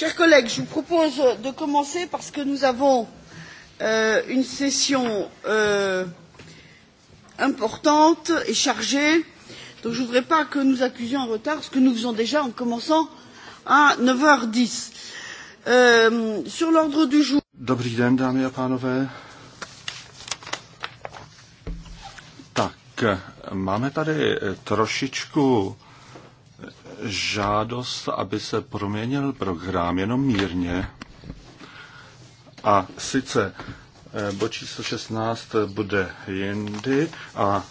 Chers collègues, je vous propose de commencer parce que nous avons euh, une session euh, importante et chargée. Donc je ne voudrais pas que nous accusions un retard, ce que nous faisons déjà en commençant à neuf heures dix euh, sur l'ordre du jour. Dobrý den, dámy a pánové. Tak, máme tady eh, trošičku žádost, aby se proměnil program jenom mírně. A sice eh, bod číslo 16 bude jindy a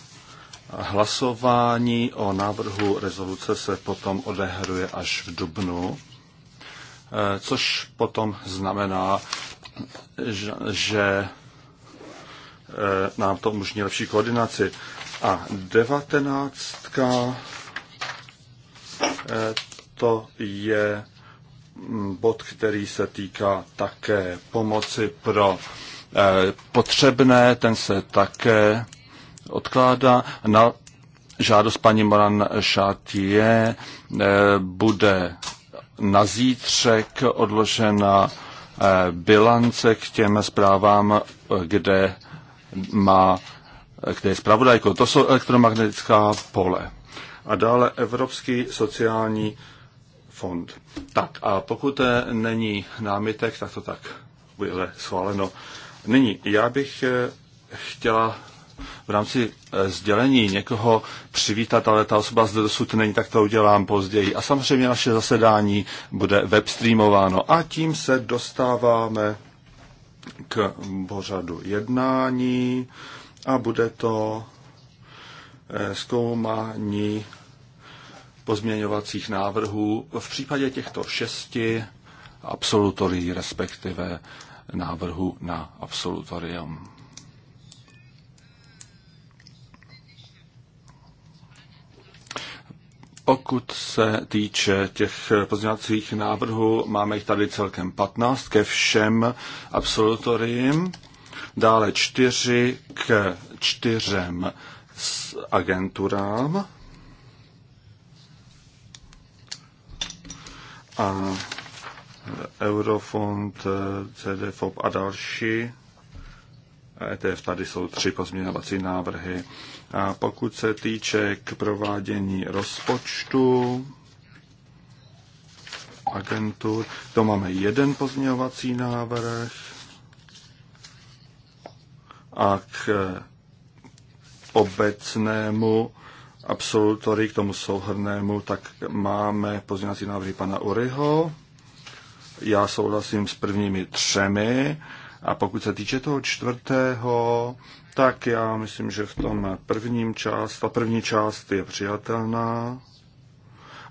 hlasování o návrhu rezoluce se potom odehruje až v dubnu, eh, což potom znamená, že eh, nám to umožní lepší koordinaci. A devatenáctka to je bod, který se týká také pomoci pro eh, potřebné, ten se také odkládá. Na žádost paní Moran Šátie eh, bude na zítřek odložena eh, bilance k těm zprávám, kde má kde je zpravodajko. To jsou elektromagnetická pole a dále Evropský sociální fond. Tak a pokud eh, není námitek, tak to tak bude schváleno. Nyní, já bych eh, chtěla v rámci eh, sdělení někoho přivítat, ale ta osoba zde dosud není, tak to udělám později. A samozřejmě naše zasedání bude webstreamováno. A tím se dostáváme k pořadu jednání a bude to zkoumání pozměňovacích návrhů v případě těchto šesti absolutorií, respektive návrhu na absolutorium. Pokud se týče těch pozměňovacích návrhů, máme jich tady celkem 15 ke všem absolutoriím, dále čtyři k čtyřem s agenturám, Ano. Eurofond, eh, CDFOP a další. ETF tady jsou tři pozměňovací návrhy. A pokud se týče k provádění rozpočtu agentur, to máme jeden pozměňovací návrh a k eh, obecnému absolutory k tomu souhrnému, tak máme pozměňovací návrhy pana Uryho. Já souhlasím s prvními třemi. A pokud se týče toho čtvrtého, tak já myslím, že v tom prvním část, ta první část je přijatelná.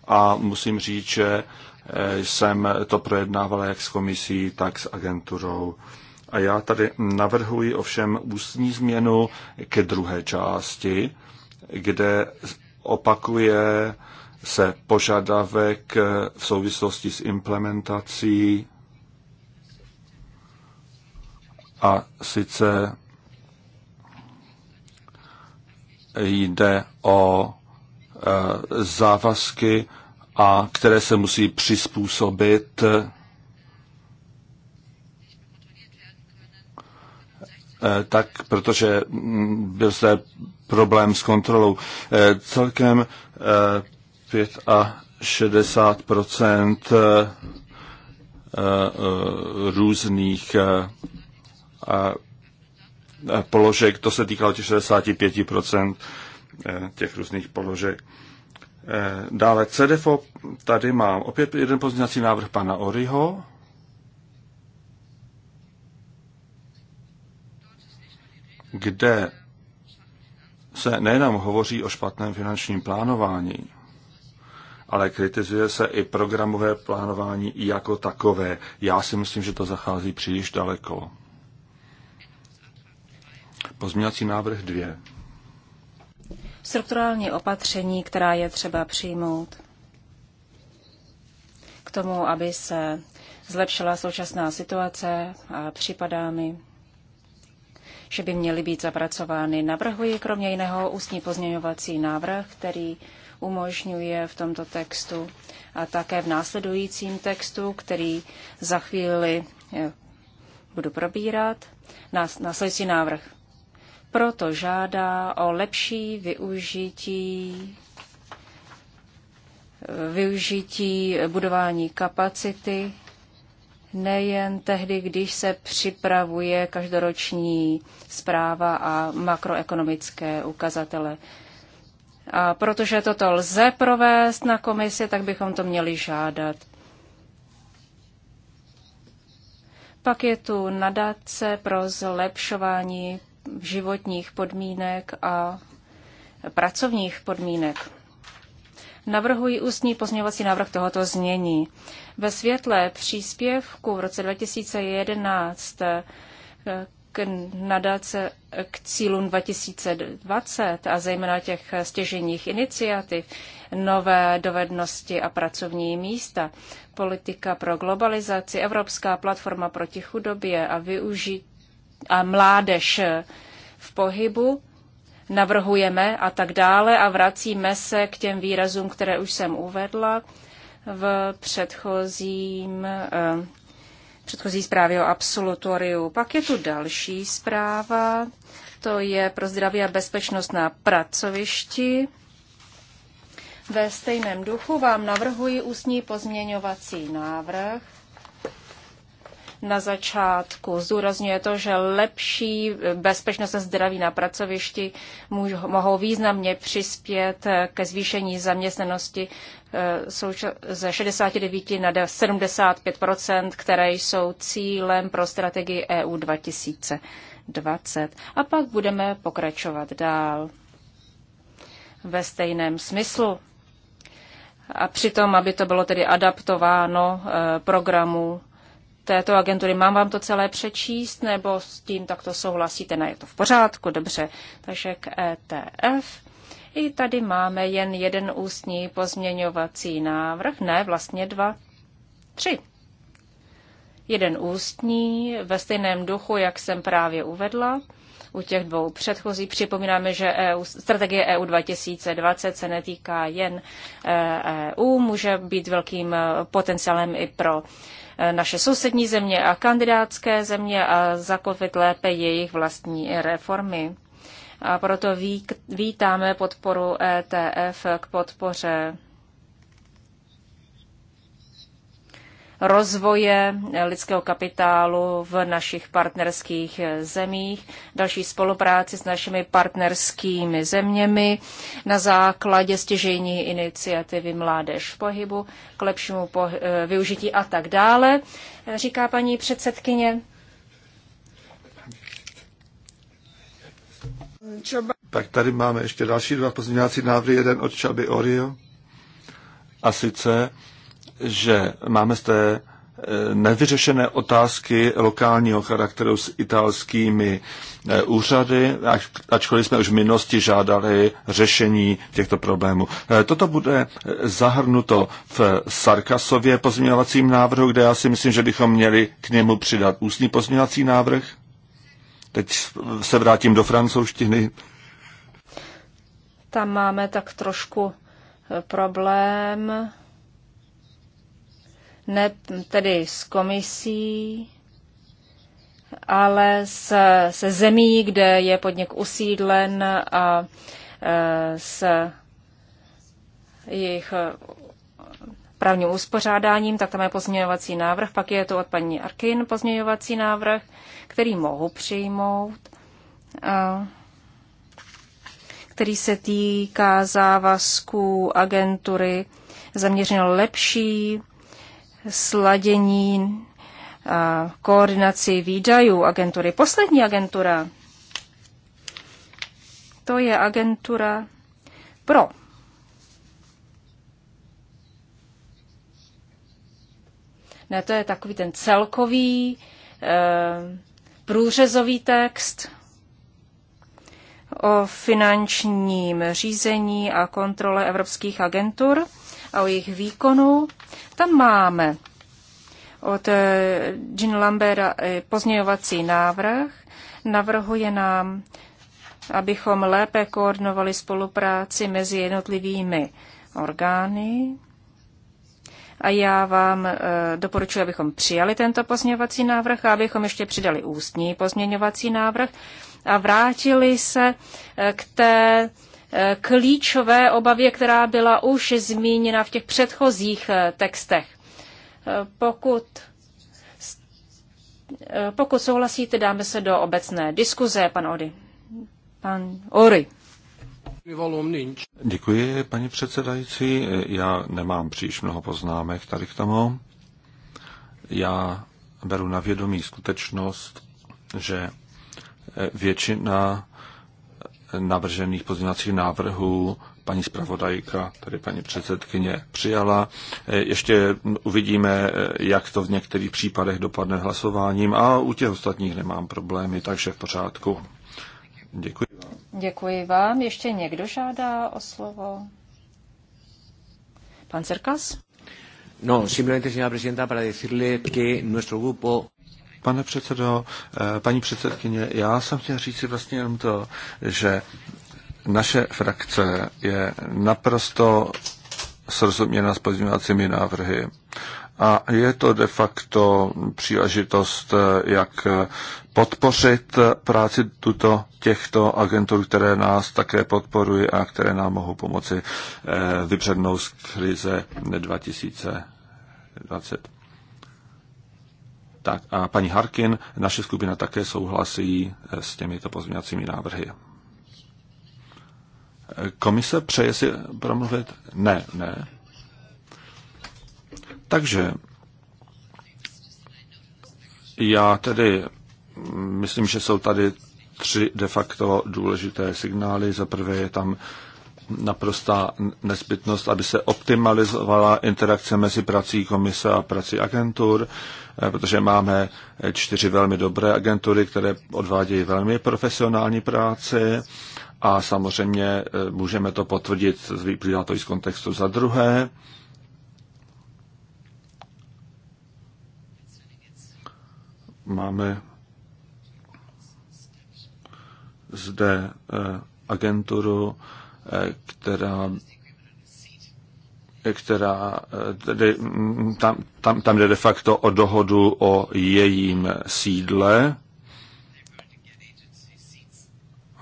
A musím říct, že eh, jsem to projednával jak s komisí, tak s agenturou. A já tady navrhuji ovšem ústní změnu ke druhé části, kde opakuje se požadavek v souvislosti s implementací a sice jde o e, závazky, a které se musí přizpůsobit Eh, tak protože mm, byl zde problém s kontrolou. Eh, celkem 65 eh, různých položek, to se týkalo těch 65 těch různých položek. Dále CDFO, tady mám opět jeden pozměňovací návrh pana Oriho, kde se nejenom hovoří o špatném finančním plánování, ale kritizuje se i programové plánování jako takové. Já si myslím, že to zachází příliš daleko. Pozměňovací návrh 2. Strukturální opatření, která je třeba přijmout k tomu, aby se zlepšila současná situace a připadá mi, že by měly být zapracovány. Navrhuji kromě jiného ústní pozměňovací návrh, který umožňuje v tomto textu a také v následujícím textu, který za chvíli eh, budu probírat, následující návrh. Proto žádá o lepší využití eh, využití budování kapacity nejen tehdy, když se připravuje každoroční zpráva a makroekonomické ukazatele. A protože toto lze provést na komisi, tak bychom to měli žádat. Pak je tu nadace pro zlepšování životních podmínek a pracovních podmínek navrhuji ústní pozměňovací návrh tohoto znění. Ve světle příspěvku v roce 2011 eh, k nadace eh, k cílům 2020 a zejména těch eh, stěženích iniciativ, nové dovednosti a pracovní místa, politika pro globalizaci, Evropská platforma proti chudobě a využití a mládež v pohybu navrhujeme a tak dále a vracíme se k těm výrazům, které už jsem uvedla v předchozím, eh, předchozí zprávě o absolutoriu. Pak je tu další zpráva, to je pro zdraví a bezpečnost na pracovišti. Ve stejném duchu vám navrhuji ústní pozměňovací návrh na začátku. Zdůrazňuje to, že lepší bezpečnost a zdraví na pracovišti mohou významně přispět eh, ke zvýšení zaměstnanosti eh, ze 69 na 75 které jsou cílem pro strategii EU 2020. A pak budeme pokračovat dál ve stejném smyslu. A přitom, aby to bylo tedy adaptováno eh, programu této agentury. Mám vám to celé přečíst, nebo s tím takto souhlasíte? Ne, je to v pořádku, dobře. Takže k ETF. I tady máme jen jeden ústní pozměňovací návrh, ne, vlastně dva, tři. Jeden ústní ve stejném duchu, jak jsem právě uvedla. U těch dvou předchozí připomínáme, že EU, strategie EU 2020 se netýká jen EU, e může být velkým eh, potenciálem i pro Eh, naše sousední země a kandidátské země a zakotvit lépe jejich vlastní reformy. A proto vítáme podporu ETF k podpoře rozvoje lidského kapitálu v našich partnerských zemích, další spolupráci s našimi partnerskými zeměmi na základě stěžení iniciativy Mládež v pohybu k lepšímu poh- eh, využití a tak dále, říká paní předsedkyně. Tak tady máme ještě další dva pozměňovací návrhy, jeden od Čaby Orio. A sice že máme té e, nevyřešené otázky lokálního charakteru s italskými e, úřady, ačkoliv jsme už v minulosti žádali řešení těchto problémů. E, toto bude zahrnuto v Sarkasově pozměňovacím návrhu, kde já si myslím, že bychom měli k němu přidat ústní pozměňovací návrh. Teď se vrátím do francouzštiny. Tam máme tak trošku problém ne tedy s komisí, ale se, se zemí, kde je podnik usídlen a e, s jejich právním uspořádáním, tak tam je pozměňovací návrh, pak je to od paní Arkin pozměňovací návrh, který mohu přijmout, který se týká závazků agentury zaměřeno lepší sladění a koordinaci výdajů agentury. Poslední agentura, to je agentura pro. Ne, to je takový ten celkový e, průřezový text o finančním řízení a kontrole evropských agentur a o jejich výkonu. Tam máme od eh, Jean Lambera eh, pozměňovací návrh. Navrhuje nám, abychom lépe koordinovali spolupráci mezi jednotlivými orgány. A já vám eh, doporučuji, abychom přijali tento pozměňovací návrh a abychom ještě přidali ústní pozměňovací návrh a vrátili se k té Eh, klíčové obavě, která byla už zmíněna v těch předchozích eh, textech. Eh, pokud, pokud souhlasíte, dáme se do obecné diskuze, pan Ody. Pan Ory. Děkuji, paní předsedající. Já nemám příliš mnoho poznámek tady k tomu. Já beru na vědomí skutečnost, že většina navržených pozměňovacích návrhů paní zpravodajka, tady paní předsedkyně, přijala. Ještě uvidíme, jak to v některých případech dopadne hlasováním a u těch ostatních nemám problémy, takže v pořádku. Děkuji vám. Děkuji vám. Ještě někdo žádá o slovo? Pan Cerkas? No, simplemente, señora presidenta, para decirle que nuestro grupo... Pane předsedo, eh, paní předsedkyně, já jsem chtěl říct si vlastně jenom to, že naše frakce je naprosto srozuměna s pozměňovacími návrhy. A je to de facto příležitost, eh, jak podpořit práci tuto, těchto agentur, které nás také podporují a které nám mohou pomoci eh, vypřednout z krize 2020. Tak a paní Harkin, naše skupina také souhlasí eh, s těmito pozměňovacími návrhy. Eh, komise přeje si promluvit? Ne, ne. Takže já tedy mm, myslím, že jsou tady tři de facto důležité signály. Za prvé je tam naprostá nezbytnost, aby se optimalizovala interakce mezi prací komise a prací agentur, eh, protože máme eh, čtyři velmi dobré agentury, které odvádějí velmi profesionální práci a samozřejmě eh, můžeme to potvrdit, vyplývá to i z kontextu za druhé. Máme zde agenturu, která která tedy, mm, tam, tam, tam jde de facto o dohodu o jejím sídle.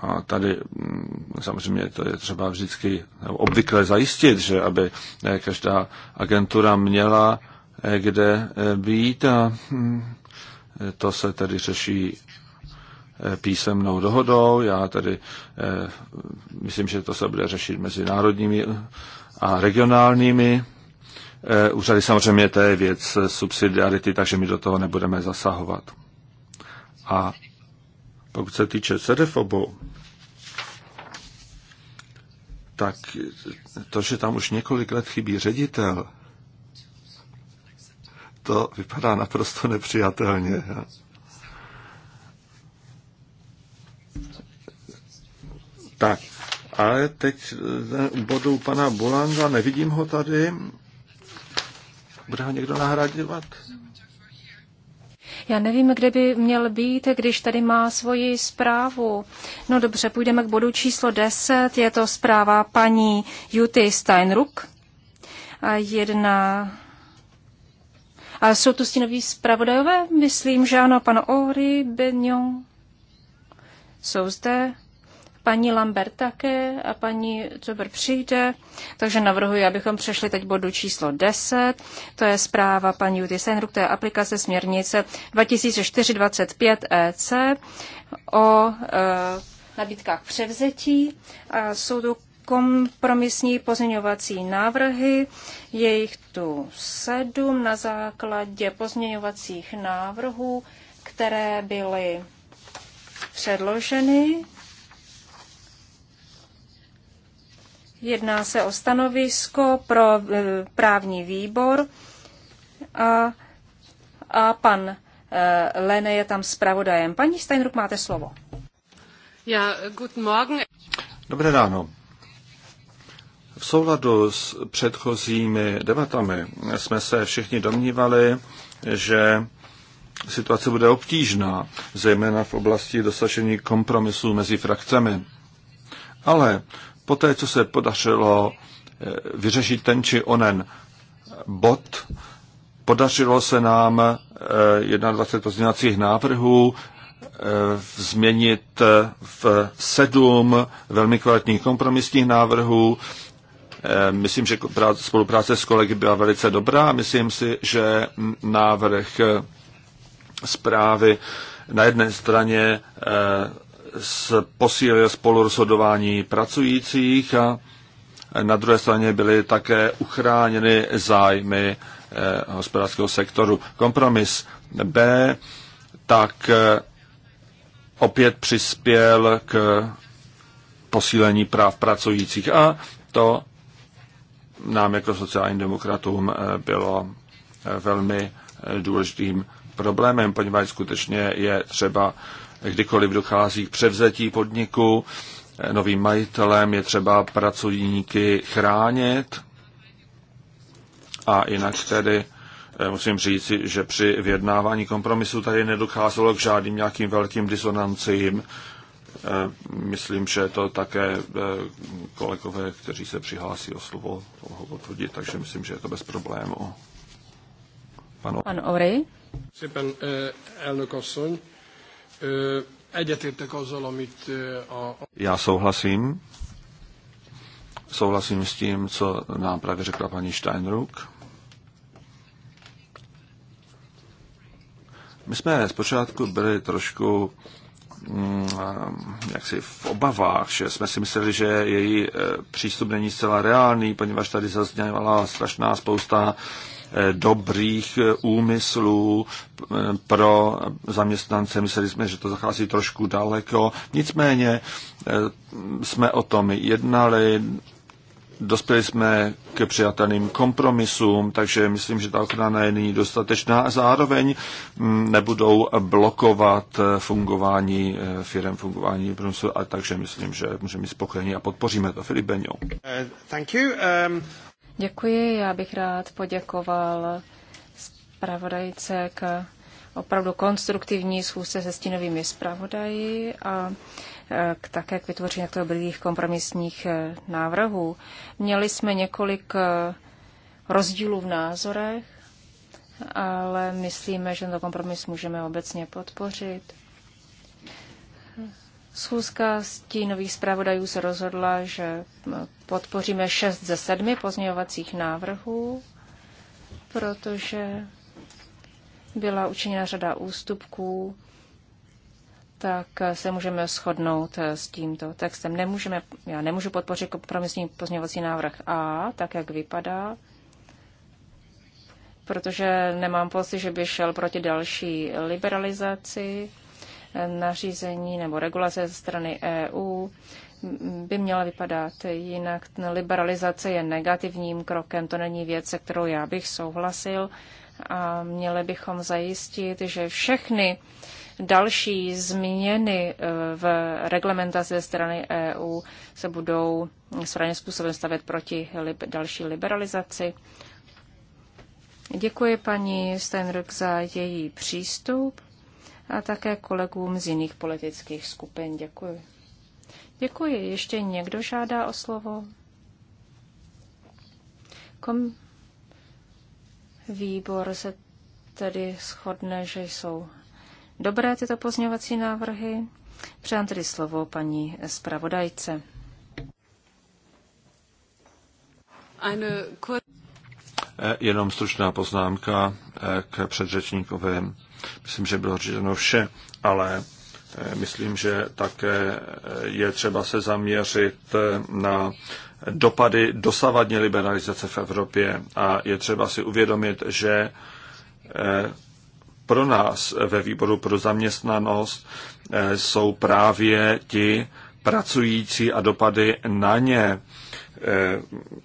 A tady mm, samozřejmě to je třeba vždycky obvykle zajistit, že aby eh, každá agentura měla eh, kde eh, být a mm, to se tedy řeší písemnou dohodou. Já tedy eh, myslím, že to se bude řešit mezi národními a regionálními eh, úřady. Samozřejmě to je věc subsidiarity, takže my do toho nebudeme zasahovat. A pokud se týče CDFOBu, tak to, že tam už několik let chybí ředitel, to vypadá naprosto nepřijatelně. Tak, ale teď eh, u bodu pana Bolanga, nevidím ho tady. Bude ho někdo nahradovat? Já nevím, kde by měl být, když tady má svoji zprávu. No dobře, půjdeme k bodu číslo 10. Je to zpráva paní Juty Steinruck. A jedna... A jsou tu stínoví zpravodajové? Myslím, že ano, pan Ori, Benjon. Jsou zde. Paní Lambert také a paní Zuber přijde, takže navrhuji, abychom přešli teď bodu číslo 10. To je zpráva paní Judy Senruk, to je aplikace směrnice 2425 25 EC o e, nabídkách převzetí. A jsou tu kompromisní pozměňovací návrhy. Je jich tu sedm na základě pozměňovacích návrhů, které byly předloženy Jedná se o stanovisko pro e, právní výbor a, a pan e, Lene je tam zpravodajem. Paní Steinruck, máte slovo. Ja, guten Morgen. Dobré ráno. V souladu s předchozími debatami jsme se všichni domnívali, že situace bude obtížná, zejména v oblasti dosažení kompromisů mezi frakcemi. Ale Poté, co se podařilo eh, vyřešit ten či onen bod, podařilo se nám 21 eh, pozměňovacích návrhů eh, změnit v sedm velmi kvalitních kompromisních návrhů. Myslím, že spolupráce s kolegy byla velice dobrá. Myslím si, že návrh zprávy na jedné straně posílil spolurozhodování pracujících a na druhé straně byly také uchráněny zájmy eh, hospodářského sektoru. Kompromis B tak eh, opět přispěl k posílení práv pracujících a to nám jako sociálním demokratům eh, bylo velmi důležitým problémem, poněvadž skutečně je třeba kdykoliv dochází k převzetí podniku, eh, novým majitelem je třeba pracovníky chránit a jinak tedy eh, musím říci, že při vyjednávání kompromisu tady nedocházelo k žádným nějakým velkým disonancím. Eh, myslím, že to také kolegové, kteří se přihlásí o slovo, toho potvrdit, takže myslím, že je to bez problému. Pan, Pan Ory. Pan, uh, Egyetértek azzal, amit a... Já souhlasím. Souhlasím s tím, co nám právě řekla paní Steinruck. My jsme zpočátku byli trošku mm, jaksi v obavách, že jsme si mysleli, že její e, přístup není zcela reálný, poněvadž tady zazněla strašná spousta dobrých eh, úmyslů eh, pro zaměstnance. Mysleli jsme, že to zachází trošku daleko. Nicméně eh, jsme o tom jednali, dospěli jsme k přijatelným kompromisům, takže myslím, že ta ochrana je nyní dostatečná a zároveň mm, nebudou blokovat fungování firm, fungování průmyslu, a takže myslím, že můžeme být spokojení a podpoříme to. Filip Benio. Uh, thank you. Um... Děkuji, já bych rád poděkoval zpravodajce k opravdu konstruktivní schůzce se stínovými zpravodaji a e, k, také k vytvoření těchto dobrých kompromisních e, návrhů. Měli jsme několik e, rozdílů v názorech, ale myslíme, že tento kompromis můžeme obecně podpořit. Schůzka stínových zpravodajů se rozhodla, že podpoříme šest ze sedmi pozměňovacích návrhů, protože byla učiněna řada ústupků, tak se můžeme shodnout s tímto textem. Nemůžeme, já nemůžu podpořit kompromisní pozměňovací návrh A, tak jak vypadá, protože nemám pocit, že by šel proti další liberalizaci nařízení nebo regulace ze strany EU by měla vypadat. Jinak liberalizace je negativním krokem, to není věc, se kterou já bych souhlasil a měli bychom zajistit, že všechny další změny eh, v reglementaci ze strany EU se budou správným způsobem stavět proti lib- další liberalizaci. Děkuji paní Steinrück za její přístup a také kolegům z jiných politických skupin. Děkuji. Děkuji. Ještě někdo žádá o slovo? Kom... Výbor se tedy shodne, že jsou dobré tyto pozměňovací návrhy. Předám tedy slovo paní zpravodajce. Eh, jenom stručná poznámka eh, k předřečníkovi. Myslím, že bylo řečeno vše, ale Myslím, že také je třeba se zaměřit na dopady dosavadní liberalizace v Evropě a je třeba si uvědomit, že eh, pro nás ve výboru pro zaměstnanost eh, jsou právě ti pracující a dopady na ně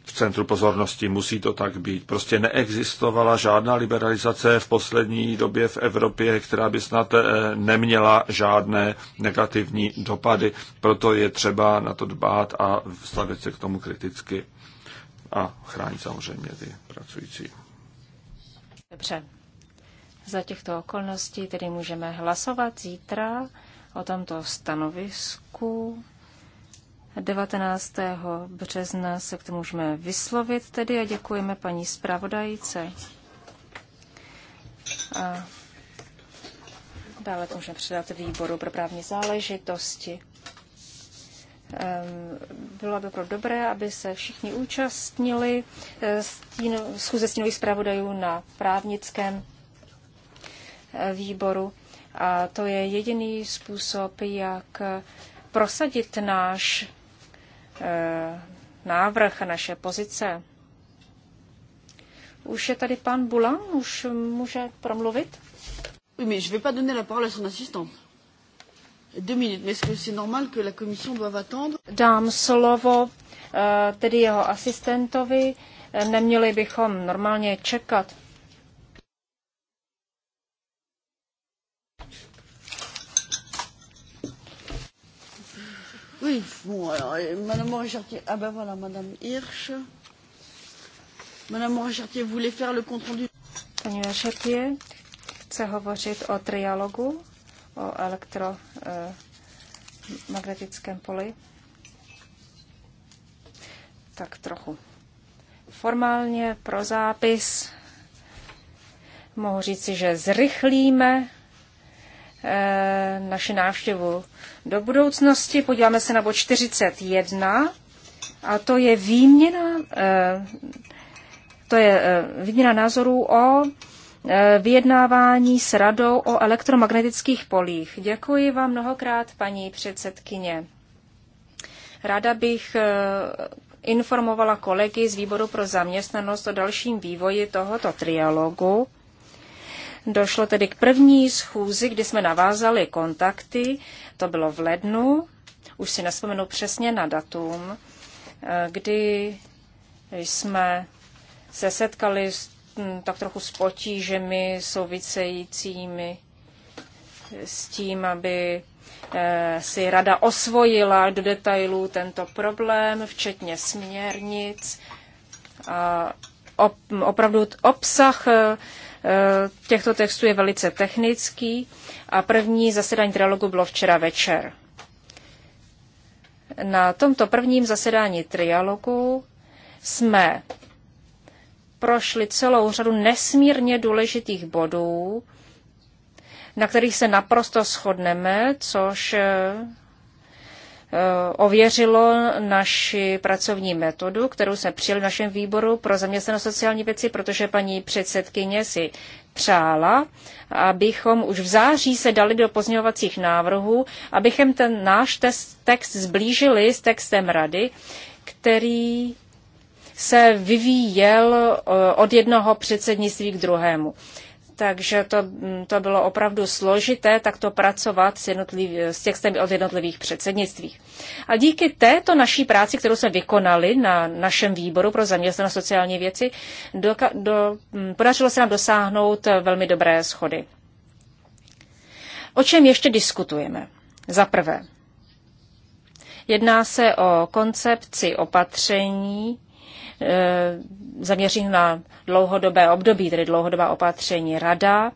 v centru pozornosti. Musí to tak být. Prostě neexistovala žádná liberalizace v poslední době v Evropě, která by snad eh, neměla žádné negativní dopady. Proto je třeba na to dbát a stavět se k tomu kriticky a chránit samozřejmě ty pracující. Dobře. Za těchto okolností tedy můžeme hlasovat zítra o tomto stanovisku 19. března se k tomu můžeme vyslovit tedy a děkujeme paní zpravodajíce. A dále to můžeme předat výboru pro právní záležitosti. Ehm, bylo by opravdu dobré, aby se všichni účastnili eh, stíno, schůze stínových zpravodajů na právnickém eh, výboru. A to je jediný způsob, jak prosadit náš eh, návrh, naše pozice. Už je tady pan Bulan, už může promluvit? Oui, mais je vais pas donner la parole à son assistant. Deux minutes, mais est-ce que c'est normal que la commission doive attendre? Dám slovo eh, tedy jeho asistentovi. Neměli bychom normálně čekat. Oui, bon, alors, Madame morin ah ben voilà, Madame Hirsch. Madame faire le compte rendu. Paní morin chce hovořit o trialogu, o elektromagnetickém eh, poli. Tak trochu. Formálně pro zápis mohu říci, že zrychlíme Eh, naši návštěvu do budoucnosti. Podíváme se na bod 41 a to je výměna, eh, to je eh, výměna názorů o vyjednávání s radou o elektromagnetických polích. Děkuji vám mnohokrát, paní předsedkyně. Ráda bych informovala kolegy z výboru pro zaměstnanost o dalším vývoji tohoto trialogu. Došlo tedy k první schůzi, kdy jsme navázali kontakty, to bylo v lednu, už si nespomenu přesně na datum, eh, kdy jsme se setkali s, hm, tak trochu s potížemi souvisejícími s tím, aby eh, si rada osvojila do detailů tento problém, včetně směrnic. A opravdu obsah eh, Eh, těchto textů je velice technický a první zasedání trialogu bylo včera večer. Na tomto prvním zasedání trialogu jsme prošli celou řadu nesmírně důležitých bodů, na kterých se naprosto shodneme, což eh, Eh, ověřilo naši pracovní metodu, kterou jsme přijeli v našem výboru pro zaměstnanost sociální věci, protože paní předsedkyně si přála, abychom už v září se dali do pozměňovacích návrhů, abychom ten náš text zblížili s textem rady, který se vyvíjel eh, od jednoho předsednictví k druhému takže to, to bylo opravdu složité takto pracovat s, s textem od jednotlivých předsednictví. A díky této naší práci, kterou jsme vykonali na našem výboru pro zaměstnanost sociální věci, do, do, hm, podařilo se nám dosáhnout velmi dobré schody. O čem ještě diskutujeme? Za prvé, jedná se o koncepci opatření, Eh, zaměřím na dlouhodobé období, tedy dlouhodobá opatření. Rada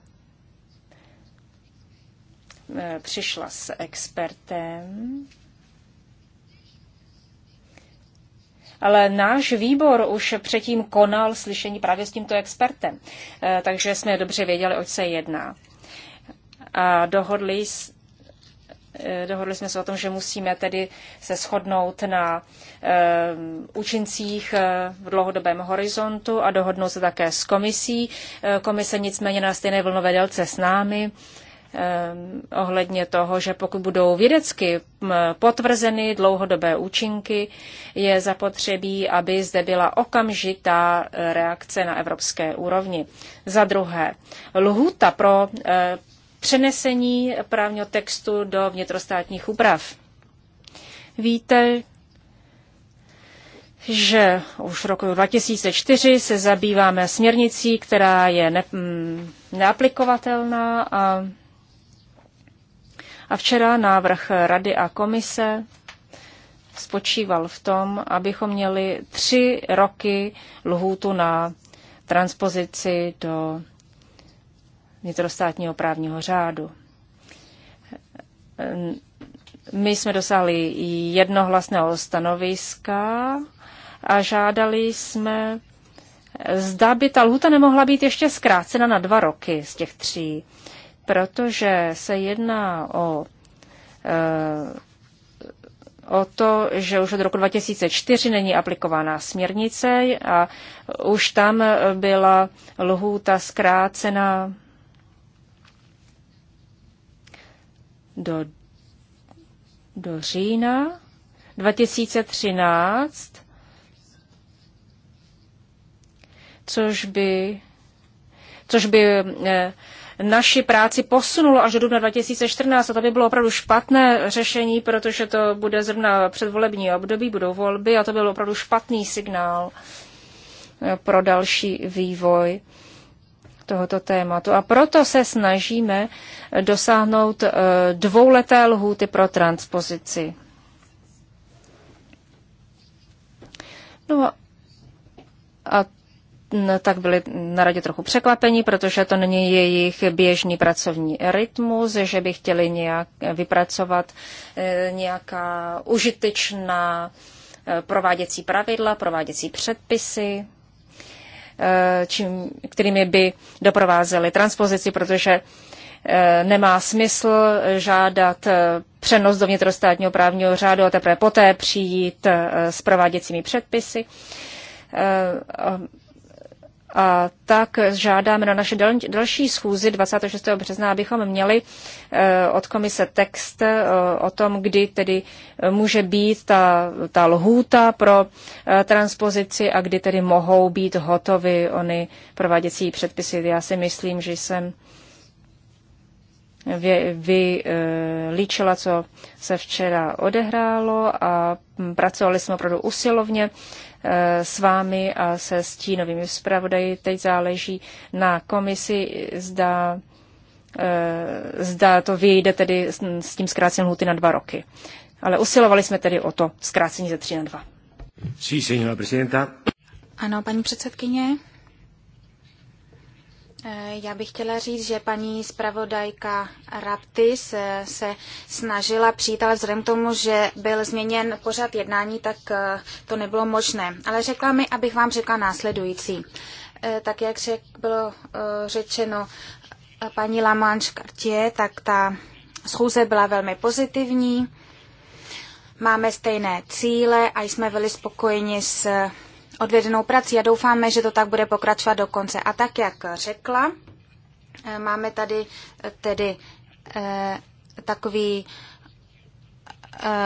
eh, přišla s expertem, ale náš výbor už předtím konal slyšení právě s tímto expertem, eh, takže jsme dobře věděli, oč se jedná. A dohodli, Eh, dohodli jsme se o tom, že musíme tedy se shodnout na eh, účincích eh, v dlouhodobém horizontu a dohodnout se také s komisí. Komise nicméně na stejné vlnové délce s námi ohledně toho, že pokud budou vědecky potvrzeny dlouhodobé účinky, je zapotřebí, aby zde byla okamžitá reakce na evropské úrovni. Za druhé, lhuta pro přenesení právního textu do vnitrostátních úprav. Víte, že už v roku 2004 se zabýváme směrnicí, která je ne, mm, neaplikovatelná a, a včera návrh Rady a komise spočíval v tom, abychom měli tři roky lhůtu na transpozici do vnitrostátního právního řádu. My jsme dosáhli jednohlasného stanoviska a žádali jsme, zda by ta lhuta nemohla být ještě zkrácena na dva roky z těch tří, protože se jedná o eh, o to, že už od roku 2004 není aplikovaná směrnice a už tam byla lhuta zkrácena do, do října 2013, což by, což by eh, naši práci posunulo až do dubna 2014. A to by bylo opravdu špatné řešení, protože to bude zrovna předvolební období, budou volby a to byl opravdu špatný signál eh, pro další vývoj tohoto tématu. A proto se snažíme dosáhnout eh, dvouleté lhůty pro transpozici. No a tak byli na radě trochu překvapení, protože to není jejich běžný pracovní rytmus, že by chtěli nějak vypracovat eh, nějaká užitečná eh, prováděcí pravidla, prováděcí předpisy. Eh, čím, kterými by doprovázely transpozici, protože eh, nemá smysl žádat eh, přenos do vnitrostátního právního řádu a teprve poté přijít s prováděcími předpisy a tak žádáme na naše další schůzi 26. března, abychom měli eh, od komise text eh, o tom, kdy tedy eh, může být ta, ta lhůta pro transpozici a kdy tedy mohou být hotovy ony prováděcí předpisy. Já si myslím, že jsem vylíčila, vy, co se včera odehrálo a pracovali jsme opravdu usilovně s vámi a se stínovými zpravodaji. Teď záleží na komisi, zda, eh, zda to vyjde tedy s tím zkrácením lhuty na dva roky. Ale usilovali jsme tedy o to zkrácení ze tří na dva. Sí, Ano, paní předsedkyně. Eh, já bych chtěla říct, že paní zpravodajka Raptis eh, se, snažila přijít, ale vzhledem k tomu, že byl změněn pořad jednání, tak eh, to nebylo možné. Ale řekla mi, abych vám řekla následující. Tak jak řek, bylo řečeno paní Lamanš Cartier, tak ta schůze byla velmi pozitivní. Máme stejné cíle a jsme byli spokojeni s odvedenou prací a doufáme, že to tak bude pokračovat do konce. A tak, jak řekla, eh, máme tady eh, tedy eh, takový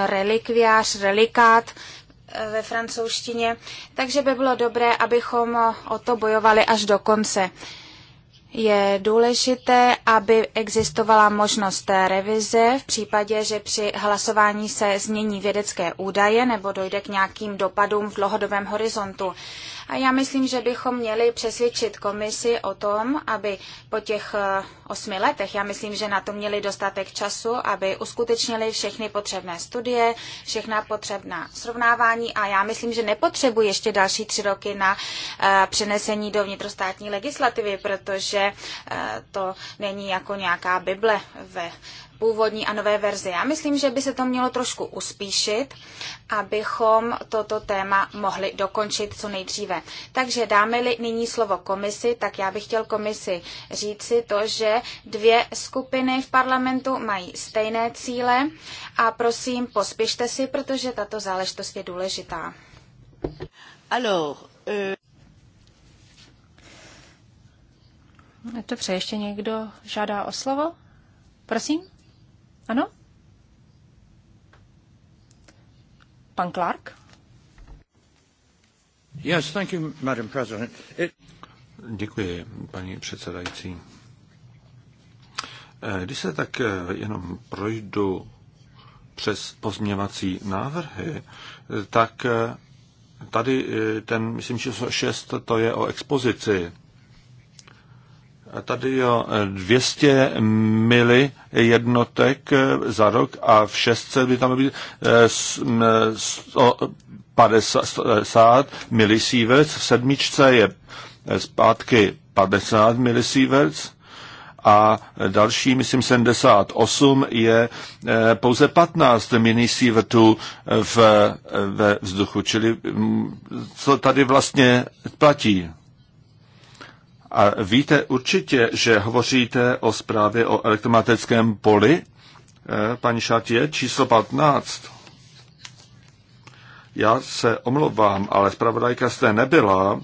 relikviář, relikát ve francouzštině, takže by bylo dobré, abychom o to bojovali až do konce je důležité, aby existovala možnost revize v případě, že při hlasování se změní vědecké údaje nebo dojde k nějakým dopadům v dlouhodobém horizontu. A já myslím, že bychom měli přesvědčit komisi o tom, aby po těch eh, osmi letech, já myslím, že na to měli dostatek času, aby uskutečnili všechny potřebné studie, všechna potřebná srovnávání a já myslím, že nepotřebují ještě další tři roky na eh, přenesení do vnitrostátní legislativy, protože eh, to není jako nějaká Bible ve původní a nové verzi. Já myslím, že by se to mělo trošku uspíšit, abychom toto téma mohli dokončit co nejdříve. Takže dáme-li nyní slovo komisi, tak já bych chtěl komisi říci to, že dvě skupiny v parlamentu mají stejné cíle a prosím, pospěšte si, protože tato záležitost je důležitá. Alors, euh- Dobře, ještě někdo žádá o slovo? Prosím. Ano? Pan Clark? Yes, thank you, Madam President. It... Děkuji, paní předsedající. Eh, když se tak eh, jenom projdu přes pozměvací návrhy, eh, tak tady ten, myslím, že 6, to je o expozici tady jo, 200 mili jednotek eh, za rok a v šestce by tam být 150 eh, eh, milisievert, v sedmičce je zpátky 50 milisievert a další, myslím, 78 je pouze 15 minisievertů v, ve vzduchu, čili mm, co tady vlastně platí. A víte určitě, že hovoříte o zprávě o elektromagnetickém poli, eh, paní Šatě, číslo 15. Já se omlouvám, ale zpravodajka jste nebyla,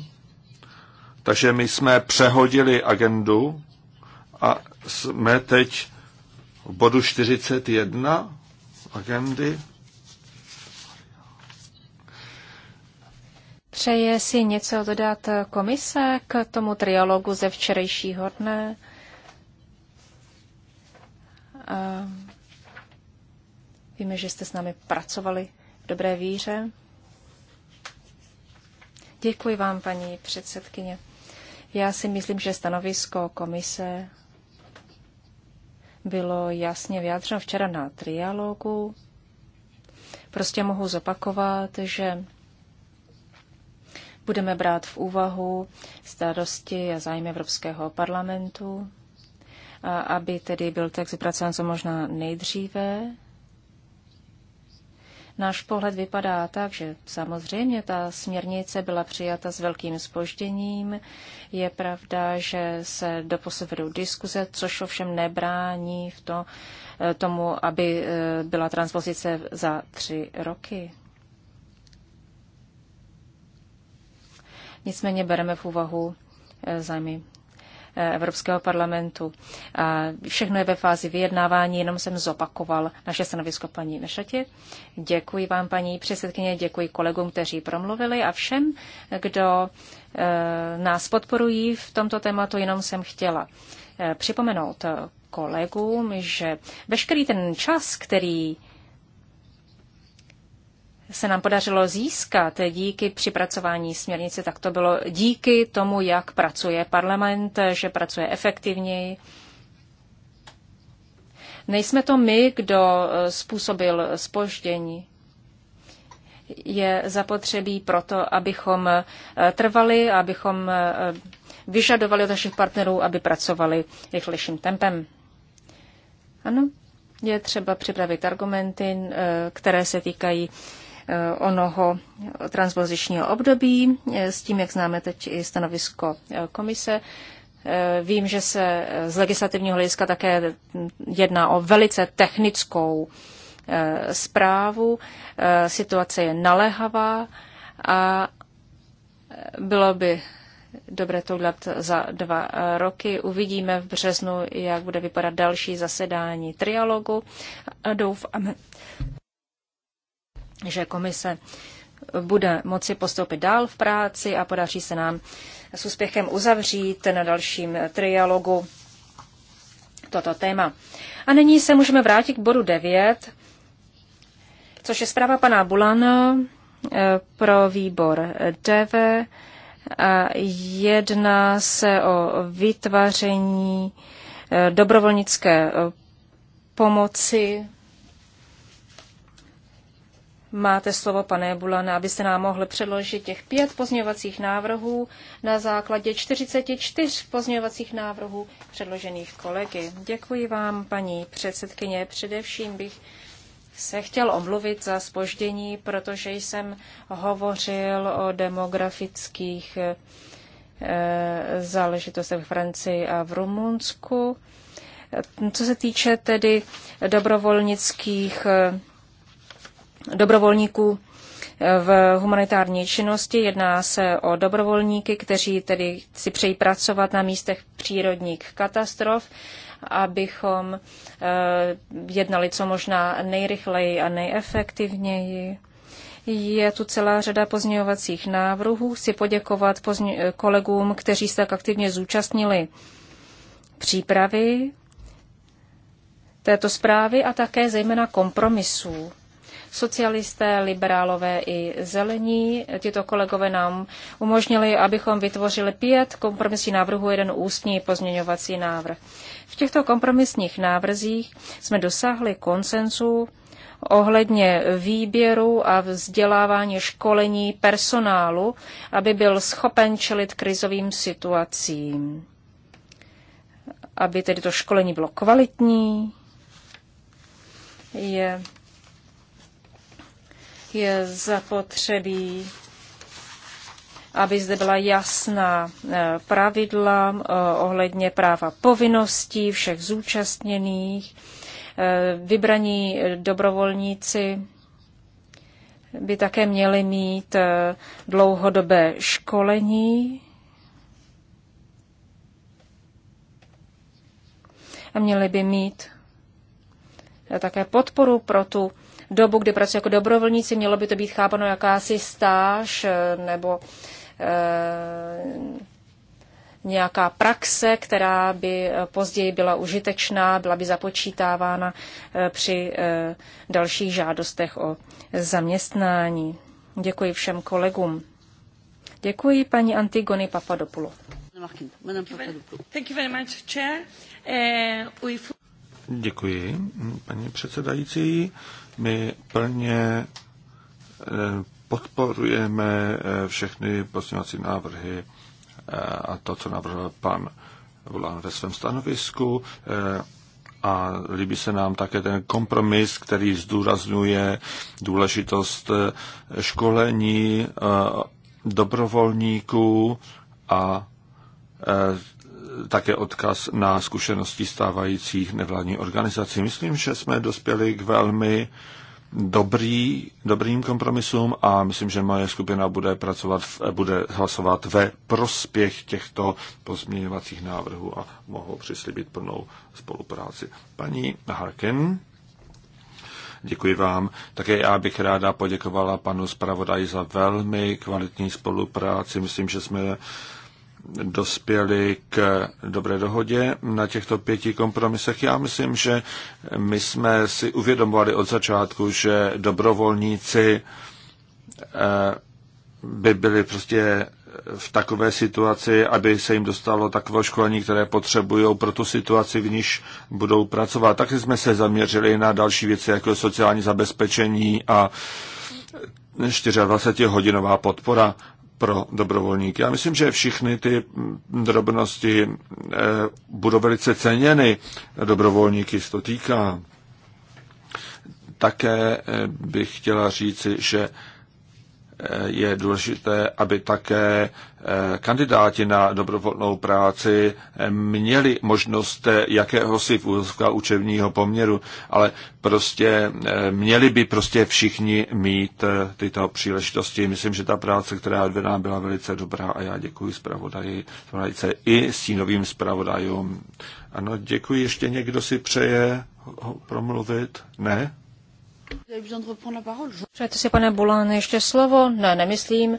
takže my jsme přehodili agendu a jsme teď v bodu 41 agendy. Přeje si něco dodat komise k tomu trialogu ze včerejšího dne? A víme, že jste s námi pracovali v dobré víře. Děkuji vám, paní předsedkyně. Já si myslím, že stanovisko komise bylo jasně vyjádřeno včera na trialogu. Prostě mohu zopakovat, že Budeme brát v úvahu starosti a zájmy Evropského parlamentu, a aby tedy byl text vypracován co možná nejdříve. Náš pohled vypadá tak, že samozřejmě ta směrnice byla přijata s velkým spožděním. Je pravda, že se doposud vedou diskuze, což ovšem nebrání v to, e, tomu, aby e, byla transpozice za tři roky. Nicméně bereme v úvahu eh, zájmy eh, Evropského parlamentu. všechno je ve fázi vyjednávání, jenom jsem zopakoval naše stanovisko paní Nešatě. Děkuji vám, paní předsedkyně, děkuji kolegům, kteří promluvili a všem, kdo eh, nás podporují v tomto tématu, jenom jsem chtěla připomenout kolegům, že veškerý ten čas, který se nám podařilo získat díky připracování směrnice, tak to bylo díky tomu, jak pracuje parlament, že pracuje efektivněji. Nejsme to my, kdo eh, způsobil spoždění. Je zapotřebí proto, abychom eh, trvali, abychom eh, vyžadovali od našich partnerů, aby pracovali rychlejším tempem. Ano, je třeba připravit argumenty, které se týkají Eh, onoho transpozičního období, eh, s tím, jak známe teď i stanovisko eh, komise. Vím, že se z legislativního hlediska také jedná o velice technickou zprávu. Situace je naléhavá a bylo by dobré to udělat za dva roky. Uvidíme v březnu, jak bude vypadat další zasedání trialogu. Doufám, že komise bude moci postoupit dál v práci a podaří se nám s úspěchem uzavřít na dalším trialogu toto téma. A nyní se můžeme vrátit k bodu 9, což je zpráva pana Bulana eh, pro výbor DV. A jedná se o vytváření eh, dobrovolnické eh, pomoci Máte slovo, pane Bulane, abyste nám mohli předložit těch pět pozměňovacích návrhů na základě 44 pozměňovacích návrhů předložených kolegy. Děkuji vám, paní předsedkyně. Především bych se chtěl omluvit za spoždění, protože jsem hovořil o demografických eh, záležitostech v Francii a v Rumunsku. Co se týče tedy dobrovolnických eh, dobrovolníků eh, v humanitární činnosti. Jedná se o dobrovolníky, kteří tedy si přejí pracovat na místech přírodních katastrof, abychom eh, jednali co možná nejrychleji a nejefektivněji. Je tu celá řada pozměňovacích návrhů. Chci poděkovat kolegům, kteří se tak aktivně zúčastnili přípravy této zprávy a také zejména kompromisů. Socialisté, liberálové i zelení, tyto kolegové nám umožnili, abychom vytvořili pět kompromisních návrhů, jeden ústní pozměňovací návrh. V těchto kompromisních návrzích jsme dosáhli konsenzu ohledně výběru a vzdělávání školení personálu, aby byl schopen čelit krizovým situacím. Aby tedy to školení bylo kvalitní, je je zapotřebí, aby zde byla jasná eh, pravidla eh, ohledně práva povinností všech zúčastněných. Eh, vybraní dobrovolníci by také měli mít dlouhodobé školení a měli by mít také podporu pro tu dobu, kdy pracují jako dobrovolníci, mělo by to být chápano jakási stáž eh, nebo eh, nějaká praxe, která by eh, později byla užitečná, byla by započítávána při dalších žádostech o zaměstnání. Děkuji všem kolegům. Děkuji paní Antigony Papadopoulou. Děkuji, paní předsedající. My plně eh, podporujeme eh, všechny pozměňovací návrhy eh, a to, co navrhl pan Volán ve svém stanovisku. A líbí se nám také ten kompromis, který zdůrazňuje důležitost školení dobrovolníků a také odkaz na zkušenosti stávajících nevládních organizací. Myslím, že jsme dospěli k velmi dobrý, dobrým kompromisům a myslím, že moje skupina bude, pracovat, bude hlasovat ve prospěch těchto pozměňovacích návrhů a mohou přislíbit plnou spolupráci. Paní Harkin. Děkuji vám. Také já bych ráda poděkovala panu zpravodaji za velmi kvalitní spolupráci. Myslím, že jsme dospěli k dobré dohodě na těchto pěti kompromisech. Já myslím, že my jsme si uvědomovali od začátku, že dobrovolníci eh, by byli prostě v takové situaci, aby se jim dostalo takové školení, které potřebují pro tu situaci, v níž budou pracovat. Takže jsme se zaměřili na další věci, jako sociální zabezpečení a 24-hodinová podpora pro dobrovolníky. Já myslím, že všechny ty drobnosti eh, budou velice ceněny. Dobrovolníky se to týká. Také eh, bych chtěla říci, že eh, je důležité, aby také Eh, kandidáti na dobrovolnou práci eh, měli možnost eh, jakéhosi úzka učebního poměru, ale prostě měli by prostě všichni mít tyto příležitosti. Myslím, že ta práce, která odvedená, byla velice dobrá a já děkuji zpravodaji, zpravodajce i stínovým zpravodajům. Ano, děkuji. Ještě někdo si přeje promluvit? Ne? Přejete si, pane Bulán, ještě slovo? Ne, nemyslím.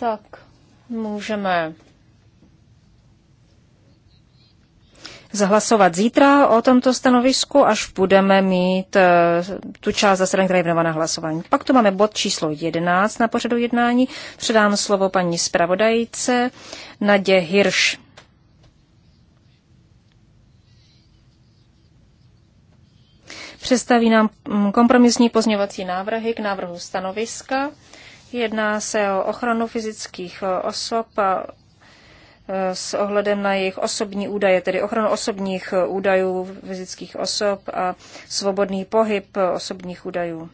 Tak Můžeme zahlasovat zítra o tomto stanovisku, až budeme mít eh, tu část zasedání, která je věnována hlasování. Pak tu máme bod číslo 11 na pořadu jednání. Předám slovo paní zpravodajce Nadě Hirš. Představí nám mm, kompromisní pozměňovací návrhy k návrhu stanoviska Jedná se o ochranu fyzických eh, osob a eh, s ohledem na jejich osobní údaje, tedy ochranu osobních eh, údajů fyzických osob a svobodný pohyb osobních údajů.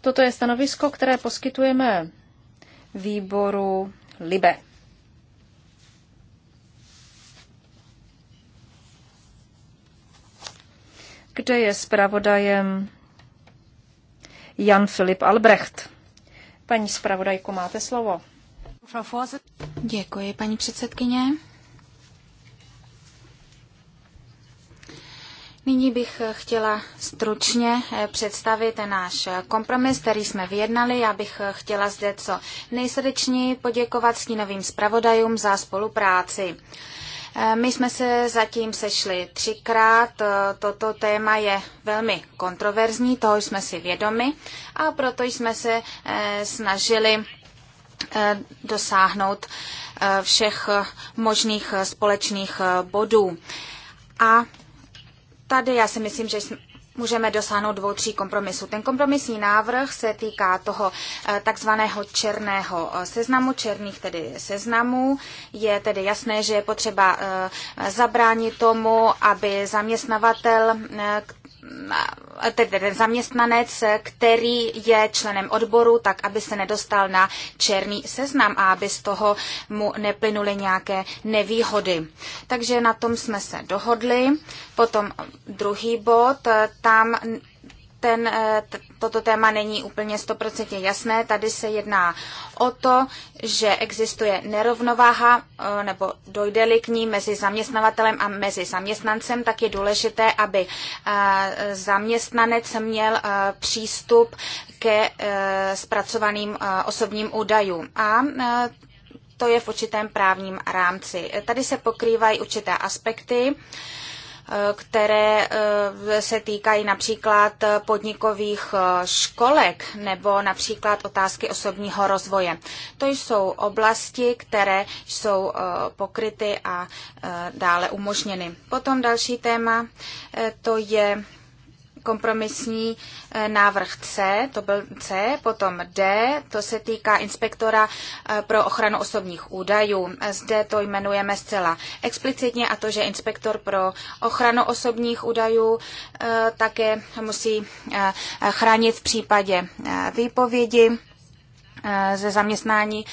Toto je stanovisko, které poskytujeme výboru LIBE. kde je zpravodajem Jan Filip Albrecht. Paní zpravodajko, máte slovo. Děkuji, paní předsedkyně. Nyní bych chtěla stručně eh, představit náš kompromis, který jsme vyjednali. Já bych eh, chtěla zde co nejsrdečněji poděkovat stínovým zpravodajům za spolupráci. Eh, my jsme se zatím sešli třikrát. Eh, toto téma je velmi kontroverzní, toho jsme si vědomi a proto jsme se eh, snažili dosáhnout všech možných společných bodů. A tady já si myslím, že můžeme dosáhnout dvou, tří kompromisů. Ten kompromisní návrh se týká toho eh, takzvaného černého eh, seznamu, černých tedy seznamů. Je tedy jasné, že je potřeba eh, zabránit tomu, aby zaměstnavatel tedy ten zaměstnanec, který je členem odboru, tak aby se nedostal na černý seznam a aby z toho mu neplynuly nějaké nevýhody. Takže na tom jsme se dohodli. Potom druhý bod, tam ten, eh, toto téma není úplně stoprocentně jasné. Tady se jedná o to, že existuje nerovnováha eh, nebo dojde-li k ní mezi zaměstnavatelem a mezi zaměstnancem, tak je důležité, aby eh, zaměstnanec měl přístup ke zpracovaným osobním údajům. A to je v určitém právním rámci. Tady se pokrývají určité aspekty Eh, které eh, se týkají například podnikových eh, školek nebo například otázky osobního rozvoje. To jsou oblasti, které jsou pokryty a dále umožněny. Potom další téma, to je kompromisní eh, návrh C, to byl C, potom D, to se týká inspektora eh, pro ochranu osobních údajů. Zde to jmenujeme zcela explicitně a to, že inspektor pro ochranu osobních údajů eh, také musí chránit v případě výpovědi ze zaměstnání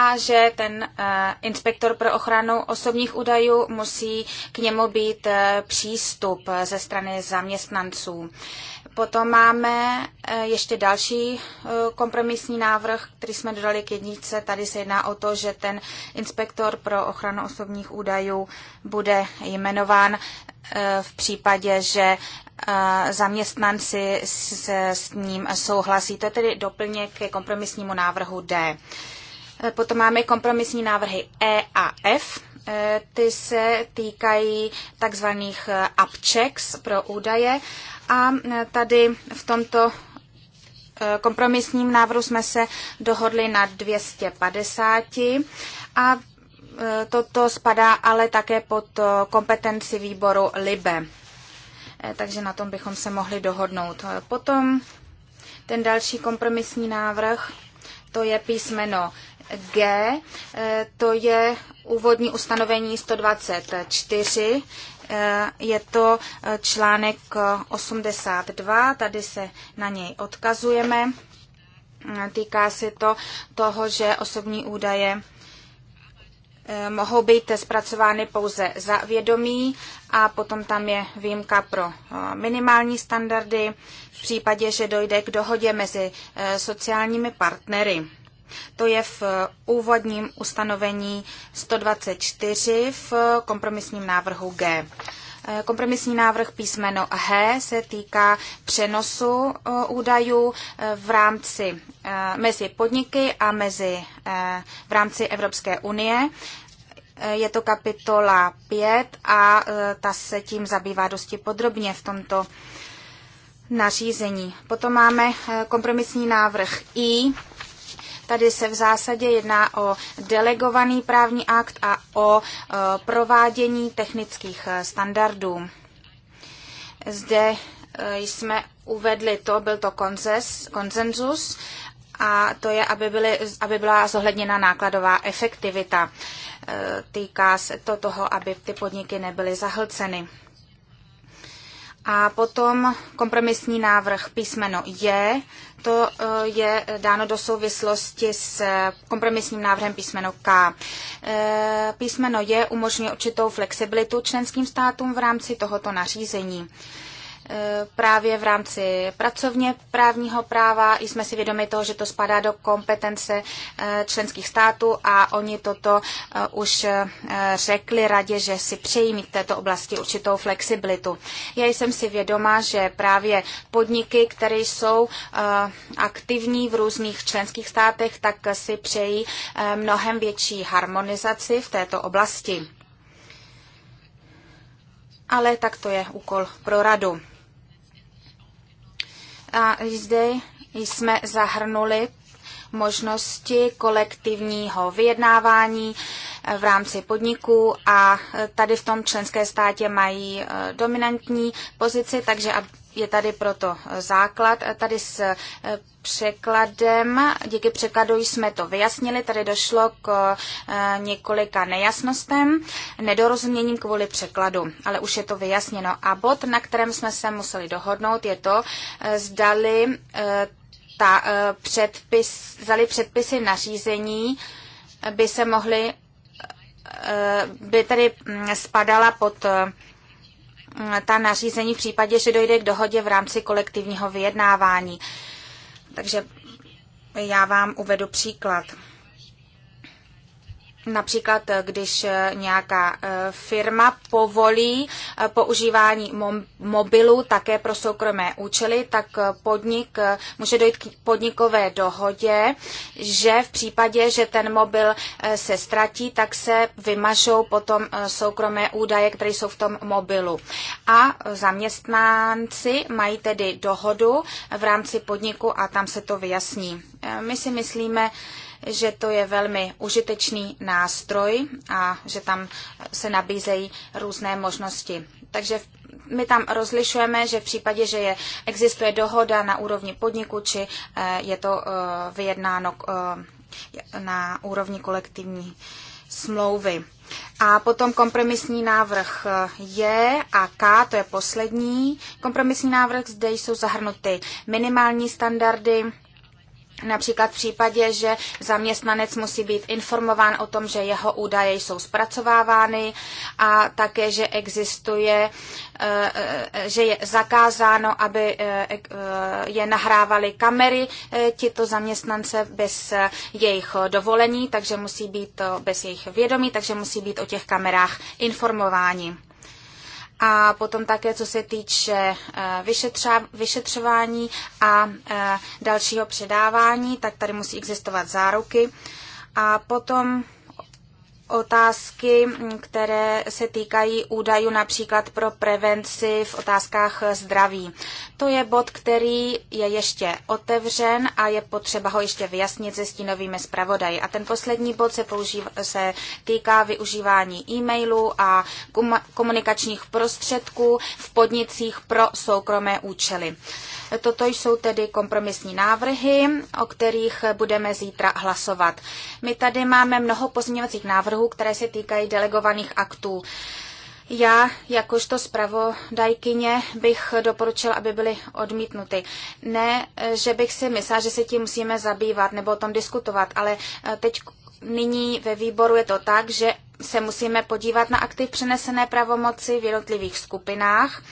a že ten eh, inspektor pro ochranu osobních údajů musí k němu být eh, přístup eh, ze strany zaměstnanců. Potom máme ještě další kompromisní návrh, který jsme dodali k jednice. Tady se jedná o to, že ten inspektor pro ochranu osobních údajů bude jmenován v případě, že zaměstnanci se s ním souhlasí. To je tedy doplněk ke kompromisnímu návrhu D. Potom máme kompromisní návrhy E a F. E, ty se týkají takzvaných e, upchecks pro údaje a e, tady v tomto kompromisním návrhu jsme se dohodli na 250 a toto spadá ale také pod kompetenci výboru LIBE. Takže na tom bychom se mohli dohodnout. Potom ten další kompromisní návrh, to je písmeno G, eh, to je úvodní ustanovení 124, eh, je to eh, článek 82, tady se na něj odkazujeme. Týká se to toho, že osobní údaje mohou být zpracovány pouze za vědomí a potom tam je výjimka pro minimální standardy v případě, že dojde k dohodě mezi sociálními partnery. To je v eh, úvodním ustanovení 124 v eh, kompromisním návrhu G. Eh, kompromisní návrh písmeno H se týká přenosu údajů v rámci mezi podniky a mezi v rámci Evropské unie. Je to kapitola 5 a ta se tím zabývá dosti podrobně v tomto nařízení. Potom máme kompromisní návrh I Tady se v zásadě jedná o delegovaný právní akt a o e, provádění technických e, standardů. Zde e, jsme uvedli to, byl to konsenzus, a to je, aby, byly, aby byla zohledněna nákladová efektivita. Týká se to toho, aby ty podniky nebyly zahlceny. A potom kompromisní návrh písmeno je, to eh, je dáno do souvislosti s kompromisním návrhem písmeno K. Eh, písmeno je umožňuje určitou flexibilitu členským státům v rámci tohoto nařízení. E, právě v rámci pracovně právního práva. Jsme si vědomi toho, že to spadá do kompetence e, členských států a oni toto e, už řekli radě, že si přejí mít v této oblasti určitou flexibilitu. Já jsem si vědoma, že právě podniky, které jsou aktivní v různých členských státech, tak si přejí mnohem větší harmonizaci v této oblasti ale tak to je úkol pro radu. A zde jsme zahrnuli možnosti kolektivního vyjednávání eh, v rámci podniků a eh, tady v tom členské státě mají eh, dominantní pozici, takže je tady proto eh, základ. Eh, tady s eh, překladem, díky překladu jsme to vyjasnili, tady došlo k několika nejasnostem, nedorozuměním kvůli překladu, ale už je to vyjasněno. A bod, na kterém jsme se museli dohodnout, je to, zdali ta předpis, zdali předpisy nařízení by se mohly, by tedy mm, spadala pod Mm, ta nařízení v případě, že dojde k dohodě v rámci kolektivního vyjednávání. Takže já vám uvedu příklad. Například, eh, když eh, nějaká eh, firma povolí používání mobilu také pro soukromé účely, tak podnik může dojít k podnikové dohodě, že v případě, že ten mobil se ztratí, tak se vymažou potom soukromé údaje, které jsou v tom mobilu. A zaměstnanci mají tedy dohodu v rámci podniku a tam se to vyjasní. My si myslíme, že to je velmi užitečný nástroj a že tam se nabízejí různé možnosti. Takže my tam rozlišujeme, že v případě, že je, existuje dohoda na úrovni podniku, či eh, je to eh, vyjednáno eh, na úrovni kolektivní smlouvy. A potom kompromisní návrh je a K, to je poslední kompromisní návrh, zde jsou zahrnuty minimální standardy, Například v případě, že zaměstnanec musí být informován o tom, že jeho údaje jsou zpracovávány a také, že existuje, eh, eh, že je zakázáno, aby eh, je nahrávaly kamery tito zaměstnance bez jejich dovolení, takže musí být bez jejich vědomí, takže musí být o těch kamerách informováni a potom také, co se týče eh, vyšetřování a eh, dalšího předávání, tak tady musí existovat záruky. A potom otázky, mm, které se týkají údajů například pro prevenci v otázkách zdraví. To je bod, který je ještě otevřen a je potřeba ho ještě vyjasnit se stínovými zpravodaji. A ten poslední bod se, použív, se týká využívání e mailů a komunikačních prostředků v podnicích pro soukromé účely. Toto jsou tedy kompromisní návrhy, o kterých budeme zítra hlasovat. My tady máme mnoho pozměňovacích návrhů, které se týkají delegovaných aktů. Já, jakožto zpravodajkyně, bych doporučila, aby byly odmítnuty. Ne, že bych si myslela, že se tím musíme zabývat nebo o tom diskutovat, ale eh, teď nyní ve výboru je to tak, že se musíme podívat na aktiv přenesené pravomoci v jednotlivých skupinách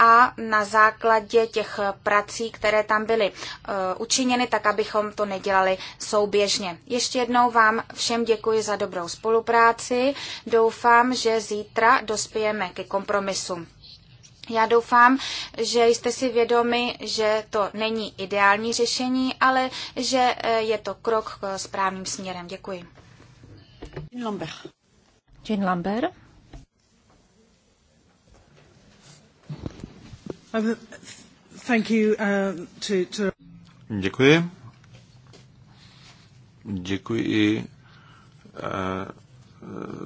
a na základě těch prací, které tam byly eh, učiněny, tak abychom to nedělali souběžně. Ještě jednou vám všem děkuji za dobrou spolupráci. Doufám, že zítra dospějeme ke kompromisu. Já doufám, že jste si vědomi, že to není ideální řešení, ale že eh, je to krok k správným směrem. Děkuji. Jean Lambert. Jean Lambert. Um, uh, Děkuji. Děkuji i uh,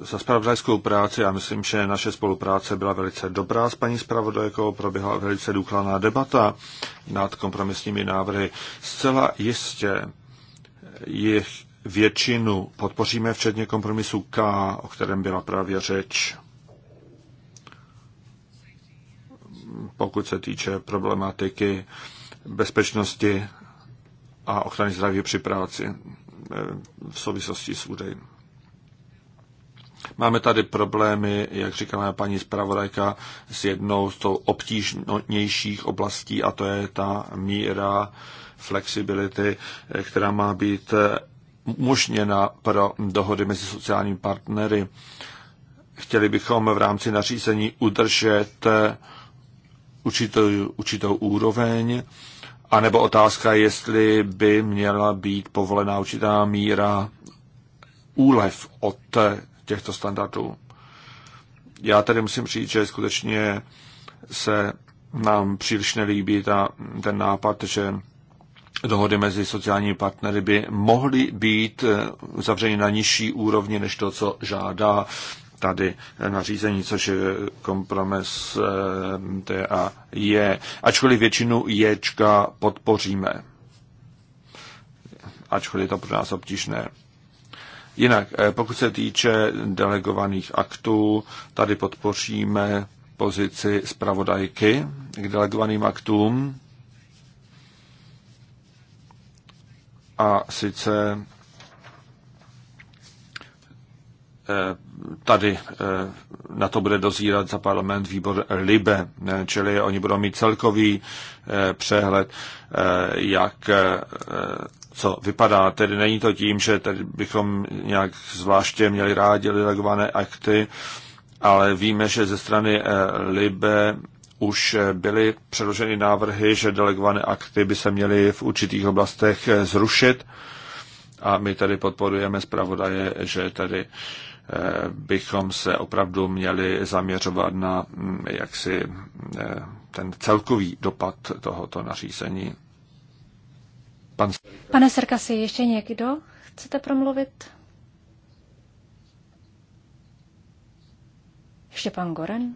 za spravodajskou práci Já myslím, že naše spolupráce byla velice dobrá s paní spravodajkou, proběhla velice důkladná debata nad kompromisními návrhy. Zcela jistě jich většinu podpoříme, včetně kompromisu K, o kterém byla právě řeč. pokud se týče problematiky bezpečnosti a ochrany zdraví při práci eh, v souvislosti s údej. Máme tady problémy, jak říkala paní zpravodajka, s jednou z tou obtížnějších oblastí a to je ta míra flexibility, eh, která má být eh, umožněna pro dohody mezi sociálními partnery. Chtěli bychom v rámci nařízení udržet určitou, určitou úroveň, anebo otázka, jestli by měla být povolená určitá míra úlev od těchto standardů. Já tady musím říct, že skutečně se nám příliš nelíbí ta, ten nápad, že dohody mezi sociálními partnery by mohly být eh, zavřeny na nižší úrovni než to, co žádá tady nařízení, což je kompromis eh, a je, ačkoliv většinu ječka podpoříme. Ačkoliv je to pro nás obtížné. Jinak, eh, pokud se týče delegovaných aktů, tady podpoříme pozici zpravodajky k delegovaným aktům. A sice eh, tady eh, na to bude dozírat za parlament výbor LIBE, eh, čili oni budou mít celkový eh, přehled, jak co vypadá. Tedy není to tím, že tady bychom nějak zvláště měli rádi delegované akty, ale víme, že ze strany LIBE už byly předloženy návrhy, že delegované akty by se měly v určitých oblastech zrušit a my tady podporujeme zpravodaje, že tady eh, bychom se opravdu měli zaměřovat na mm, jaksi eh, ten celkový dopad tohoto nařízení. Pan... Pane Serkasi, ještě někdo? Chcete promluvit? Ještě pan Goren?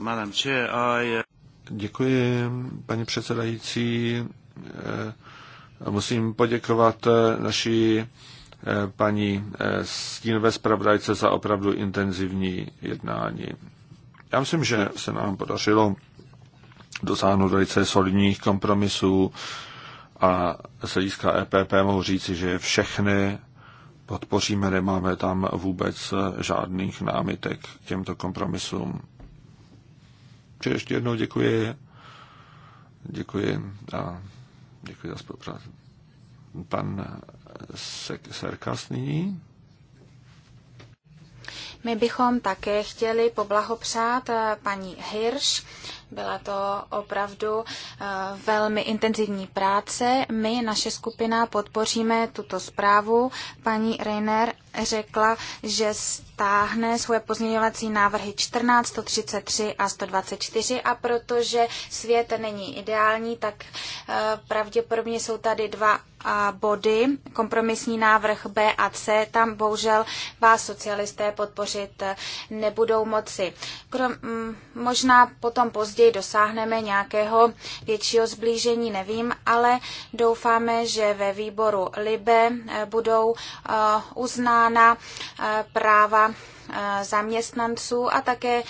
Uh, Děkuji, paní předsedající. Eh, musím poděkovat eh, naší paní eh, stínové zpravodajce za opravdu intenzivní jednání. Já myslím, že se nám podařilo dosáhnout velice solidních kompromisů a z hlediska EPP mohu říci, že všechny podpoříme, nemáme tam vůbec žádných námitek k těmto kompromisům. Čili ještě jednou děkuji. Děkuji a děkuji za spolupráci. Pan Serkas nyní. My bychom také chtěli poblahopřát eh, paní Hirsch byla to opravdu eh, velmi intenzivní práce. My, naše skupina, podpoříme tuto zprávu. Paní Reiner řekla, že stáhne svoje pozměňovací návrhy 14, 133 a 124 a protože svět není ideální, tak eh, pravděpodobně jsou tady dva eh, body, kompromisní návrh B a C, tam bohužel vás socialisté podpořit nebudou moci. Krom, mm, možná potom později později dosáhneme nějakého většího zblížení, nevím, ale doufáme, že ve výboru LIBE eh, budou eh, uznána eh, práva zaměstnanců a také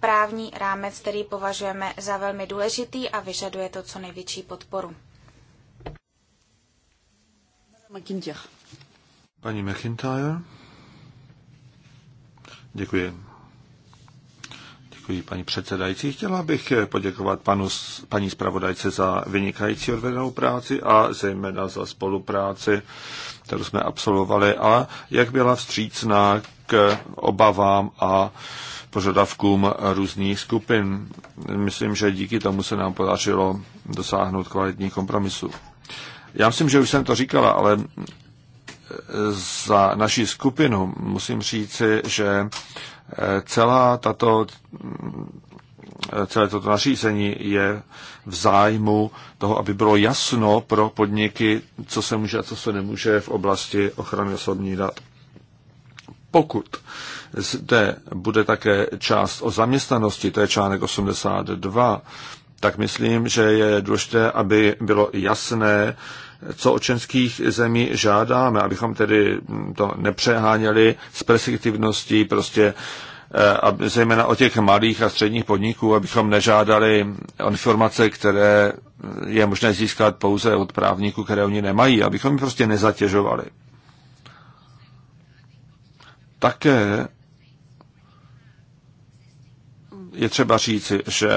právní rámec, který považujeme za velmi důležitý a vyžaduje to co největší podporu. Paní McIntyre. Děkuji. Děkuji, paní předsedající. Chtěla bych poděkovat panu, paní zpravodajce za vynikající odvedenou práci a zejména za spolupráci, kterou jsme absolvovali a jak byla vstřícná k obavám a požadavkům různých skupin. Myslím, že díky tomu se nám podařilo dosáhnout kvalitní kompromisu. Já myslím, že už jsem to říkala, ale e, za naši skupinu musím říci, že Celá tato, celé toto nařízení je v zájmu toho, aby bylo jasno pro podniky, co se může a co se nemůže v oblasti ochrany osobních dat. Pokud zde bude také část o zaměstnanosti, to je článek 82, tak myslím, že je důležité, aby bylo jasné, co o členských zemí žádáme, abychom tedy to nepřeháněli s perspektivností prostě eh, zejména o těch malých a středních podniků, abychom nežádali informace, které je možné získat pouze od právníků, které oni nemají, abychom je prostě nezatěžovali. Také je třeba říci, že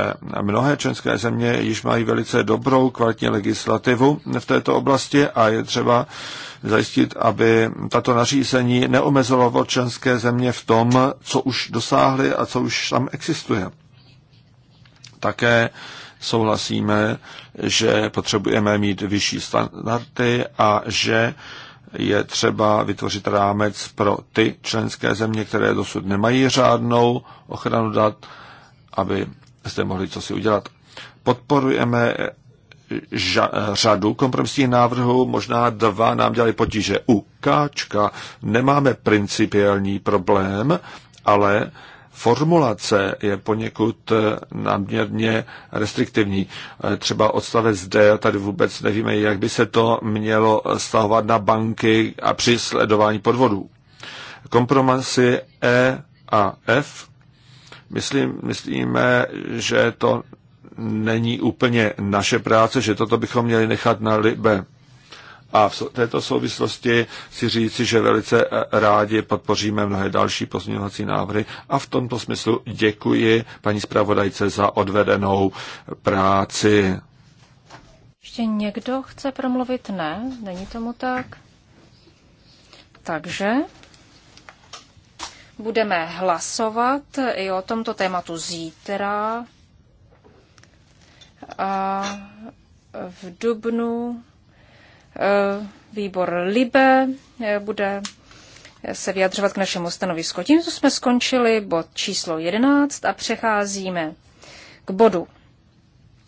mnohé české země již mají velice dobrou kvalitní legislativu v této oblasti a je třeba zajistit, aby tato nařízení neomezovalo členské země v tom, co už dosáhly a co už tam existuje. Také souhlasíme, že potřebujeme mít vyšší standardy a že je třeba vytvořit rámec pro ty členské země, které dosud nemají řádnou ochranu dat aby jste mohli co si udělat. Podporujeme ža- řadu kompromisních návrhů, možná dva nám dělali potíže. U Káčka nemáme principiální problém, ale formulace je poněkud náměrně restriktivní. Třeba odstavec D, tady vůbec nevíme, jak by se to mělo stahovat na banky a při sledování podvodů. Kompromisy E a F Myslím, myslíme, že to není úplně naše práce, že toto bychom měli nechat na libe. A v této souvislosti si říci, že velice eh, rádi podpoříme mnohé další pozměňovací návrhy a v tomto smyslu děkuji paní zpravodajce za odvedenou práci. Ještě někdo chce promluvit? Ne, není tomu tak. Takže Budeme hlasovat i o tomto tématu zítra. A v dubnu e, výbor Libe e, bude se vyjadřovat k našemu stanovisku. Tímto jsme skončili bod číslo 11 a přecházíme k bodu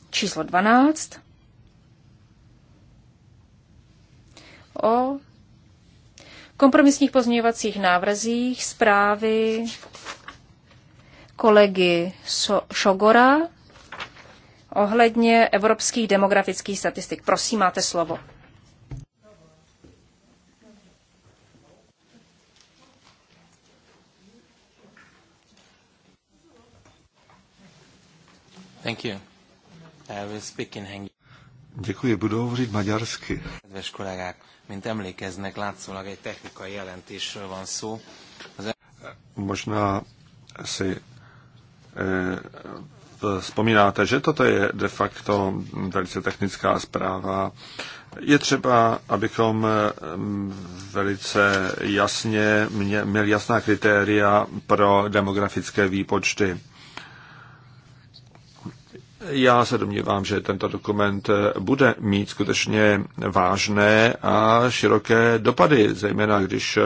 číslo 12 o kompromisních pozměňovacích návrzích zprávy kolegy Šogora ohledně evropských demografických statistik. Prosím, máte slovo. Thank you. I will speak in Hungarian. Děkuji, budu hovořit maďarsky. Kedves kollégák, mint emlékeznek, látszólag egy technikai jelentésről van szó. Az... Možná si eh, vzpomínáte, že toto je de facto velice technická zpráva. Je třeba, abychom eh, velice jasně měli jasná kritéria pro demografické výpočty já se domnívám, že tento dokument bude mít skutečně vážné a široké dopady, zejména když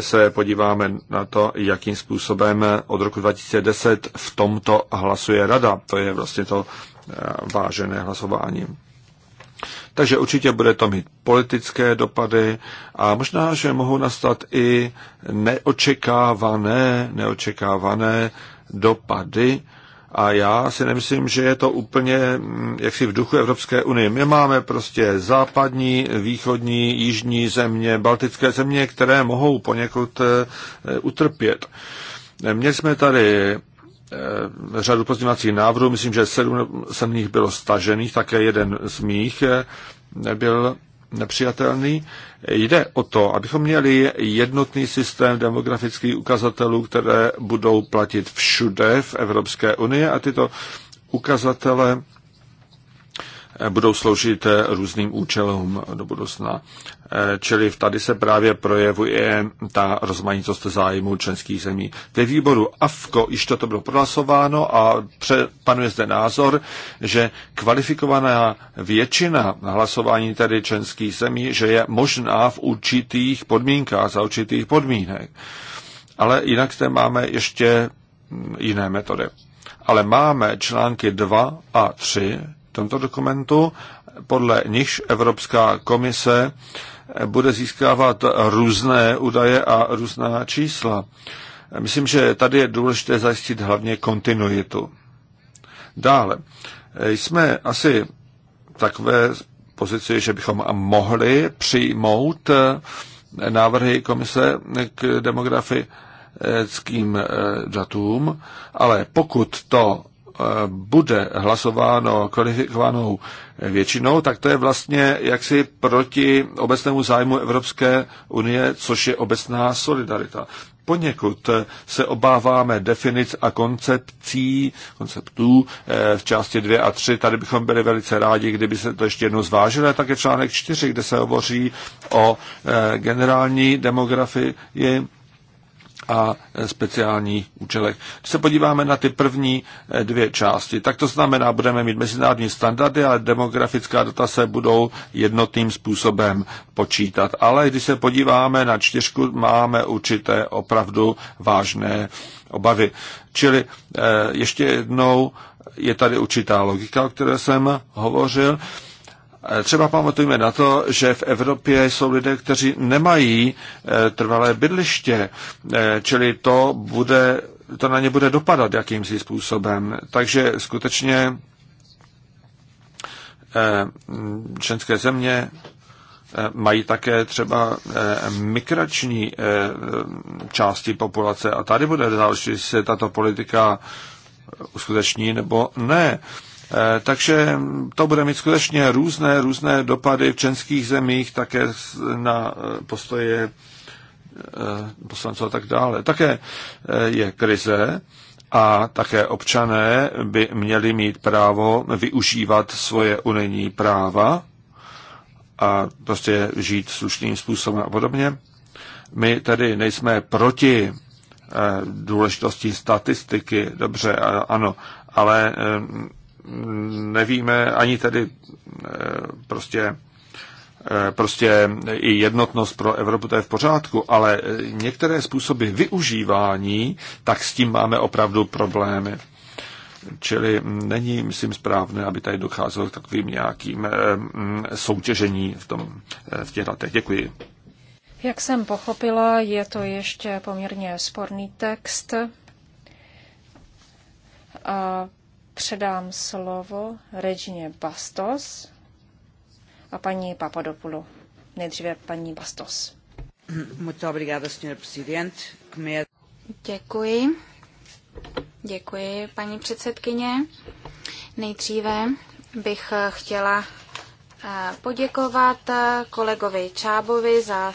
se podíváme na to, jakým způsobem od roku 2010 v tomto hlasuje rada. To je vlastně to eh, vážené hlasování. Takže určitě bude to mít politické dopady a možná, že mohou nastat i neočekávané, neočekávané dopady, a já si nemyslím, že je to úplně mm, jaksi v duchu Evropské unie. My máme prostě západní, východní, jižní země, baltické země, které mohou poněkud eh, utrpět. Měli jsme tady eh, řadu pozměňovacích návrhů, myslím, že sedm, z nich bylo stažených, také jeden z mých eh, byl nepřijatelný. Jde o to, abychom měli jednotný systém demografických ukazatelů, které budou platit všude v Evropské unii a tyto ukazatele budou sloužit eh, různým účelům do budoucna. Eh, čili tady se právě projevuje ta rozmanitost zájmů členských zemí. Ve výboru AFKO již toto bylo prohlasováno a panuje zde názor, že kvalifikovaná většina hlasování tedy členských zemí, že je možná v určitých podmínkách, za určitých podmínek. Ale jinak zde máme ještě hm, jiné metody. Ale máme články 2 a 3 tomto dokumentu, podle nichž Evropská komise bude získávat různé údaje a různá čísla. Myslím, že tady je důležité zajistit hlavně kontinuitu. Dále, jsme asi takové pozici, že bychom mohli přijmout návrhy komise k demografii demografickým datům, ale pokud to Eh, bude hlasováno kvalifikovanou většinou, tak to je vlastně jaksi proti obecnému zájmu Evropské unie, což je obecná solidarita. Poněkud se obáváme definic a koncepcí, konceptů eh, v části 2 a 3. Tady bychom byli velice rádi, kdyby se to ještě jednou zvážilo. Tak je článek 4, kde se hovoří o eh, generální demografii a e, speciálních účelech. Když se podíváme na ty první e, dvě části, tak to znamená, budeme mít mezinárodní standardy, ale demografická data se budou jednotným způsobem počítat. Ale když se podíváme na čtyřku, máme určité opravdu vážné obavy. Čili e, ještě jednou je tady určitá logika, o které jsem hovořil. Eh, třeba pamatujme na to, že v Evropě jsou lidé, kteří nemají eh, trvalé bydliště, eh, čili to, bude, to na ně bude dopadat jakýmsi způsobem. Takže skutečně členské země mají také třeba migrační části populace a tady bude další, jestli se tato politika uskuteční nebo ne. Eh, takže to bude mít skutečně různé, různé dopady v českých zemích, také na eh, postoje eh, poslanců a tak dále. Také je krize a také občané by měli mít právo využívat svoje unijní práva a prostě žít slušným způsobem a podobně. My tedy nejsme proti důležitosti statistiky, dobře, ano, ale nevíme ani tedy eh, prostě eh, prostě i jednotnost pro Evropu, to je v pořádku, ale eh, některé způsoby využívání, tak s tím máme opravdu problémy. Čili není, myslím, správné, aby tady docházelo k takovým nějakým mm, soutěžení v, tom, v těch datech. Děkuji. Jak jsem pochopila, je to ještě poměrně sporný text. A předám slovo Regině Bastos a paní Papadopulu. Nejdříve paní Bastos. Muito obrigada, senhor presidente. Děkuji. Děkuji, paní předsedkyně. Nejdříve bych chtěla eh, poděkovat eh, kolegovi Čábovi za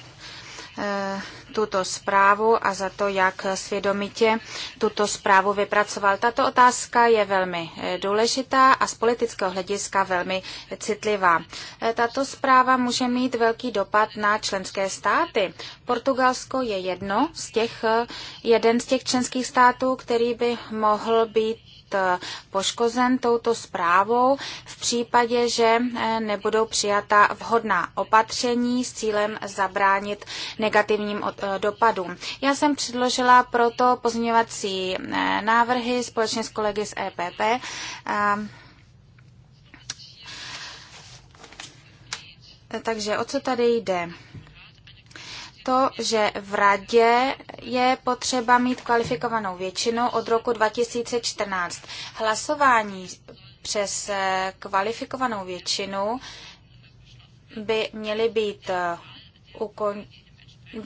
eh, tuto zprávu a za to, jak svědomitě tuto zprávu vypracoval. Tato otázka je velmi eh, důležitá a z politického hlediska velmi citlivá. Eh, tato zpráva může mít velký dopad na členské státy. Portugalsko je jedno z těch, eh, jeden z těch členských států, který by mohl být Eh, poškozen touto zprávou v případě, že eh, nebudou přijata vhodná opatření s cílem zabránit negativním eh, dopadům. Já jsem předložila proto pozměňovací návrhy společně s kolegy z EPP. Takže o co tady jde? to, že v radě je potřeba mít kvalifikovanou většinu od roku 2014. Hlasování přes kvalifikovanou většinu by měly být eh, ukon...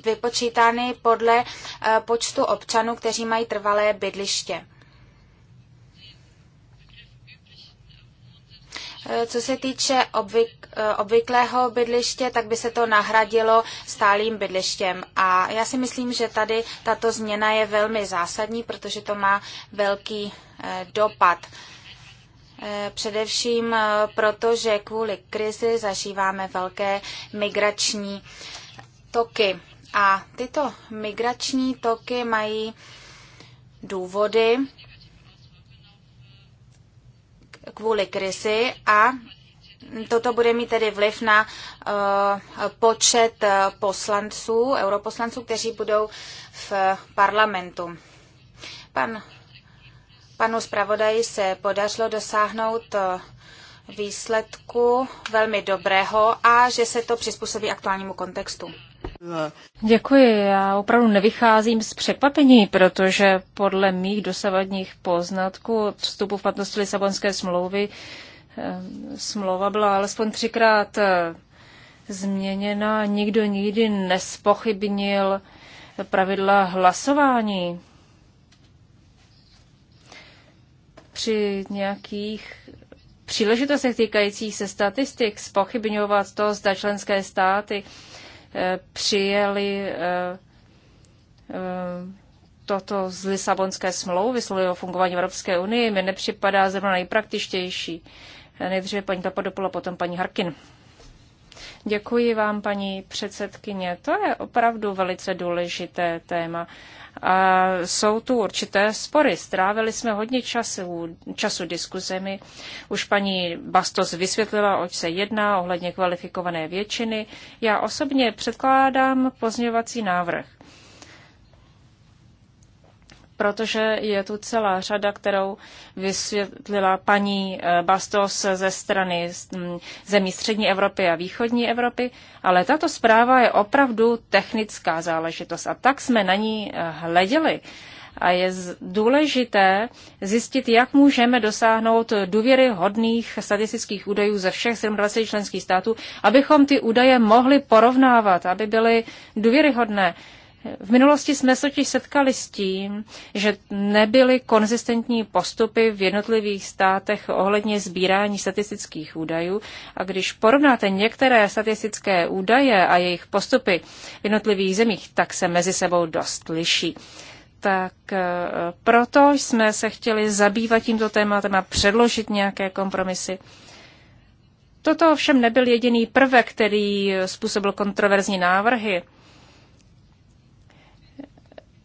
vypočítány podle eh, počtu občanů, kteří mají trvalé bydliště. Co se týče obvyk, eh, obvyklého bydliště, tak by se to nahradilo stálým bydlištěm. A já si myslím, že tady tato změna je velmi zásadní, protože to má velký eh, dopad. Eh, především proto, že kvůli krizi zažíváme velké migrační toky. A tyto migrační toky mají důvody, kvůli krizi a Toto bude mít tedy vliv na uh, počet eh, poslanců, europoslanců, kteří budou v parlamentu. Pan, panu zpravodaji se podařilo dosáhnout eh, výsledku velmi dobrého a že se to přizpůsobí aktuálnímu kontextu. Děkuji. Já opravdu nevycházím z překvapení, protože podle mých dosavadních poznatků od vstupu v platnost Lisabonské smlouvy eh, smlouva byla alespoň třikrát eh, změněna. Nikdo nikdy nespochybnil pravidla hlasování. Při nějakých příležitostech týkajících se statistik spochybňovat to, zda členské státy Eh, přijeli eh, eh, toto z Lisabonské smlouvy, slovy o fungování Evropské unie, mi nepřipadá zrovna nejpraktičtější. Nejdříve paní Papadopoula, potom paní Harkin. Děkuji vám, paní předsedkyně. To je opravdu velice důležité téma a jsou tu určité spory. Strávili jsme hodně času, času diskuzemi. Už paní Bastos vysvětlila, oč se jedná ohledně kvalifikované většiny. Já osobně předkládám pozměňovací návrh protože je tu celá řada, kterou vysvětlila paní eh, Bastos ze strany mm, zemí střední Evropy a východní Evropy, ale tato zpráva je opravdu technická záležitost a tak jsme na ní eh, hleděli. A je důležité zjistit, jak můžeme dosáhnout důvěryhodných statistických údajů ze všech 27 členských států, abychom ty údaje mohli porovnávat, aby byly důvěryhodné. V minulosti jsme se totiž setkali s tím, že nebyly konzistentní postupy v jednotlivých státech ohledně sbírání statistických údajů a když porovnáte některé statistické údaje a jejich postupy v jednotlivých zemích, tak se mezi sebou dost liší. Tak eh, proto jsme se chtěli zabývat tímto tématem a předložit nějaké kompromisy. Toto ovšem nebyl jediný prvek, který způsobil kontroverzní návrhy.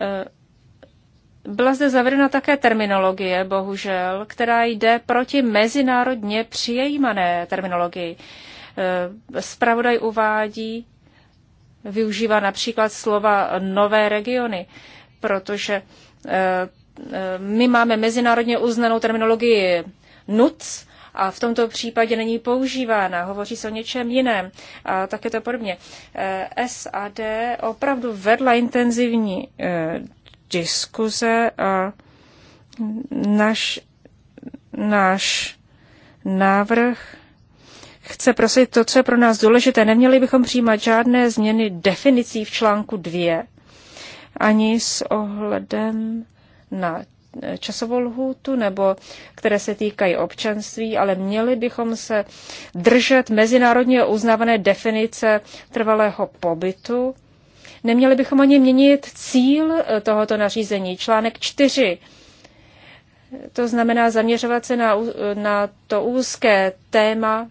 Eh, byla zde zavedena také terminologie, bohužel, která jde proti mezinárodně přijímané terminologii. Spravodaj eh, uvádí, využívá například slova nové regiony, protože eh, my máme mezinárodně uznanou terminologii NUC, a v tomto případě není používána, hovoří se o něčem jiném a také to podobně. Eh, SAD opravdu vedla intenzivní eh, diskuze a náš, náš návrh chce prosit to, co je pro nás důležité. Neměli bychom přijímat žádné změny definicí v článku 2, ani s ohledem na časovou lhůtu nebo které se týkají občanství, ale měli bychom se držet mezinárodně uznávané definice trvalého pobytu. Neměli bychom ani měnit cíl eh, tohoto nařízení. Článek 4 to znamená zaměřovat se na, na to úzké téma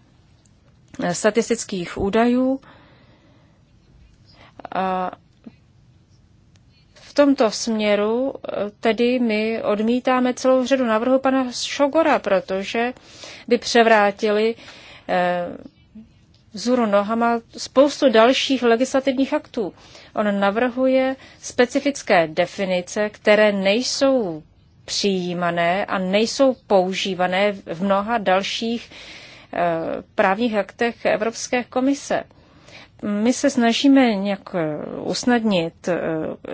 eh, statistických údajů. A tomto směru eh, tedy my odmítáme celou řadu návrhu pana Šogora, protože by převrátili eh, vzůru nohama spoustu dalších legislativních aktů. On navrhuje specifické definice, které nejsou přijímané a nejsou používané v mnoha dalších eh, právních aktech Evropské komise my se snažíme nějak eh, usnadnit eh,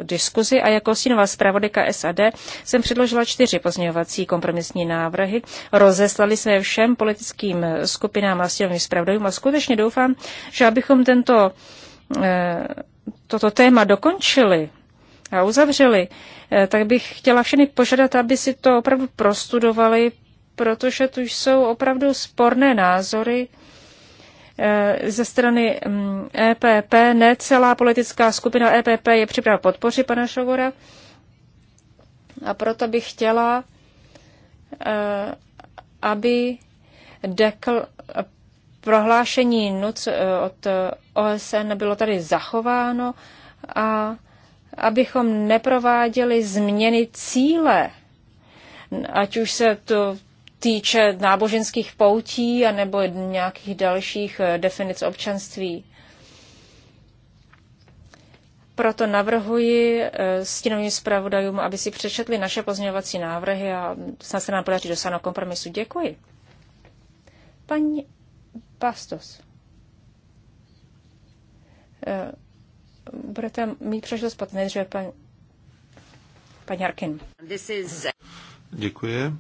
diskuzi a jako stínová zpravodajka SAD jsem předložila čtyři pozměňovací kompromisní návrhy. Rozeslali jsme všem politickým eh, skupinám a stínovým zpravodajům a skutečně doufám, že abychom tento, toto téma dokončili a uzavřeli, tak bych chtěla všechny požádat, aby si to opravdu prostudovali, protože tu jsou opravdu sporné názory, Eh, ze strany mm, EPP. Ne celá politická skupina EPP je připravena podpoři pana Šogora. A proto bych chtěla, eh, aby dekl, prohlášení NUC eh, od OSN bylo tady zachováno a abychom neprováděli změny cíle, ať už se to týče náboženských poutí anebo nějakých dalších eh, definic občanství. Proto navrhuji eh, stínovým zpravodajům, aby si přečetli naše pozměňovací návrhy a snad se nám podaří dosáhnout kompromisu. Děkuji. Paní Bastos. Eh, budete mít příležitost potom nejdříve paní, paní Harkin. Děkuji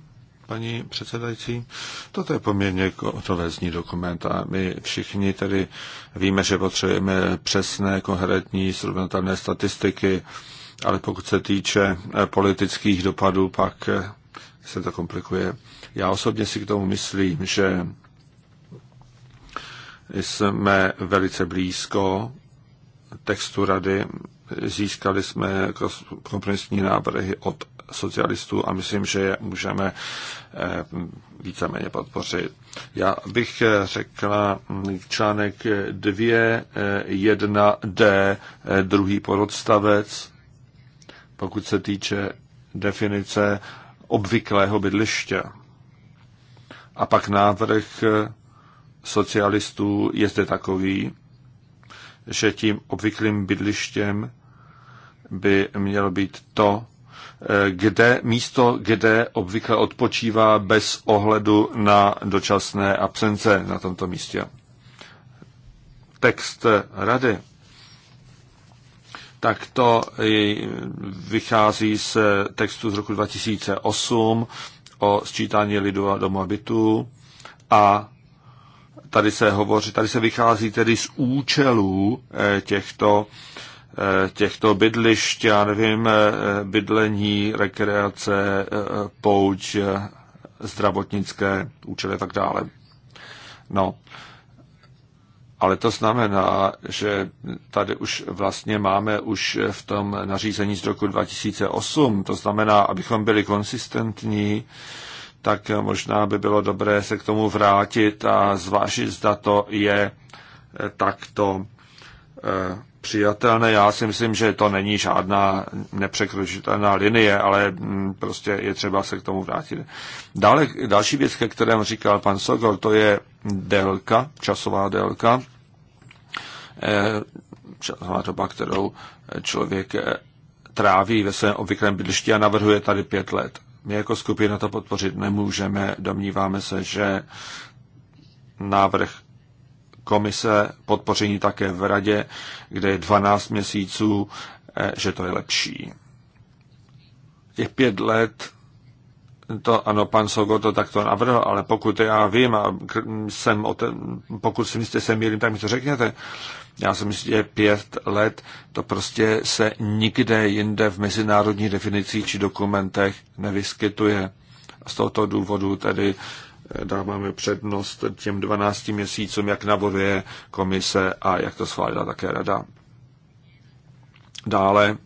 paní předsedající. Toto je poměrně kontroverzní dokument a my všichni tedy víme, že potřebujeme přesné, konkrétní, srovnatelné statistiky, ale pokud se týče eh, politických dopadů, pak eh, se to komplikuje. Já osobně si k tomu myslím, že jsme velice blízko textu rady, získali jsme kompromisní návrhy od socialistů a myslím, že je můžeme eh, víceméně podpořit. Já bych eh, řekla mm, článek 2, 1d, eh, druhý podstavec, pokud se týče definice obvyklého bydliště. A pak návrh socialistů je zde takový, že tím obvyklým bydlištěm by mělo být to, kde místo, kde obvykle odpočívá bez ohledu na dočasné absence na tomto místě. Text rady. Tak to vychází z textu z roku 2008 o sčítání lidu a domobytu a tady se hovoří, tady se vychází tedy z účelů eh, těchto Eh, těchto bydlišť, já nevím, eh, bydlení, rekreace, eh, pouč, zdravotnické účely a tak dále. No, ale to znamená, že tady už vlastně máme už v tom nařízení z roku 2008, to znamená, abychom byli konsistentní, tak možná by bylo dobré se k tomu vrátit a zvážit, zda to je takto přijatelné. Já si myslím, že to není žádná nepřekročitelná linie, ale mm, prostě je třeba se k tomu vrátit. Dále, další věc, ke kterém říkal pan Sogor, to je délka, časová délka, eh, časová doba, kterou eh, člověk eh, tráví ve svém obvyklém bydlišti a navrhuje tady pět let. My jako skupina to podpořit nemůžeme, domníváme se, že návrh komise, podpoření také v radě, kde je 12 měsíců, eh, že to je lepší. Je pět let, to ano, pan Sogo to takto navrhl, ale pokud já vím a jsem o ten, pokud si myslíte, jsem mírným, tak mi to řekněte. Já si myslím, že pět let to prostě se nikde jinde v mezinárodních definicích či dokumentech nevyskytuje. Z tohoto důvodu tedy dáváme přednost těm 12 měsícům, jak navoduje komise a jak to schválila také rada. Dále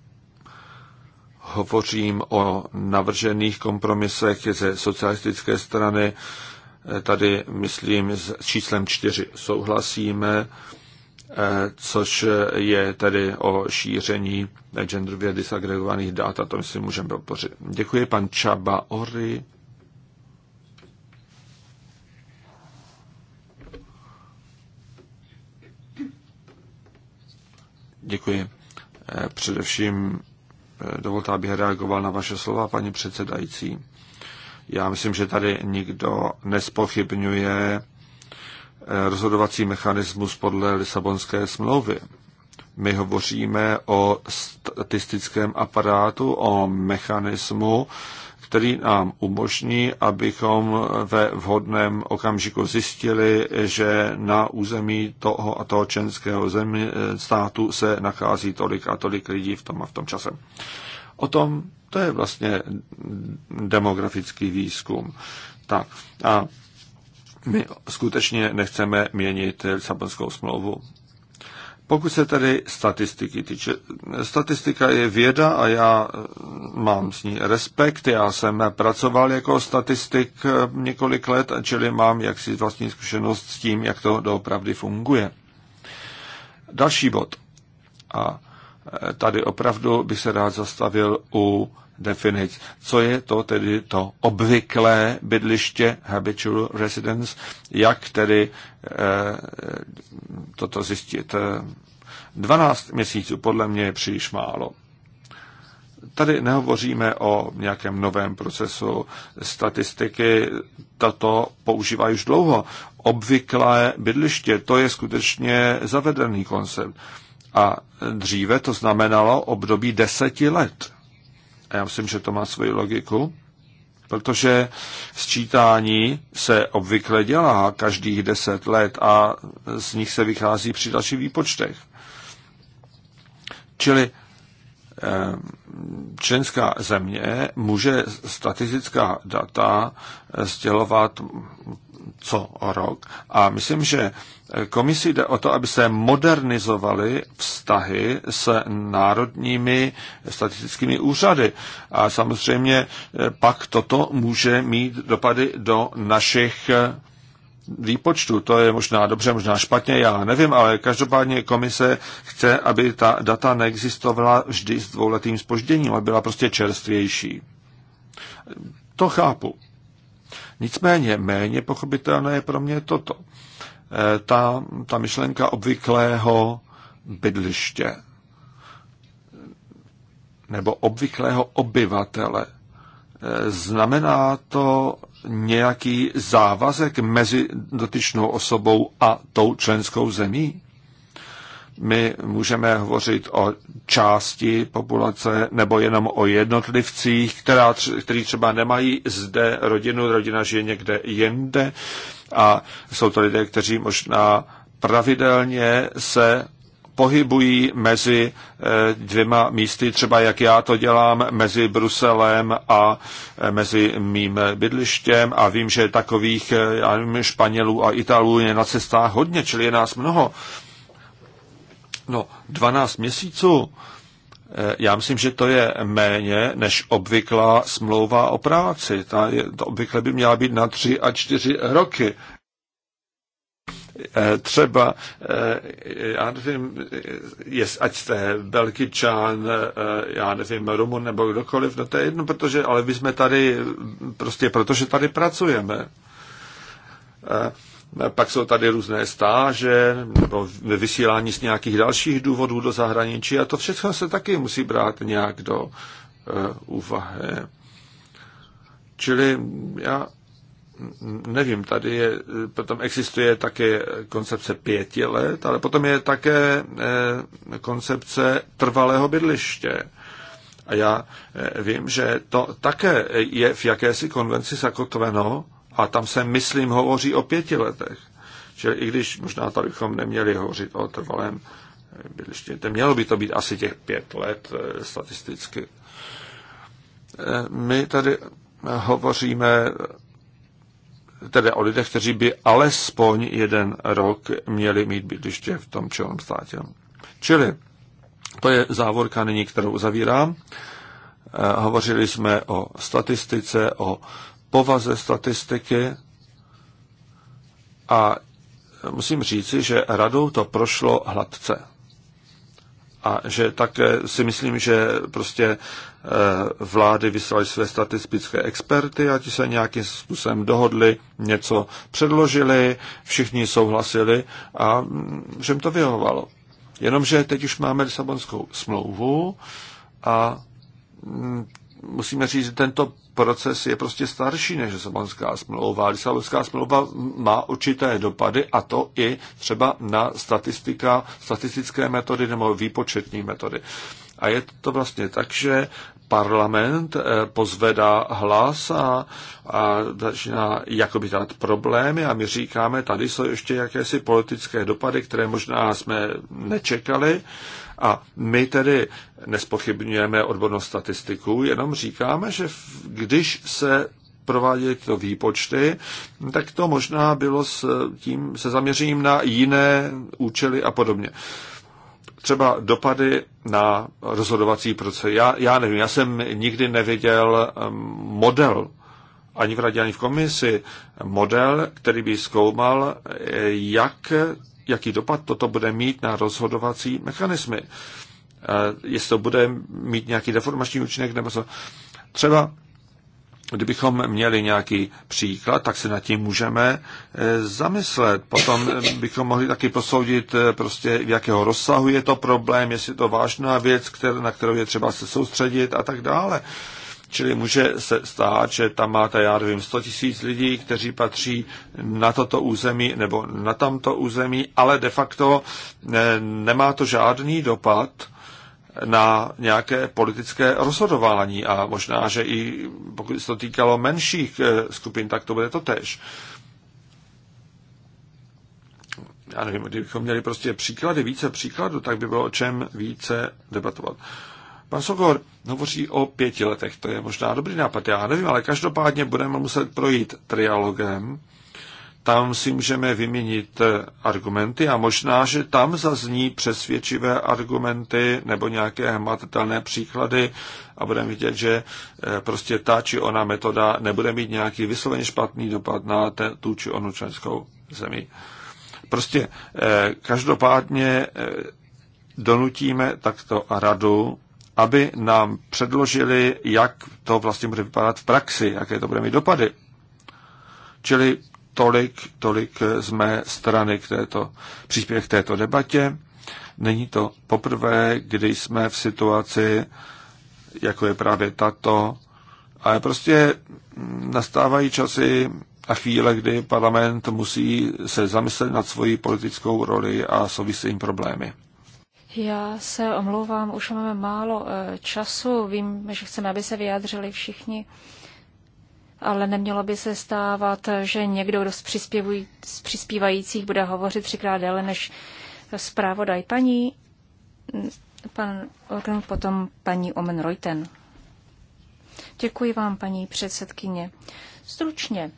hovořím o navržených kompromisech ze socialistické strany. Tady, myslím, s číslem 4 souhlasíme, eh, což je tedy o šíření genderově disagregovaných dat a to, myslím, můžeme podpořit. Děkuji pan Čaba Ory. Děkuji. Eh, především eh, dovolte, abych reagoval na vaše slova, paní předsedající. Já myslím, že tady nikdo nespochybňuje eh, rozhodovací mechanismus podle Lisabonské smlouvy. My hovoříme o statistickém aparátu, o mechanismu, který nám umožní, abychom ve vhodném okamžiku zjistili, že na území toho a toho členského země, eh, státu se nachází tolik a tolik lidí v tom a v tom čase. O tom to je vlastně demografický výzkum. Tak a my skutečně nechceme měnit Lisabonskou smlouvu. Pokud se tedy statistiky týče, statistika je věda a já eh, mám s ní respekt. Já jsem pracoval jako statistik eh, několik let, čili mám jaksi vlastní zkušenost s tím, jak to doopravdy funguje. Další bod. A eh, tady opravdu bych se rád zastavil u definic. Co je to tedy to obvyklé bydliště, habitual residence, jak tedy eh, toto zjistit. 12 eh, měsíců podle mě je příliš málo. Tady nehovoříme o nějakém novém procesu statistiky, tato používá už dlouho. Obvyklé bydliště, to je skutečně zavedený koncept. A dříve to znamenalo období deseti let. A já myslím, že to má svoji logiku, protože sčítání se obvykle dělá každých deset let a z nich se vychází při dalších výpočtech. Čili eh, členská země může statistická data sdělovat co rok. A myslím, že komisi jde o to, aby se modernizovaly vztahy s národními statistickými úřady. A samozřejmě pak toto může mít dopady do našich výpočtu. To je možná dobře, možná špatně, já nevím, ale každopádně komise chce, aby ta data neexistovala vždy s dvouletým spožděním, aby byla prostě čerstvější. To chápu. Nicméně méně pochopitelné je pro mě toto. Eh, ta, ta myšlenka obvyklého bydliště nebo obvyklého obyvatele. Eh, znamená to nějaký závazek mezi dotyčnou osobou a tou členskou zemí? my můžeme hovořit o části populace nebo jenom o jednotlivcích, která, který třeba nemají zde rodinu, rodina žije někde jinde a jsou to lidé, kteří možná pravidelně se pohybují mezi e, dvěma místy, třeba jak já to dělám, mezi Bruselem a e, mezi mým bydlištěm a vím, že takových e, já nevím, Španělů a Italů je na cestách hodně, čili je nás mnoho No, 12 měsíců, eh, já myslím, že to je méně než obvyklá smlouva o práci. Ta je, to obvykle by měla být na 3 a 4 roky. Eh, třeba, eh, já nevím, jest, ať jste Belgičan, já nevím, Rumun nebo kdokoliv, no to je jedno, protože, ale my jsme tady prostě, protože tady pracujeme pak jsou tady různé stáže nebo vysílání z nějakých dalších důvodů do zahraničí a to všechno se taky musí brát nějak do uh, úvahy. Čili já nevím, tady je, potom existuje také koncepce pěti let, ale potom je také e, koncepce trvalého bydliště. A já e, vím, že to také je v jakési konvenci zakotveno, a tam se, myslím, hovoří o pěti letech. Čili i když možná tady bychom neměli hovořit o trvalém bydliště, mělo by to být asi těch pět let eh, statisticky. Eh, my tady hovoříme tedy o lidech, kteří by alespoň jeden rok měli mít bydliště v tom čelom státě. Čili to je závorka nyní, kterou zavírám. Eh, hovořili jsme o statistice, o povaze statistiky a musím říci, že radou to prošlo hladce. A že také si myslím, že prostě eh, vlády vyslali své statistické experty a ti se nějakým způsobem dohodli, něco předložili, všichni souhlasili a mm, že jim to vyhovovalo. Jenomže teď už máme Lisabonskou smlouvu a mm, musíme říct, že tento proces je prostě starší než Lisabonská smlouva. Lisabonská smlouva má určité dopady a to i třeba na statistika, statistické metody nebo výpočetní metody. A je to vlastně tak, že parlament eh, pozvedá hlas a, a začíná jakoby dát problémy a my říkáme, tady jsou ještě jakési politické dopady, které možná jsme nečekali a my tedy nespochybňujeme odbornou statistiku, jenom říkáme, že když se prováděly tyto výpočty, tak to možná bylo s tím, se zaměřením na jiné účely a podobně. Třeba dopady na rozhodovací proces. Já, já nevím, já jsem nikdy neviděl um, model ani v radě, ani v komisi model, který by zkoumal, eh, jak jaký dopad toto bude mít na rozhodovací mechanismy. Jestli to bude mít nějaký deformační účinek, nebo co. Třeba kdybychom měli nějaký příklad, tak se nad tím můžeme e, zamyslet. Potom bychom mohli taky posoudit, e, prostě v jakého rozsahu je to problém, jestli je to vážná věc, na kterou je třeba se soustředit a tak dále. Čili může se stát, že tam máte, já nevím, 100 tisíc lidí, kteří patří na toto území nebo na tamto území, ale de facto eh, nemá to žádný dopad na nějaké politické rozhodování a možná, že i pokud se to týkalo menších eh, skupin, tak to bude to tež. Já nevím, kdybychom měli prostě příklady, více příkladů, tak by bylo o čem více debatovat. Uh, Pan Sokor hovoří o pěti letech, to je možná dobrý nápad, já nevím, ale každopádně budeme muset projít trialogem, tam si můžeme vyměnit eh, argumenty a možná, že tam zazní přesvědčivé argumenty nebo nějaké hmatatelné příklady a budeme vidět, že eh, prostě ta či ona metoda nebude mít nějaký vysloveně špatný dopad na te, tu či onu členskou zemi. Prostě eh, každopádně donutíme takto radu, aby nám předložili, jak to vlastně bude vypadat v praxi, jaké to bude mít dopady. Čili tolik, tolik z mé strany k této, příspěch k této debatě. Není to poprvé, kdy jsme v situaci, jako je právě tato, ale prostě nastávají časy a chvíle, kdy parlament musí se zamyslet nad svojí politickou roli a související problémy. Já se omlouvám, už máme málo eh, času. Vím, že chceme, aby se vyjádřili všichni, ale nemělo by se stávat, eh, že někdo z, z přispívajících bude hovořit třikrát déle než zprávodaj paní. Mm, pan Orgen, potom paní Omen Reuten. Děkuji vám, paní předsedkyně. Stručně,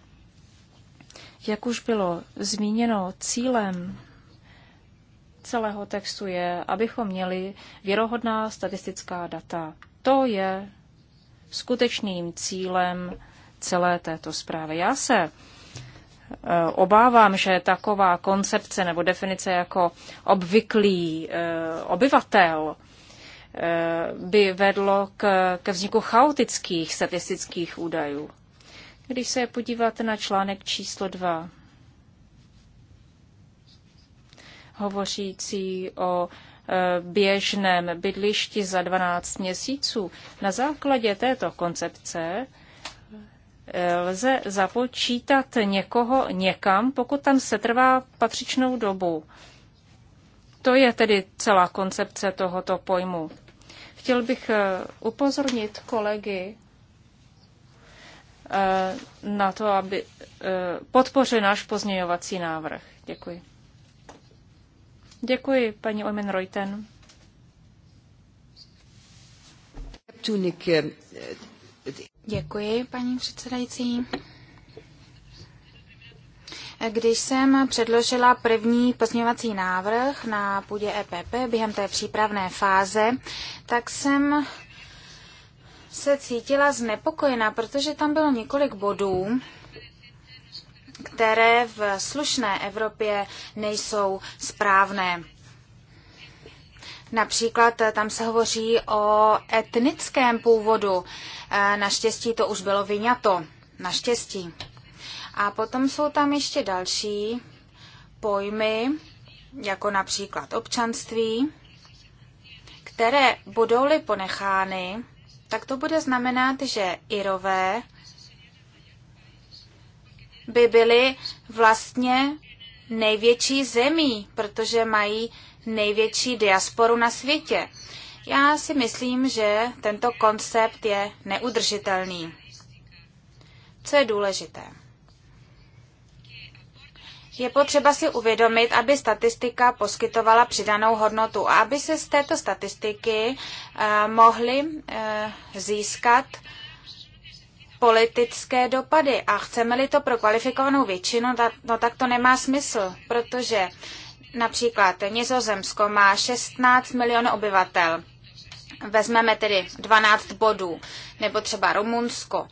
jak už bylo zmíněno, cílem celého textu je, abychom měli věrohodná statistická data. To je skutečným cílem celé této zprávy. Já se e, obávám, že taková koncepce nebo definice jako obvyklý e, obyvatel e, by vedlo k, ke vzniku chaotických statistických údajů. Když se podíváte na článek číslo 2, hovořící o e, běžném bydlišti za 12 měsíců. Na základě této koncepce e, lze započítat někoho někam, pokud tam se trvá patřičnou dobu. To je tedy celá koncepce tohoto pojmu. Chtěl bych e, upozornit kolegy na to, aby podpořil náš pozměňovací návrh. Děkuji. Děkuji, paní Omen Reuten. Eh, Děkuji, paní předsedající. Když jsem předložila první pozměňovací návrh na půdě EPP během té přípravné fáze, tak jsem se cítila znepokojená, protože tam bylo několik bodů, které v slušné Evropě nejsou správné. Například tam se hovoří o etnickém původu. E, naštěstí to už bylo vyňato. Naštěstí. A potom jsou tam ještě další pojmy, jako například občanství, které budou-li ponechány, tak to bude znamenat, že Irové by byly vlastně největší zemí, protože mají největší diasporu na světě. Já si myslím, že tento koncept je neudržitelný. Co je důležité? Je potřeba si uvědomit, aby statistika poskytovala přidanou hodnotu a aby se z této statistiky eh, mohli eh, získat politické dopady a chceme-li to pro kvalifikovanou většinu, no tak to nemá smysl, protože například Nizozemsko má 16 milionů obyvatel. Vezmeme tedy 12 bodů, nebo třeba Rumunsko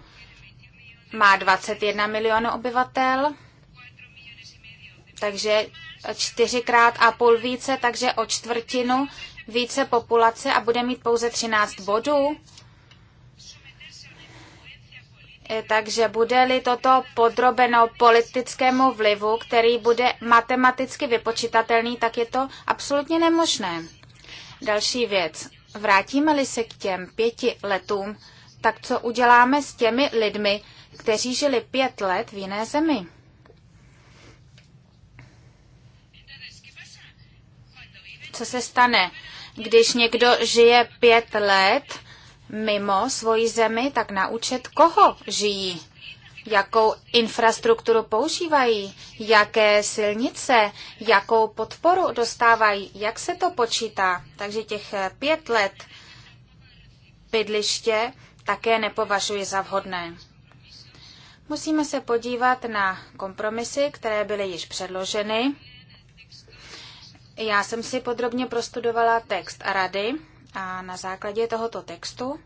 má 21 milionů obyvatel, takže čtyřikrát a půl více, takže o čtvrtinu více populace a bude mít pouze 13 bodů. Eh, takže bude-li toto podrobeno politickému vlivu, který bude matematicky vypočitatelný, tak je to absolutně nemožné. Další věc. Vrátíme-li se k těm pěti letům, tak co uděláme s těmi lidmi, kteří žili pět let v jiné zemi? Co se stane, když někdo žije pět let mimo svoji zemi, tak na účet koho žijí, jakou infrastrukturu používají, jaké silnice, jakou podporu dostávají, jak se to počítá. Takže těch pět let bydliště také nepovažuji za vhodné. Musíme se podívat na kompromisy, které byly již předloženy. Já jsem si podrobně prostudovala text a rady a na základě tohoto textu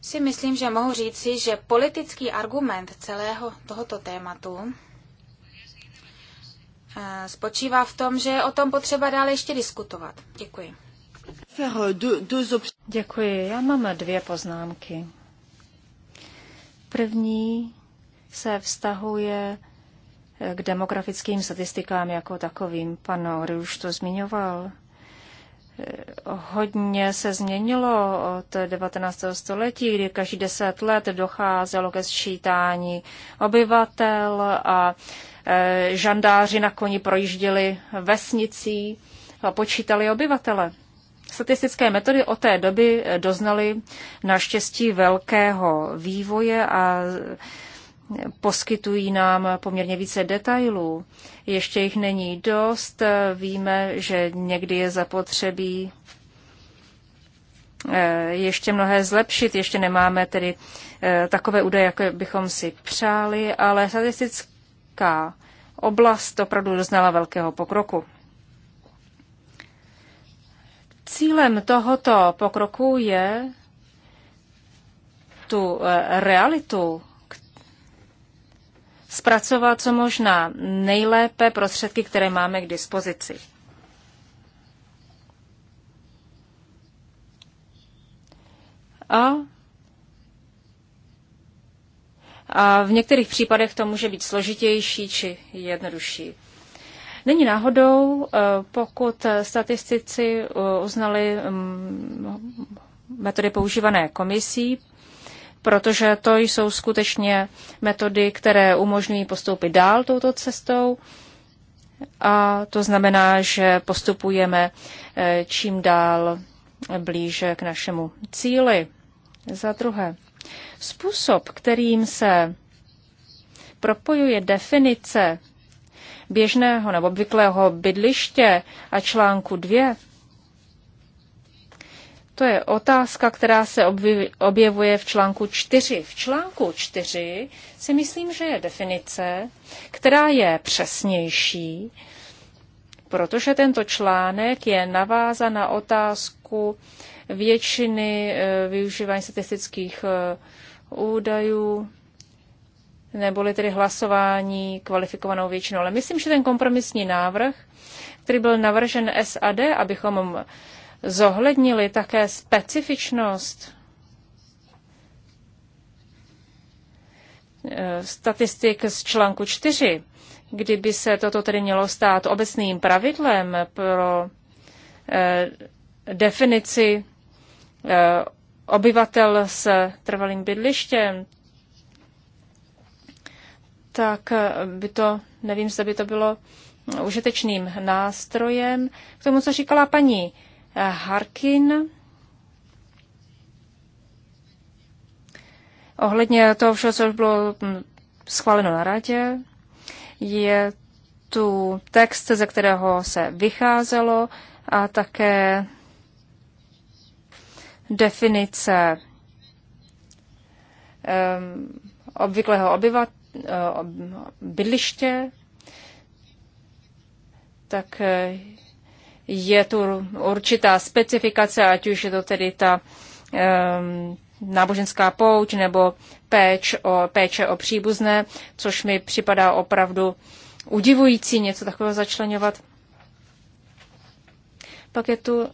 si myslím, že mohu říci, že politický argument celého tohoto tématu eh, spočívá v tom, že o tom potřeba dále ještě diskutovat. Děkuji. Eh, Děkuji. Já mám dvě poznámky. První se vztahuje eh, k demografickým statistikám jako takovým. Pan Ory už to zmiňoval. Hodně se změnilo od 19. století, kdy každý deset let docházelo ke sčítání obyvatel a e, žandáři na koni projížděli vesnicí a počítali obyvatele. Statistické metody od té doby e, doznaly naštěstí velkého vývoje a e, poskytují nám poměrně více detailů ještě jich není dost. Víme, že někdy je zapotřebí eh, ještě mnohé zlepšit, ještě nemáme tedy eh, takové údaje, jaké bychom si přáli, ale statistická oblast opravdu doznala velkého pokroku. Cílem tohoto pokroku je tu eh, realitu zpracovat co možná nejlépe prostředky, které máme k dispozici. A a v některých případech to může být složitější či jednodušší. Není náhodou, eh, pokud statistici eh, uznali mm, metody používané komisí protože to jsou skutečně metody, které umožňují postoupit dál touto cestou. A to znamená, že postupujeme eh, čím dál blíže k našemu cíli. Za druhé, způsob, kterým se propojuje definice běžného nebo obvyklého bydliště a článku 2 to je otázka, která se objevuje v článku 4. V článku 4 si myslím, že je definice, která je přesnější, protože tento článek je navázan na otázku většiny eh, využívání statistických eh, údajů neboli tedy hlasování kvalifikovanou většinou. Ale myslím, že ten kompromisní návrh, který byl navržen SAD, abychom zohlednili také specifičnost eh, statistik z článku 4, kdyby se toto tedy mělo stát obecným pravidlem pro eh, definici eh, obyvatel s trvalým bydlištěm, tak by to, nevím, zda by to bylo užitečným nástrojem. K tomu, co říkala paní Harkin. Ohledně toho všeho, co bylo hm, schváleno na radě, je tu text, ze kterého se vycházelo a také definice um, obvyklého obyvat, uh, bydliště, tak je tu určitá specifikace, ať už je to tedy ta um, náboženská pouč nebo péč o, péče o příbuzné, což mi připadá opravdu udivující něco takového začlenovat. Pak je tu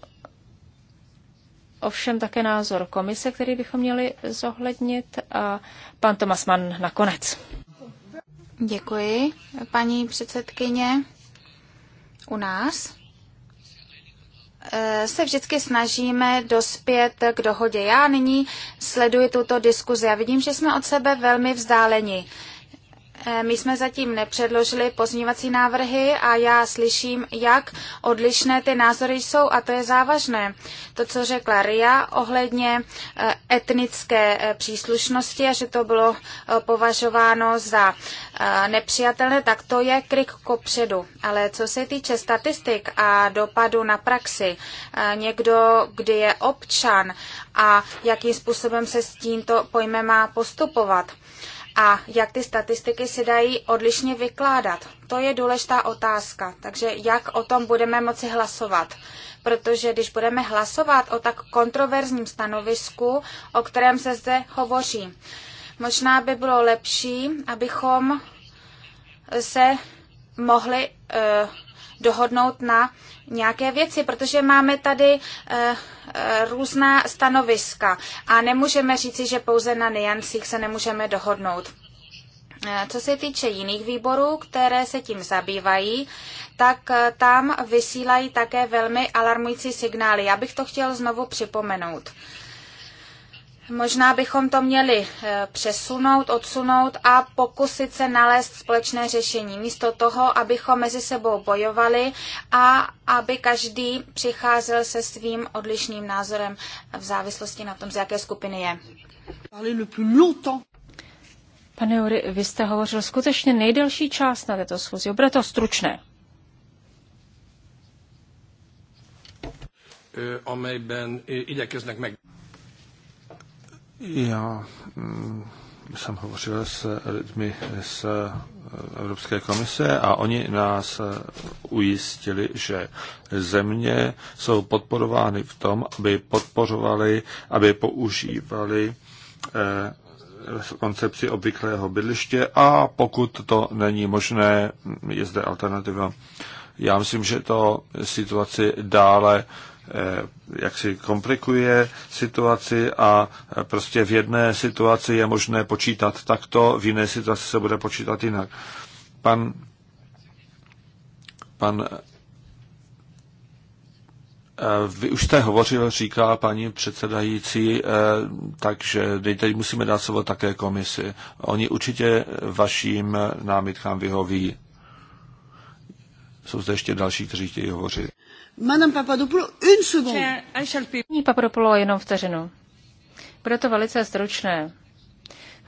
ovšem také názor komise, který bychom měli zohlednit a pan Tomas Mann nakonec. Děkuji, paní předsedkyně. U nás Eh, se vždycky snažíme dospět k dohodě. Já nyní sleduji tuto diskuzi a vidím, že jsme od sebe velmi vzdáleni. Eh, my jsme zatím nepředložili pozměňovací návrhy a já slyším, jak odlišné ty názory jsou a to je závažné. To, co řekla Ria ohledně eh, etnické eh, příslušnosti a že to bylo považováno za nepřijatelné, tak to je krik kopředu. Ale co se týče statistik a dopadu na praxi, někdo, kdy je občan a jakým způsobem se s tímto pojmem má postupovat, a jak ty statistiky se dají odlišně vykládat. To je důležitá otázka, takže jak o tom budeme moci hlasovat. Protože když budeme hlasovat o tak kontroverzním stanovisku, o kterém se zde hovoří, možná by bylo lepší, abychom se mohli uh, dohodnout na nějaké věci, protože máme tady e, e, různá stanoviska a nemůžeme říci, že pouze na niancích se nemůžeme dohodnout. Eh, co se týče jiných výborů, které se tím zabývají, tak tam vysílají také velmi alarmující signály. Já bych to chtěl znovu připomenout. Možná bychom to měli eh, přesunout, odsunout a pokusit se nalézt společné řešení. Místo toho, abychom mezi sebou bojovali a aby každý přicházel se svým odlišným názorem v závislosti na tom, z jaké skupiny je. Pane Jury, vy jste hovořil skutečně nejdelší část na této schůzi. Bude to stručné. amelyben igyekeznek meg. Já mm, jsem hovořil s lidmi z eh, Evropské komise a oni nás eh, ujistili, že země jsou podporovány v tom, aby podporovali, aby používali eh, koncepci obvyklého bydliště a pokud to není možné, je zde alternativa. Já myslím, že to situaci dále Eh, jak si komplikuje situaci a eh, prostě v jedné situaci je možné počítat takto, v jiné situaci se bude počítat jinak. Pan, pan eh, vy už jste hovořil, říká paní předsedající, takže teď musíme dát slovo také komisi. Oni určitě vaším námitkám vyhoví. Jsou zde ještě další, kteří chtějí hovořit. Madame Papadopoulou, une seconde. Paní Papadopoulou, jenom vteřinu. Bude to velice stručné.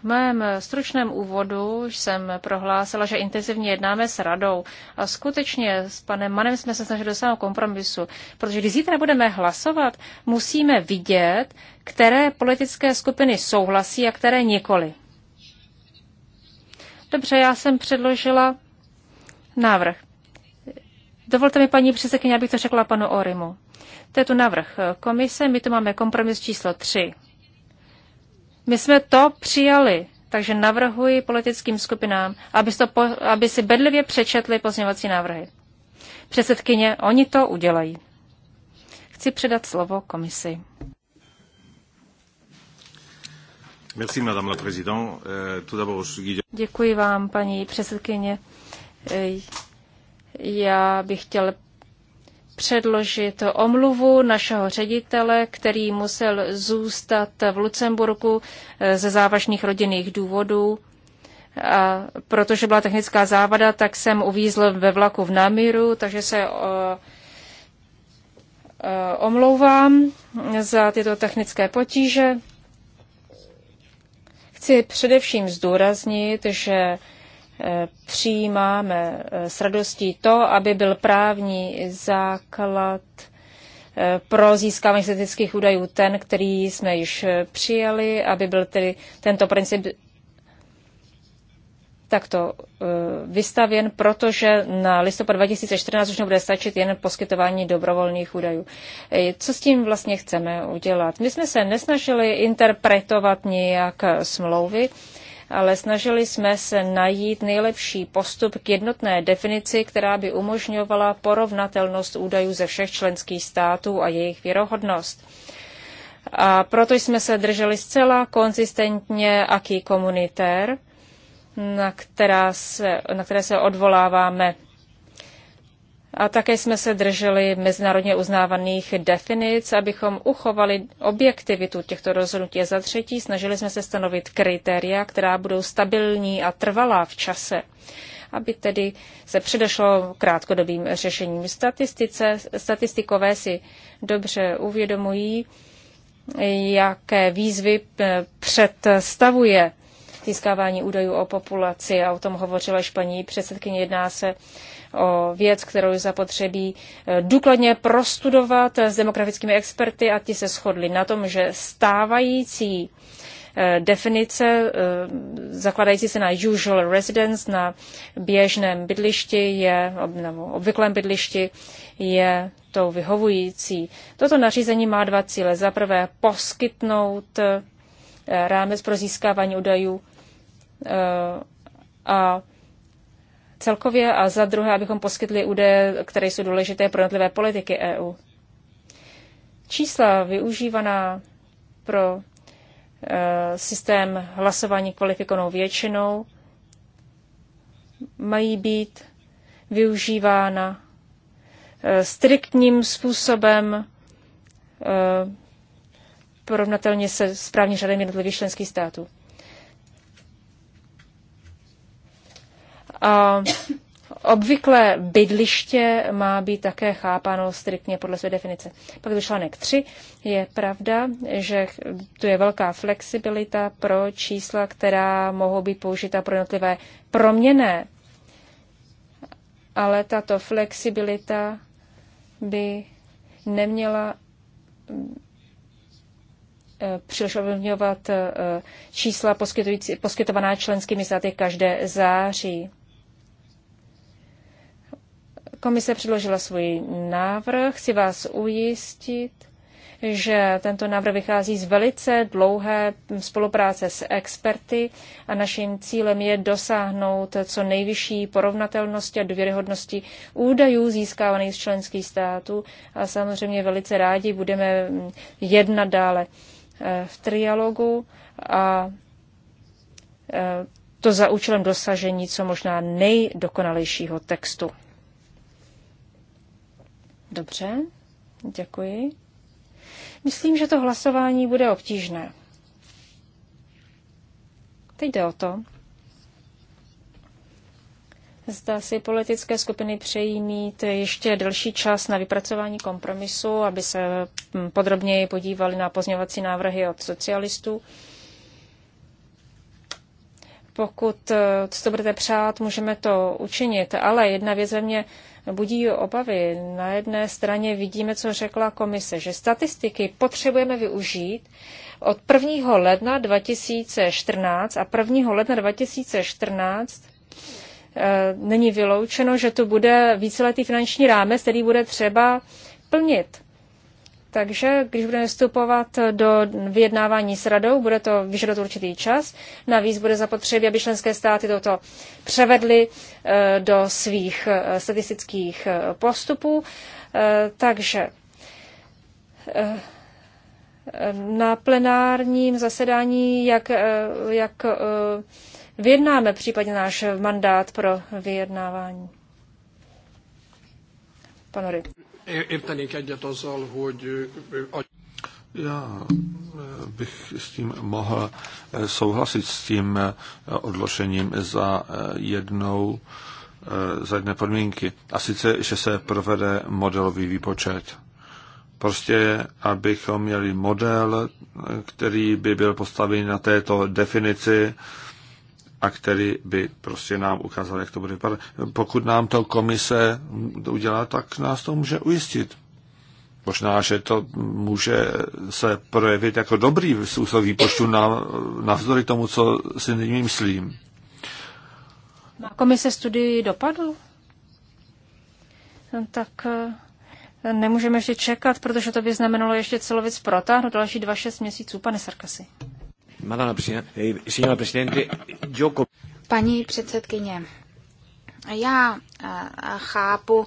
V mém stručném úvodu jsem prohlásila, že intenzivně jednáme s radou a skutečně s panem Manem jsme se snažili dosáhnout kompromisu, protože když zítra budeme hlasovat, musíme vidět, které politické skupiny souhlasí a které nikoli. Dobře, já jsem předložila návrh. Dovolte mi, paní předsedkyně, abych to řekla panu Orimu. To je tu navrh komise, my tu máme kompromis číslo 3. My jsme to přijali, takže navrhuji politickým skupinám, aby, to po, aby si bedlivě přečetli pozměňovací návrhy. Předsedkyně, oni to udělají. Chci předat slovo komisi. Euh, Děkuji vám, paní předsedkyně. Já bych chtěl předložit omluvu našeho ředitele, který musel zůstat v Lucemburku eh, ze závažných rodinných důvodů. A protože byla technická závada, tak jsem uvízl ve vlaku v Namíru, takže se o, eh, o, eh, omlouvám za tyto technické potíže. Chci především zdůraznit, že Eh, přijímáme eh, s radostí to, aby byl právní základ eh, pro získávání statistických údajů ten, který jsme již přijali, aby byl tedy tento princip takto vystavěn, protože na listopad 2014 už nebude stačit jen poskytování dobrovolných údajů. Co s tím vlastně chceme udělat? My jsme se nesnažili interpretovat nějak smlouvy, ale snažili jsme se najít nejlepší postup k jednotné definici, která by umožňovala porovnatelnost údajů ze všech členských států a jejich věrohodnost. A proto jsme se drželi zcela konzistentně aký komunitér, na, která se, na které se odvoláváme a také jsme se drželi mezinárodně uznávaných definic, abychom uchovali objektivitu těchto rozhodnutí. za třetí, snažili jsme se stanovit kritéria, která budou stabilní a trvalá v čase aby tedy se předešlo krátkodobým řešením. Statistice, statistikové si dobře uvědomují, jaké výzvy eh, představuje získávání údajů o populaci. A o tom hovořila již paní předsedkyně. Jedná se o věc, kterou je zapotřebí eh, důkladně prostudovat s demografickými experty a ti se shodli na tom, že stávající eh, definice eh, zakladající se na usual residence, na běžném bydlišti je, nebo obvyklém bydlišti je tou vyhovující. Toto nařízení má dva cíle. Za prvé poskytnout rámec pro získávání údajů a celkově a za druhé, abychom poskytli údaje, které jsou důležité pro jednotlivé politiky EU. Čísla využívaná pro e, systém hlasování kvalifikovanou většinou mají být využívána e, striktním způsobem e, porovnatelně se správně řadem jednotlivých členských států. A obvykle bydliště má být také chápáno striktně podle své definice. Pak do článek 3 je pravda, že tu je velká flexibilita pro čísla, která mohou být použita pro jednotlivé proměné. Ale tato flexibilita by neměla eh, příliš ovlivňovat eh, čísla poskytovaná členskými státy každé září. Komise předložila svůj návrh. Chci vás ujistit, že tento návrh vychází z velice dlouhé spolupráce s experty a naším cílem je dosáhnout co nejvyšší porovnatelnosti a důvěryhodnosti údajů získávaných z členských států a samozřejmě velice rádi budeme jednat dále eh, v trialogu a eh, to za účelem dosažení co možná nejdokonalejšího textu. Dobře, děkuji. Myslím, že to hlasování bude obtížné. Teď jde o to, Zda si politické skupiny přejí mít ještě delší čas na vypracování kompromisu, aby se hm, podrobněji podívali na pozměňovací návrhy od socialistů. Pokud eh, to budete přát, můžeme to učinit, ale jedna věc ve mně budí obavy. Na jedné straně vidíme, co řekla komise, že statistiky potřebujeme využít od 1. ledna 2014 a 1. ledna 2014 eh, není vyloučeno, že tu bude víceletý finanční rámec, který bude třeba plnit. Takže když budeme vstupovat do vyjednávání s radou, bude to vyžadovat určitý čas. Navíc bude zapotřebí, aby členské státy toto převedly eh, do svých eh, statistických eh, postupů. Takže na plenárním zasedání, jak, jak vyjednáme případně náš mandát pro vyjednávání. Pan Értenék egyet azzal, hogy... Já e, bych s tím mohl e, souhlasit s tím e, odložením za jednou za jedné podmínky. A sice, že se provede modelový výpočet. Prostě, abychom měli model, který by byl postaven na této definici, a který by prostě nám ukázal, jak to bude vypadat. Pokud nám to komise udělá, tak nás to může ujistit. Možná, že to může se projevit jako dobrý způsob výpočtu na, navzdory tomu, co si nyní myslím. Má komise studii dopadu? No, tak eh, nemůžeme ještě čekat, protože to by znamenalo ještě celovic protáhnout další dva šest měsíců, pane Sarkasi. Eh, Paní předsedkyně, já eh, chápu,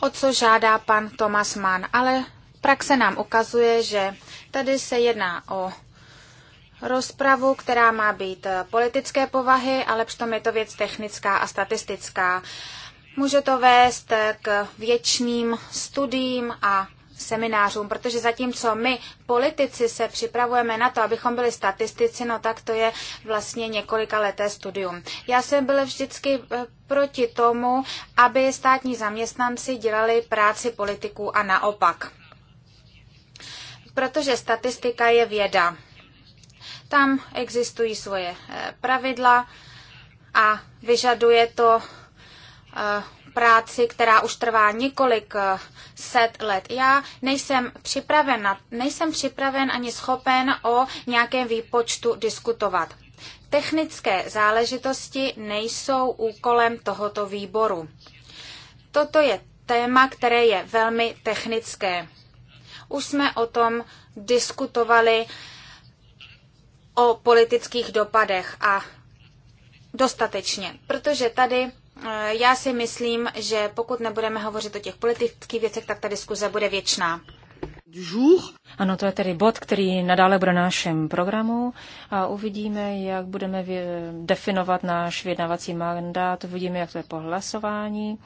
o co žádá pan Thomas Mann, ale praxe nám ukazuje, že tady se jedná o rozpravu, která má být eh, politické povahy, ale přitom je to věc technická a statistická. Může to vést k věčným studiím a seminářům, protože zatímco my, politici, se připravujeme na to, abychom byli statistici, no tak to je vlastně několika leté studium. Já jsem byl vždycky eh, proti tomu, aby státní zaměstnanci dělali práci politiků a naopak. Protože statistika je věda. Tam existují svoje eh, pravidla a vyžaduje to eh, práci, která už trvá několik eh, set let. Já nejsem připraven, na, nejsem připraven ani schopen o nějakém výpočtu diskutovat. Technické záležitosti nejsou úkolem tohoto výboru. Toto je téma, které je velmi technické. Už jsme o tom diskutovali o politických dopadech a dostatečně, protože tady Eh, já si myslím, že pokud nebudeme hovořit o těch politických věcech, tak ta diskuze bude věčná. Ano, to je tedy bod, který nadále bude na našem programu a uvidíme, jak budeme definovat náš vyjednávací mandát, uvidíme, jak to je po hlasování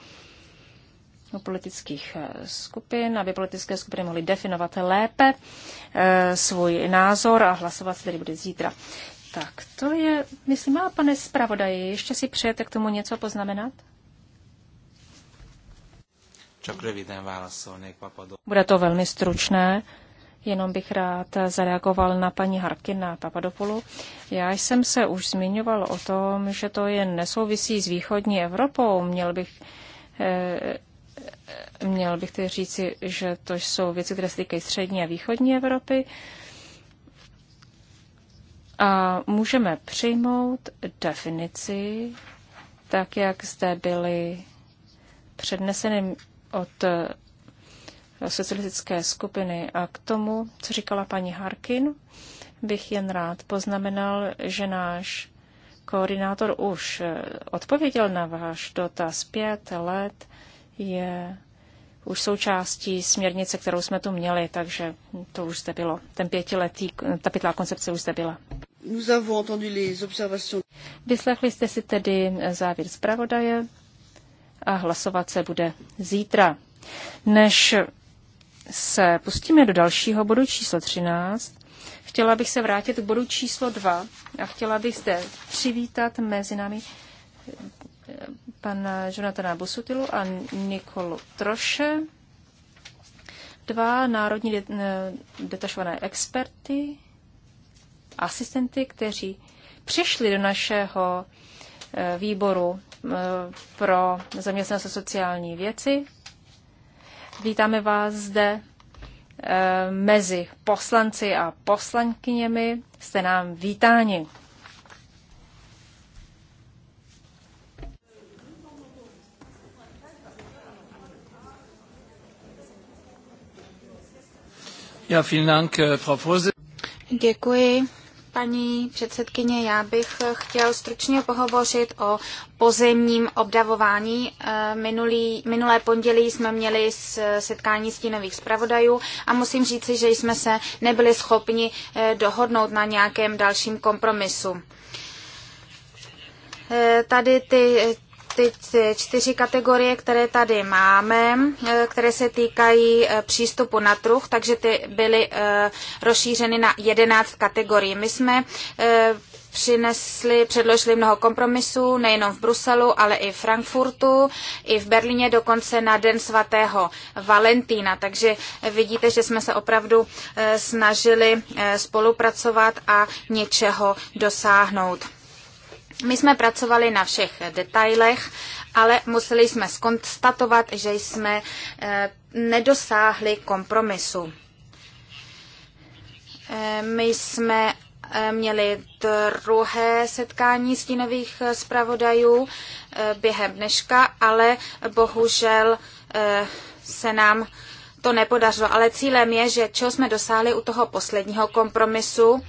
politických eh, skupin, aby politické skupiny mohly definovat lépe eh, svůj názor a hlasovat se tedy bude zítra. Tak, to je, myslím, má pane zpravodaji, ještě si přejete k tomu něco poznamenat? Bude to velmi stručné, jenom bych rád zareagoval na paní Harkin na Papadopulu. Já jsem se už zmiňoval o tom, že to jen nesouvisí s východní Evropou. Měl bych, eh, měl bych tedy říci, že to jsou věci, které se týkají střední a východní Evropy. A můžeme přijmout definici, tak jak zde byly předneseny od eh, socialistické skupiny. A k tomu, co říkala paní Harkin, bych jen rád poznamenal, že náš koordinátor už eh, odpověděl na váš dotaz pět let, je už součástí směrnice, kterou jsme tu měli, takže to už zde bylo. Ten pětiletý, ta pětlá koncepce už zde byla. Vyslechli jste si tedy závěr zpravodaje a hlasovat se bude zítra. Než se pustíme do dalšího bodu číslo 13, chtěla bych se vrátit k bodu číslo 2 a chtěla bych zde přivítat mezi námi pana Jonatana Busutilu a Nikolu Troše, dva národní detašované experty, asistenty, kteří přišli do našeho eh, výboru eh, pro zaměstnanost a sociální věci. Vítáme vás zde eh, mezi poslanci a poslankyněmi. Jste nám vítáni. Äh, Děkuji. Paní předsedkyně, já bych äh, chtěl stručně pohovořit o pozemním obdavování. Äh, minulý, minulé pondělí jsme měli setkání stínových zpravodajů a musím říci, že jsme se nebyli schopni dohodnout na nějakém dalším kompromisu. Tady ty ty čtyři kategorie, které tady máme, e, které se týkají e, přístupu na trh, takže ty byly e, rozšířeny na jedenáct kategorií. My jsme přinesli, předložili mnoho kompromisů, nejenom v Bruselu, ale i v Frankfurtu, i v Berlíně, dokonce na Den svatého Valentína. Takže vidíte, že jsme se opravdu snažili spolupracovat a něčeho dosáhnout. My jsme pracovali na všech detailech, ale museli jsme skonstatovat, že jsme eh, nedosáhli kompromisu. Eh, my jsme eh, měli druhé setkání stínových zpravodajů během dneška, ale bohužel se nám to nepodařilo. Ale cílem je, že čeho jsme dosáhli u toho posledního kompromisu,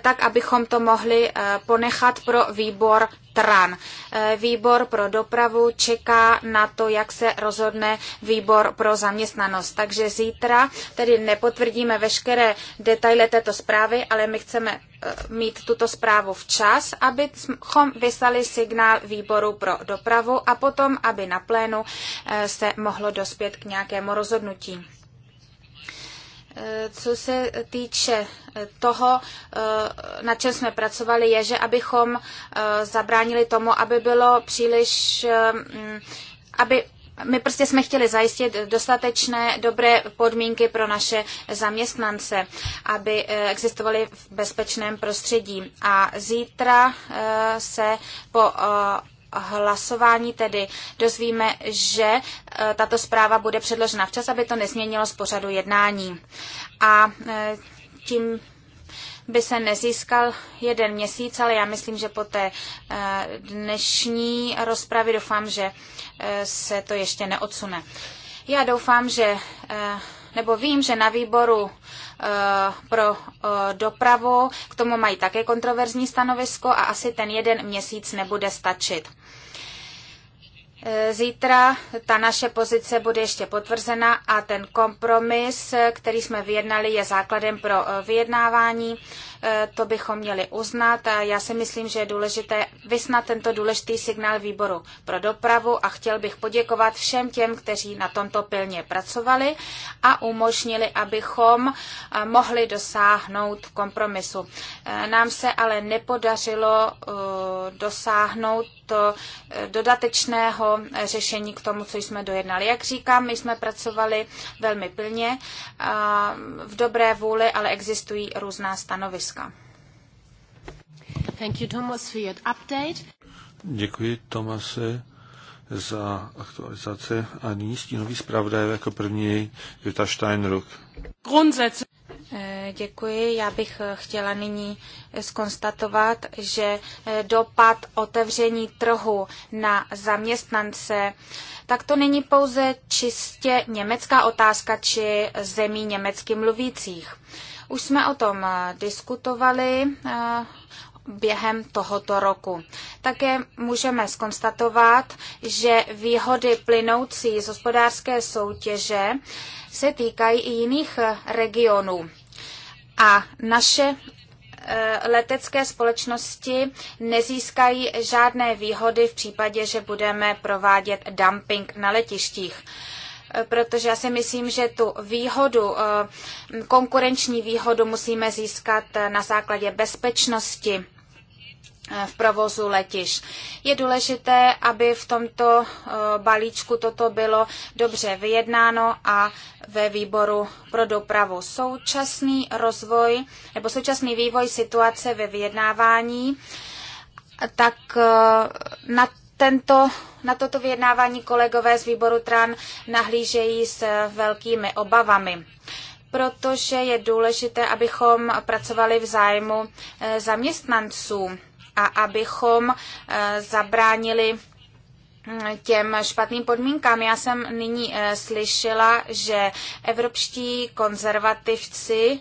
tak abychom to mohli eh, ponechat pro výbor TRAN. Eh, výbor pro dopravu čeká na to, jak se rozhodne výbor pro zaměstnanost. Takže zítra tedy nepotvrdíme veškeré detaily této zprávy, ale my chceme eh, mít tuto zprávu včas, abychom vyslali signál výboru pro dopravu a potom, aby na plénu se mohlo dospět k nějakému rozhodnutí co se týče eh, toho, eh, na čem jsme pracovali, je, že abychom eh, zabránili tomu, aby bylo příliš, mm, aby my prostě jsme chtěli zajistit dostatečné dobré podmínky pro naše zaměstnance, aby existovali v bezpečném prostředí. A zítra se po hlasování tedy dozvíme, že e, tato zpráva bude předložena včas, aby to nezměnilo z pořadu jednání. A e, tím by se nezískal jeden měsíc, ale já myslím, že po té e, dnešní rozpravě doufám, že se to ještě neodsune. Já doufám, že, nebo vím, že na výboru Eh, pro eh, dopravu, k tomu mají také kontroverzní stanovisko a asi ten jeden měsíc nebude stačit. Eh, zítra ta naše pozice bude ještě potvrzena a ten kompromis, který jsme vyjednali, je základem pro vyjednávání Eh, to bychom měli uznat a já si myslím, že je důležité vysnat tento důležitý signál výboru pro dopravu a chtěl bych poděkovat všem těm, kteří na tomto pilně pracovali a umožnili, abychom eh, mohli dosáhnout kompromisu. Eh, nám se ale nepodařilo dosáhnout to dodatečného řešení k tomu, co jsme dojednali. Jak říkám, my jsme pracovali velmi plně v dobré vůli, ale existují různá stanoviska. Polska. Thank you, Thomas, for your update. Děkuji, Tomase, za aktualizaci. A nyní stínový zpravodaj jako první Jutta Steinruck. Grundsätze. Eh, děkuji. Já bych eh, chtěla nyní eh, skonstatovat, že dopad otevření trhu na zaměstnance, tak to není pouze čistě německá otázka či zemí německy mluvících. Už jsme o tom eh, diskutovali eh, během tohoto roku. Také můžeme skonstatovat, že výhody plynoucí z hospodářské soutěže se týkají i jiných eh, regionů. A naše letecké společnosti nezískají žádné výhody v případě, že budeme provádět dumping na letištích protože já si myslím, že tu výhodu, eh, konkurenční výhodu musíme získat na základě bezpečnosti eh, v provozu letiš. Je důležité, aby v tomto eh, balíčku toto bylo dobře vyjednáno a ve výboru pro dopravu. Současný rozvoj nebo současný vývoj situace ve vyjednávání tak na tento, na toto vyjednávání kolegové z výboru TRAN nahlížejí s velkými obavami protože je důležité, abychom pracovali v zájmu eh, zaměstnanců a abychom eh, zabránili mm, těm špatným podmínkám. Já jsem nyní eh, slyšela, že evropští konzervativci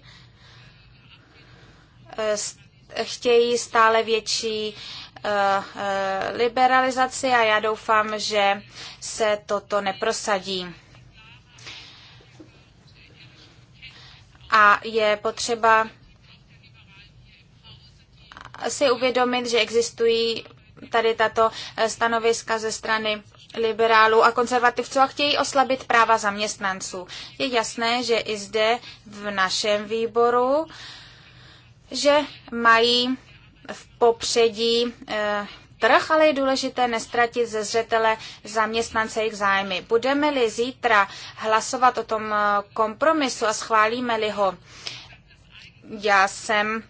chtějí stále větší Eh, liberalizaci a já doufám, že se toto neprosadí. A je potřeba si uvědomit, že existují tady tato eh, stanoviska ze strany liberálů a konzervativců a chtějí oslabit práva zaměstnanců. Je jasné, že i zde v našem výboru, že mají v popředí eh, trh, ale je důležité nestratit ze zřetele zaměstnance jejich zájmy. Budeme-li zítra hlasovat o tom eh, kompromisu a schválíme-li ho, já jsem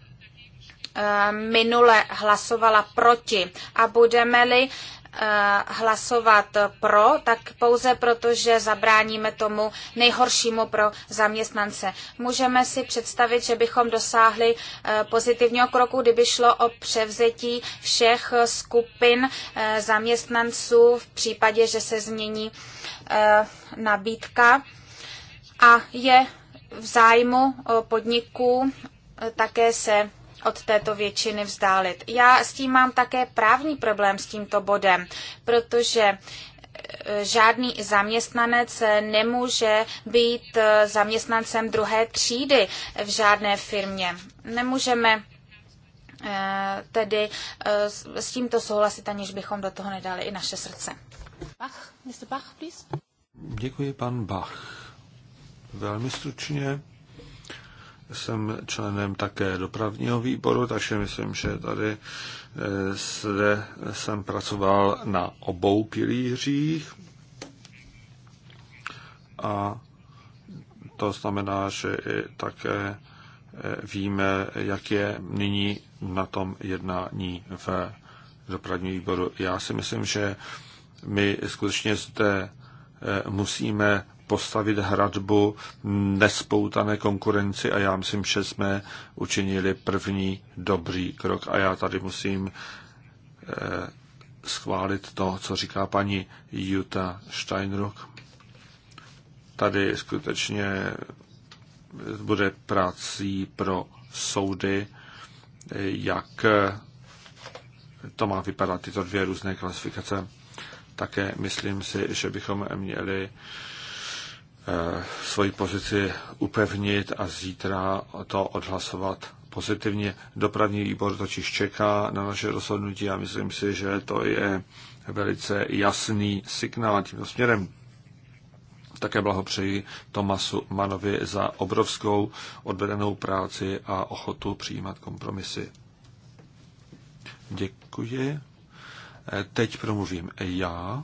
eh, minule hlasovala proti a budeme-li Eh, hlasovat pro, tak pouze proto, že zabráníme tomu nejhoršímu pro zaměstnance. Můžeme si představit, že bychom dosáhli eh, pozitivního kroku, kdyby šlo o převzetí všech skupin eh, zaměstnanců v případě, že se změní nabídka. A je v zájmu podniků také se od této většiny vzdálit. Já s tím mám také právní problém s tímto bodem, protože e, žádný zaměstnanec nemůže být e, zaměstnancem druhé třídy v žádné firmě. Nemůžeme e, tedy s tímto souhlasit, aniž bychom do toho nedali i naše srdce. Bach, Mr. Bach, please. Děkuji, pan Bach. Velmi stručně jsem členem také dopravního výboru, takže myslím, že tady eh, zde jsem pracoval na obou pilířích. A to znamená, že také eh, víme, jak je nyní na tom jednání v dopravním výboru. Já si myslím, že my skutečně zde eh, musíme postavit hradbu nespoutané konkurenci a já myslím, že jsme učinili první dobrý krok a já tady musím eh, schválit to, co říká paní Jutta Steinruck. Tady skutečně bude prací pro soudy, jak to má vypadat, tyto dvě různé klasifikace. Také myslím si, že bychom měli Eh, svoji pozici upevnit a zítra to odhlasovat pozitivně. Dopravní výbor totiž čeká na naše rozhodnutí a myslím si, že to je velice jasný signál tímto směrem. Také blahopřeji Tomasu Manovi za obrovskou odvedenou práci a ochotu přijímat kompromisy. Děkuji. Eh, teď promluvím já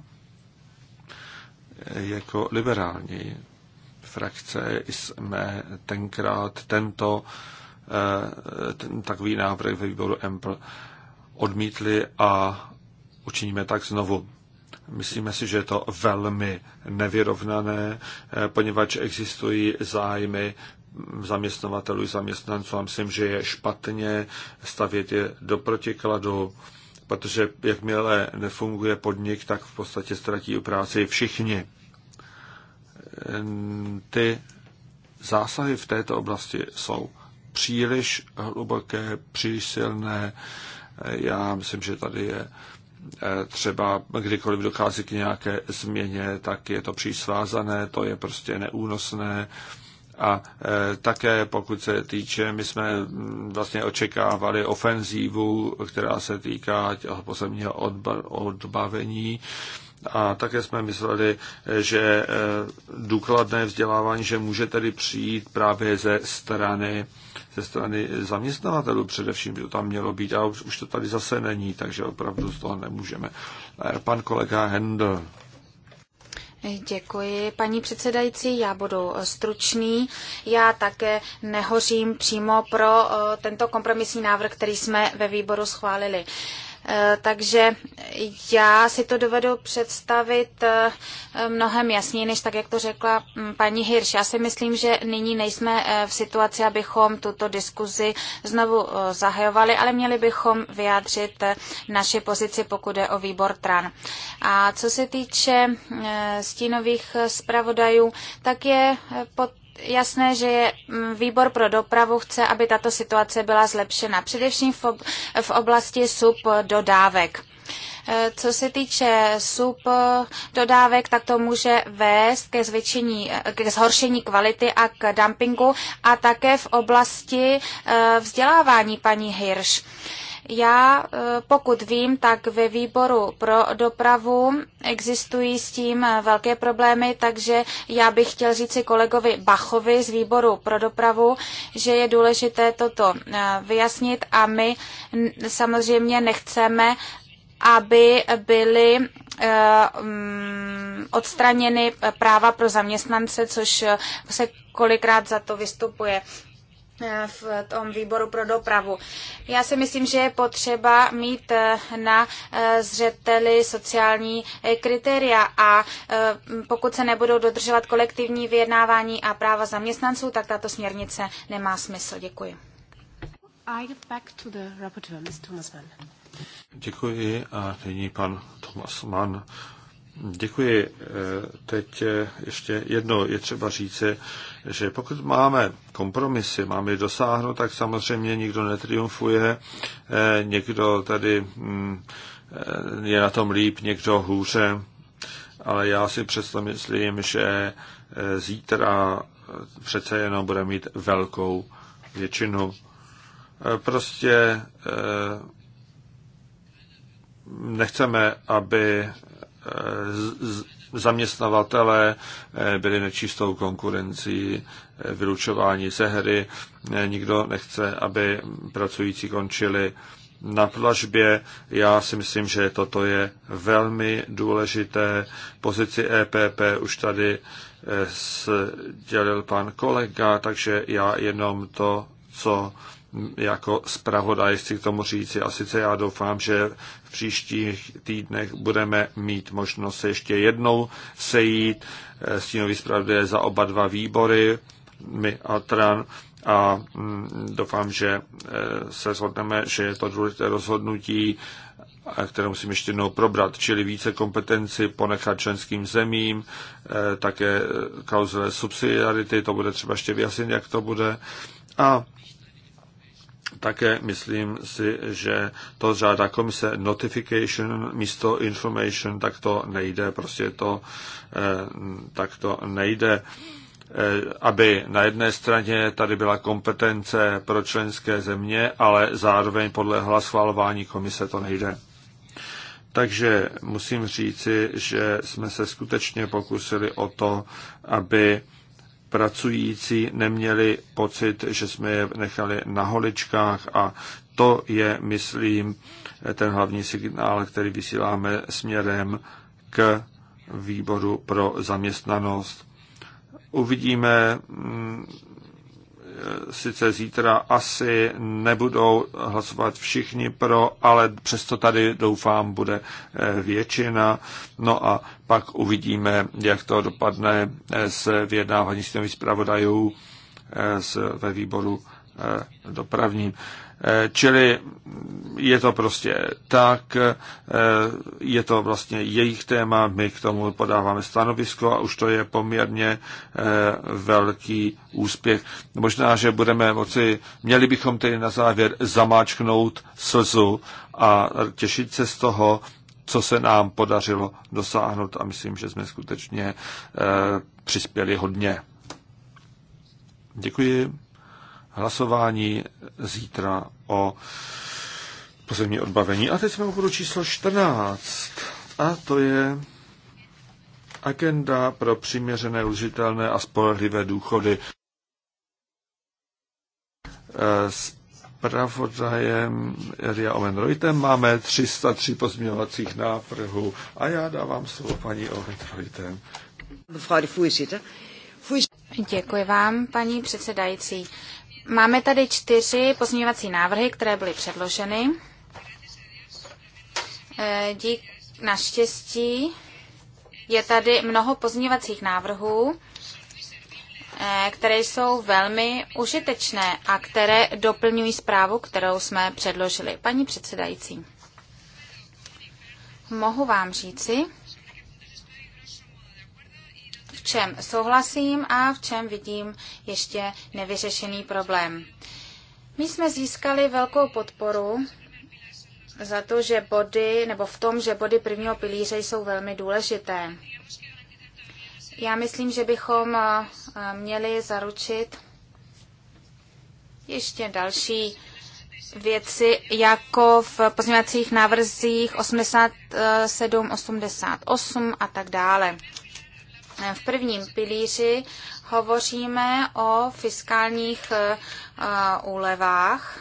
eh, jako liberální frakce jsme tenkrát tento eh, ten, takový návrh ve výboru EMPL odmítli a učiníme tak znovu. Myslíme si, že je to velmi nevyrovnané, eh, poněvadž existují zájmy zaměstnavatelů i zaměstnanců a myslím, že je špatně stavět je do protikladu, protože jakmile nefunguje podnik, tak v podstatě ztratí práci všichni ty zásahy v této oblasti jsou příliš hluboké, příliš silné. Já myslím, že tady je eh, třeba kdykoliv dochází k nějaké změně, tak je to přísvázané, to je prostě neúnosné. A eh, také pokud se týče, my jsme mm, vlastně očekávali ofenzívu, která se týká pozemního odbavení a také jsme mysleli, že eh, důkladné vzdělávání, že může tedy přijít právě ze strany, ze strany zaměstnavatelů především, že to tam mělo být a už, už to tady zase není, takže opravdu z toho nemůžeme. Eh, pan kolega Hendl. Děkuji, paní předsedající. Já budu eh, stručný. Já také nehořím přímo pro tento kompromisní návrh, který jsme ve výboru schválili. Eh, takže já si to dovedu představit eh, mnohem jasněji, než tak, jak to řekla mm, paní Hirš. Já si myslím, že nyní nejsme eh, v situaci, abychom tuto diskuzi znovu zahajovali, ale měli bychom vyjádřit naši pozici, pokud je o výbor TRAN. A co se týče stínových zpravodajů, tak je pod jasné, že mm, výbor pro dopravu chce, aby tato situace byla zlepšena, především v oblasti subdodávek. E, co se týče sub dodávek, tak to může vést ke, zvětšení, e, ke zhoršení kvality a k dumpingu a také v oblasti e, vzdělávání paní Hirsch. Já, eh, pokud vím, tak ve výboru pro dopravu existují s tím eh, velké problémy, takže já bych chtěl říci kolegovi Bachovi z výboru pro dopravu, že je důležité toto eh, vyjasnit a my samozřejmě nechceme, aby byly mm, odstraněny práva pro zaměstnance, což se kolikrát za to vystupuje. Eh, v tom výboru pro dopravu. Já si myslím, že je potřeba mít eh, na eh, zřeteli sociální kritéria a pokud se nebudou dodržovat kolektivní vyjednávání a práva zaměstnanců, tak tato směrnice nemá smysl. Děkuji. Rapporteur, Děkuji a nyní pan Thomas Mann. Děkuji. Eh, teď eh, ještě jedno je třeba říci, že pokud máme kompromisy, máme je dosáhnout, tak samozřejmě nikdo netriumfuje, eh, někdo tady hm, je na tom líp, někdo hůře, ale já si přesto myslím, že zítra přece jenom bude mít velkou většinu. Prostě nechceme, aby zaměstnavatele eh, byli nečistou konkurencí, eh, vylučování ze hry. Eh, nikdo nechce, aby pracující končili na plažbě. Já si myslím, že toto je velmi důležité. Pozici EPP už tady sdělil pan kolega, takže já jenom to, co jako zpravodaj chci k tomu říci. A sice já doufám, že v příštích týdnech budeme mít možnost se ještě jednou sejít. Eh, stínový zpravodaj za oba dva výbory, my a TRAN. A mm, doufám, že eh, se shodneme, že je to důležité rozhodnutí, eh, které musím ještě jednou probrat, čili více kompetenci ponechat členským zemím, také klauzule subsidiarity, to bude třeba ještě vyjasnit, jak to bude. A také myslím si, že to žádá komise notification místo information, tak to nejde, prostě to eh, tak to nejde eh, aby na jedné straně tady byla kompetence pro členské země, ale zároveň podle schvalování komise to nejde. Takže musím říci, že jsme se skutečně pokusili o to, aby pracující neměli pocit, že jsme je nechali na holičkách a to je, myslím, ten hlavní signál, který vysíláme směrem k výboru pro zaměstnanost. Uvidíme, mm, sice zítra asi nebudou hlasovat všichni pro, ale přesto tady doufám bude eh, většina. No a pak uvidíme, jak to dopadne eh, s vyjednávání s těmi zpravodajů eh, ve výboru dopravním. Eh, čili je to prostě tak, eh, je to vlastně jejich téma, my k tomu podáváme stanovisko a už to je poměrně eh, velký úspěch. Možná, že budeme moci, měli bychom tedy na závěr zamáčknout slzu a těšit se z toho, co se nám podařilo dosáhnout a myslím, že jsme skutečně přispěli hodně. Děkuji hlasování zítra o pozemní odbavení. A teď jsme u bodu číslo 14. A to je agenda pro přiměřené, užitelné a spolehlivé důchody. s eh, pravodajem Ria Omen Reutem máme 303 pozměňovacích návrhů a já dávám slovo paní Omen Reutem. Děkuji vám, paní předsedající. Máme tady čtyři pozměňovací návrhy, které byly předloženy. Eh, dík naštěstí je tady mnoho pozměňovacích návrhů, eh, které jsou velmi užitečné a které doplňují zprávu, kterou jsme předložili. Paní předsedající, mohu vám říci, čem souhlasím a v čem vidím ještě nevyřešený problém. My jsme získali velkou podporu za to, že body, nebo v tom, že body prvního pilíře jsou velmi důležité. Já myslím, že bychom eh, měli zaručit ještě další věci, jako v pozměňovacích návrzích 87, 88 a tak dále. V prvním pilíři hovoříme o fiskálních eh, eh, úlevách.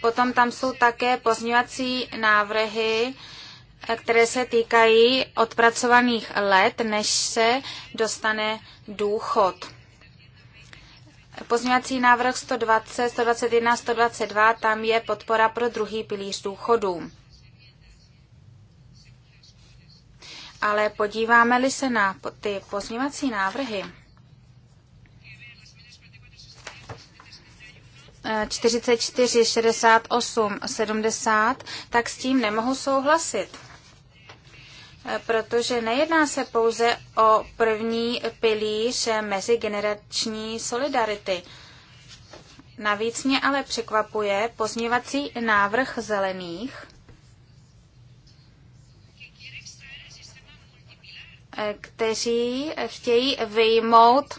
Potom tam jsou také pozměňovací návrhy, eh, které se týkají odpracovaných let, než se dostane důchod. Pozměňovací návrh 120, 121, 122, tam je podpora pro druhý pilíř důchodů. Ale podíváme-li se na ty pozměvací návrhy, 44, 68, 70, tak s tím nemohu souhlasit. Eh, protože nejedná se pouze o první pilíř mezigenerační solidarity. Navíc mě ale překvapuje pozměvací návrh zelených, kteří chtějí vyjmout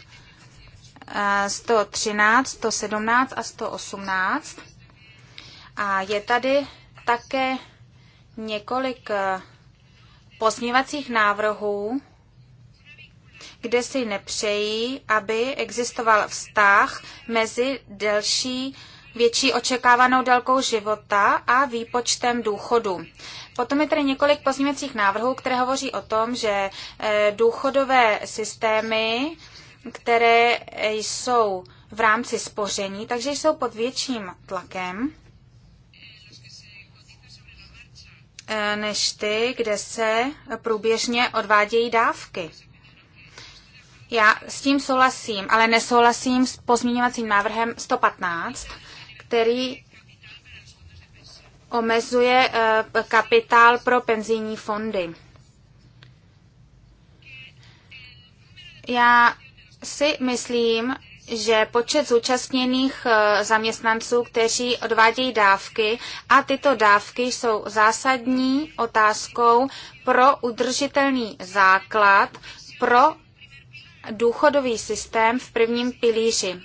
113, eh, 117 a 118. A je tady také několik eh, pozměvacích návrhů, kde si nepřejí, aby existoval vztah mezi delší větší očekávanou délkou života a výpočtem důchodu. Potom je tady několik pozměcích návrhů, které hovoří o tom, že eh, důchodové systémy, které eh, jsou v rámci spoření, takže jsou pod větším tlakem eh, než ty, kde se průběžně odvádějí dávky. Já s tím souhlasím, ale nesouhlasím s pozměňovacím návrhem 115, který omezuje eh, kapitál pro penzijní fondy. Já si myslím, že počet zúčastněných eh, zaměstnanců, kteří odvádějí dávky a tyto dávky jsou zásadní otázkou pro udržitelný základ pro důchodový systém v prvním pilíři.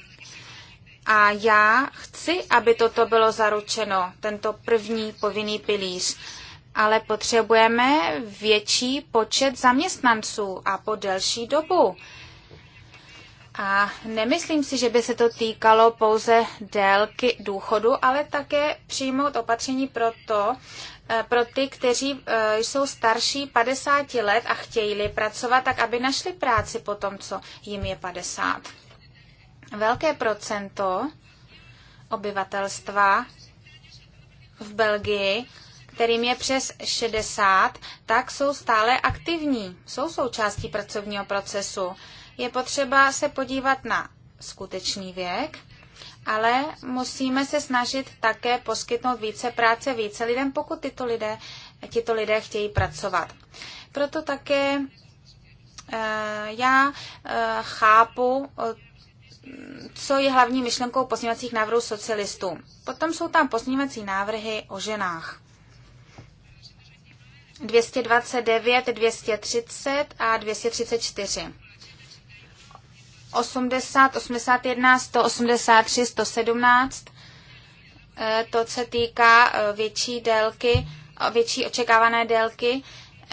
A já chci, aby toto bylo zaručeno, tento první povinný pilíř. Ale potřebujeme větší počet zaměstnanců a po delší dobu. A nemyslím si, že by se to týkalo pouze délky důchodu, ale také přijmout opatření pro to, eh, pro ty, kteří eh, jsou starší 50 let a chtějí pracovat, tak aby našli práci po tom, co jim je 50 velké procento obyvatelstva v Belgii, kterým je přes 60, tak jsou stále aktivní, jsou součástí pracovního procesu. Je potřeba se podívat na skutečný věk, ale musíme se snažit také poskytnout více práce více lidem, pokud tyto lidé, tyto lidé chtějí pracovat. Proto také eh, já eh, chápu eh, co je hlavní myšlenkou pozměňovacích návrhů socialistů. Potom jsou tam pozměňovací návrhy o ženách. 229, 230 a 234. 80, 81, 183, 117. To se týká e, větší délky, e, větší očekávané délky.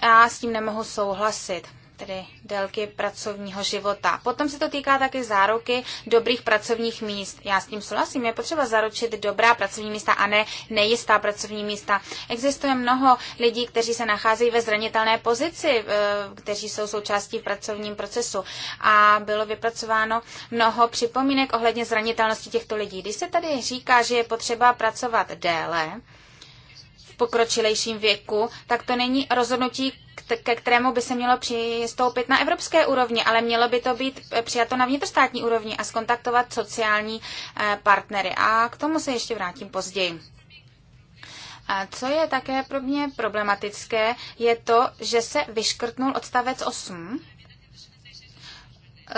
Já s tím nemohu souhlasit tedy délky pracovního života. Potom se to týká také záruky dobrých pracovních míst. Já s tím souhlasím, je potřeba zaručit dobrá pracovní místa a ne nejistá pracovní místa. Existuje mnoho lidí, kteří se nacházejí ve zranitelné pozici, eh, kteří jsou součástí v pracovním procesu a bylo vypracováno mnoho připomínek ohledně zranitelnosti těchto lidí. Když se tady říká, že je potřeba pracovat déle, v pokročilejším věku, tak to není rozhodnutí, ke kterému by se mělo přistoupit na evropské úrovni, ale mělo by to být eh, přijato na vnitrostátní úrovni a skontaktovat sociální eh, partnery. A k tomu se ještě vrátím později. A co je také pro mě problematické, je to, že se vyškrtnul odstavec 8.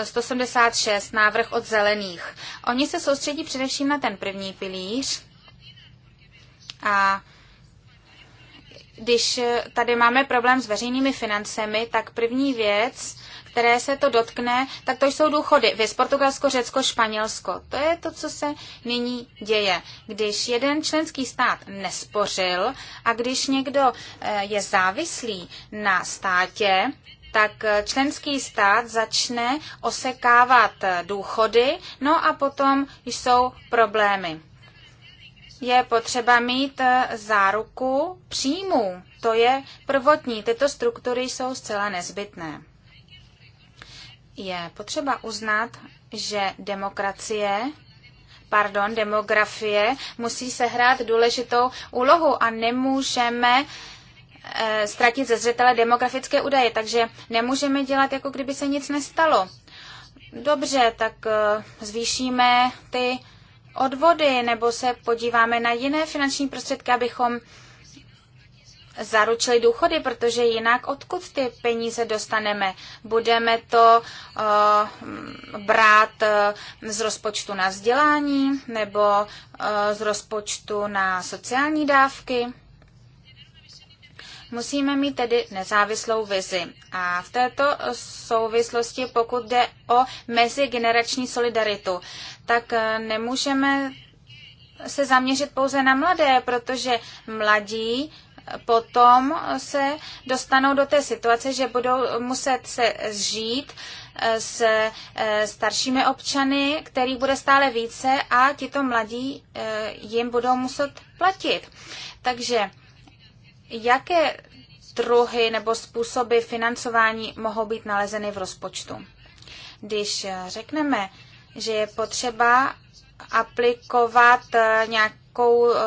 176, eh, návrh od zelených. Oni se soustředí především na ten první pilíř a když eh, tady máme problém s veřejnými financemi, tak první věc, které se to dotkne, tak to jsou důchody. Věc Portugalsko, Řecko, Španělsko. To je to, co se nyní děje. Když jeden členský stát nespořil a když někdo eh, je závislý na státě, tak eh, členský stát začne osekávat důchody, no a potom jsou problémy je potřeba mít eh, záruku příjmů. To je prvotní. Tyto struktury jsou zcela nezbytné. Je potřeba uznat, že demokracie, pardon, demografie musí sehrát důležitou úlohu a nemůžeme e, ztratit ze zřetele demografické údaje, takže nemůžeme dělat, jako kdyby se nic nestalo. Dobře, tak e, zvýšíme ty odvody nebo se podíváme na jiné finanční prostředky, abychom zaručili důchody, protože jinak odkud ty peníze dostaneme? Budeme to uh, brát uh, z rozpočtu na vzdělání nebo uh, z rozpočtu na sociální dávky? Musíme mít tedy nezávislou vizi. A v této souvislosti, pokud jde o mezigenerační solidaritu, tak eh, nemůžeme se zaměřit pouze na mladé, protože mladí eh, potom se dostanou do té situace, že budou muset se žít eh, s staršími občany, kterých bude stále více a tito mladí jim budou muset platit. Takže Jaké druhy nebo způsoby financování mohou být nalezeny v rozpočtu? Když řekneme, že je potřeba aplikovat eh, nějakou eh,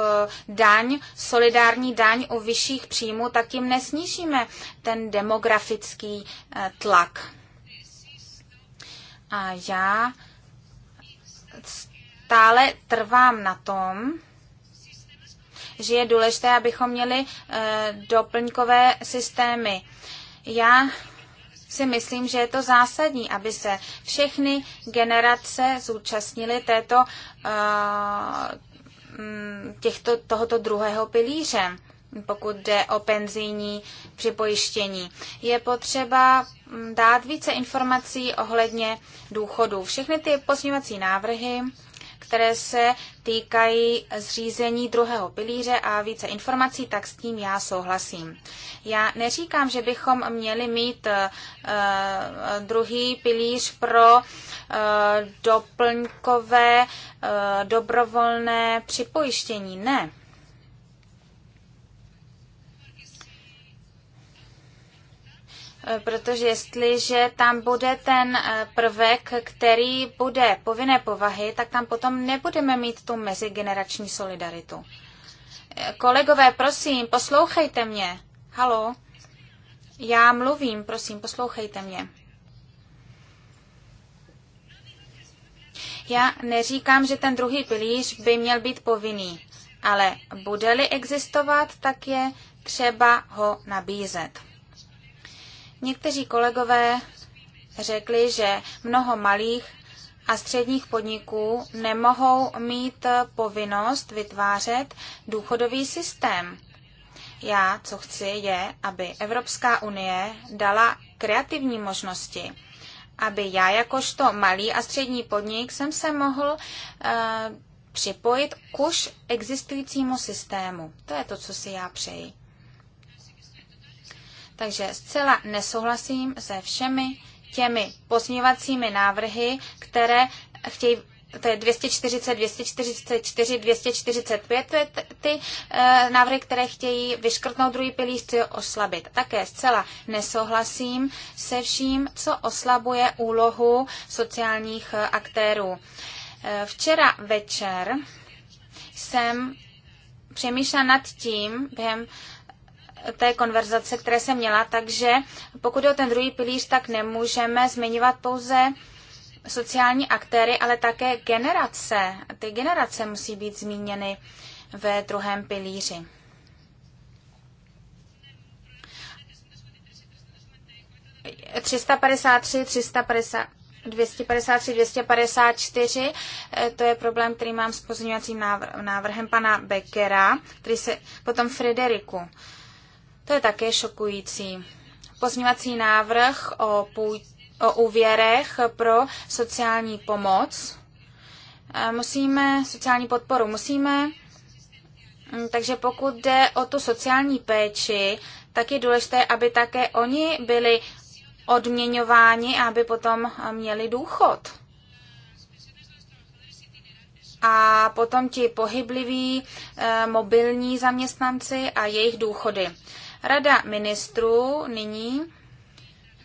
daň, solidární daň u vyšších příjmů, tak tím nesnížíme ten demografický eh, tlak. A já stále trvám na tom, že je důležité, abychom měli eh, doplňkové systémy. Já si myslím, že je to zásadní, aby se všechny generace zúčastnily této, eh, mm, těchto, tohoto druhého pilíře pokud jde o penzijní připojištění. Je potřeba mm, dát více informací ohledně důchodů. Všechny ty pozměňovací návrhy které se týkají zřízení druhého pilíře a více informací, tak s tím já souhlasím. Já neříkám, že bychom měli mít uh, druhý pilíř pro uh, doplňkové uh, dobrovolné připojištění. Ne. protože jestliže tam bude ten eh, prvek, který bude povinné povahy, tak tam potom nebudeme mít tu mezigenerační solidaritu. Eh, kolegové, prosím, poslouchejte mě. Halo? Já mluvím, prosím, poslouchejte mě. Já neříkám, že ten druhý pilíř by měl být povinný, ale bude-li existovat, tak je třeba ho nabízet. Někteří kolegové řekli, že mnoho malých a středních podniků nemohou mít povinnost vytvářet důchodový systém. Já, co chci, je, aby Evropská unie dala kreativní možnosti, aby já jakožto malý a střední podnik jsem se mohl e, připojit k už existujícímu systému. To je to, co si já přeji. Takže zcela nesouhlasím se všemi těmi pozměňovacími návrhy, které chtějí to je 240, 244, 245, to je ty e, návrhy, které chtějí vyškrtnout druhý pilíř, chci oslabit. Také zcela nesouhlasím se vším, co oslabuje úlohu sociálních eh, aktérů. E, včera večer jsem přemýšlela nad tím během té konverzace, které jsem měla, takže pokud je o ten druhý pilíř, tak nemůžeme zmiňovat pouze sociální aktéry, ale také generace. Ty generace musí být zmíněny ve druhém pilíři. ...353, 350, 253, 254, to je problém, který mám s pozměňovacím návrhem pana Beckera, který se potom Frederiku. To je také šokující. Pozměvací návrh o, půj- o úvěrech pro sociální pomoc. Musíme, sociální podporu musíme, mm, takže pokud jde o tu sociální péči, tak je důležité, aby také oni byli odměňováni, aby potom měli důchod. A potom ti pohybliví eh, mobilní zaměstnanci a jejich důchody. Rada ministrů nyní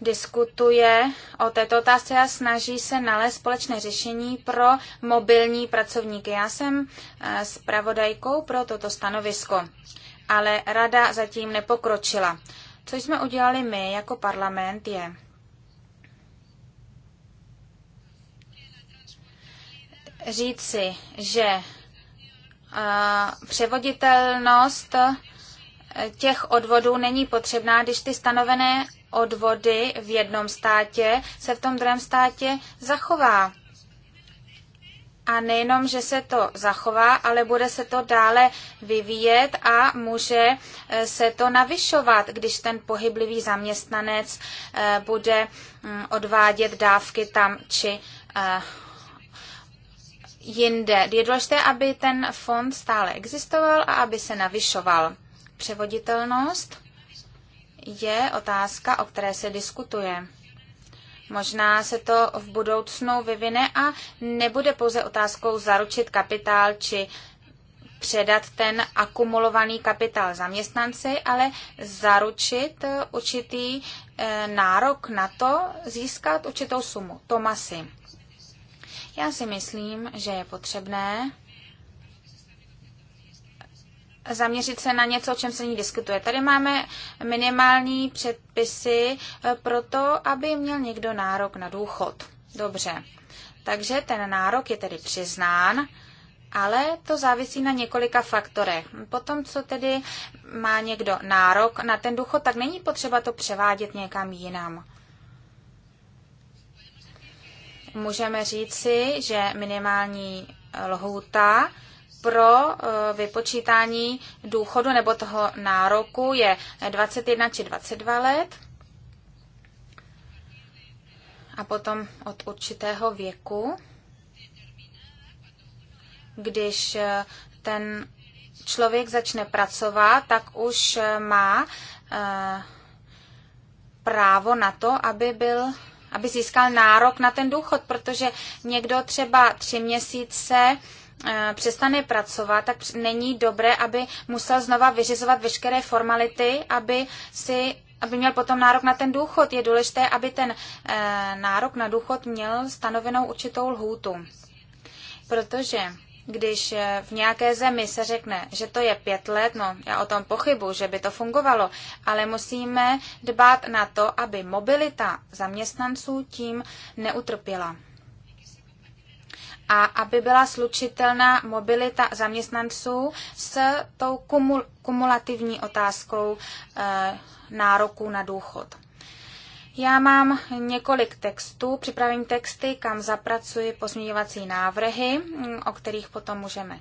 diskutuje o této otázce a snaží se nalézt společné řešení pro mobilní pracovníky. Já jsem eh, zpravodajkou pro toto stanovisko, ale rada zatím nepokročila. Co jsme udělali my jako parlament je, říci, že eh, převoditelnost těch odvodů není potřebná, když ty stanovené odvody v jednom státě se v tom druhém státě zachová. A nejenom, že se to zachová, ale bude se to dále vyvíjet a může eh, se to navyšovat, když ten pohyblivý zaměstnanec eh, bude mm, odvádět dávky tam či eh, jinde. Je důležité, aby ten fond stále existoval a aby se navyšoval. Převoditelnost je otázka, o které se diskutuje. Možná se to v budoucnu vyvine a nebude pouze otázkou zaručit kapitál či předat ten akumulovaný kapitál zaměstnanci, ale zaručit určitý eh, nárok na to získat určitou sumu. Tomasy. Já si myslím, že je potřebné zaměřit se na něco, o čem se ní diskutuje. Tady máme minimální předpisy eh, pro to, aby měl někdo nárok na důchod. Dobře. Takže ten nárok je tedy přiznán, ale to závisí na několika faktorech. Potom, co tedy má někdo nárok na ten důchod, tak není potřeba to převádět někam jinam. Můžeme říci, že minimální lhůta pro eh, vypočítání důchodu nebo toho nároku je 21 či 22 let a potom od určitého věku, když eh, ten člověk začne pracovat, tak už eh, má právo na to, aby byl aby získal nárok na ten důchod, protože někdo třeba tři měsíce Eh, přestane pracovat, tak není dobré, aby musel znova vyřizovat veškeré formality, aby si aby měl potom nárok na ten důchod. Je důležité, aby ten eh, nárok na důchod měl stanovenou určitou lhůtu. Protože když eh, v nějaké zemi se řekne, že to je pět let, no já o tom pochybu, že by to fungovalo, ale musíme dbát na to, aby mobilita zaměstnanců tím neutrpěla a aby byla slučitelná mobilita zaměstnanců s tou kumul- kumulativní otázkou e, nároků na důchod. Já mám několik textů, připravím texty, kam zapracuji pozměňovací návrhy, mm, o kterých potom můžeme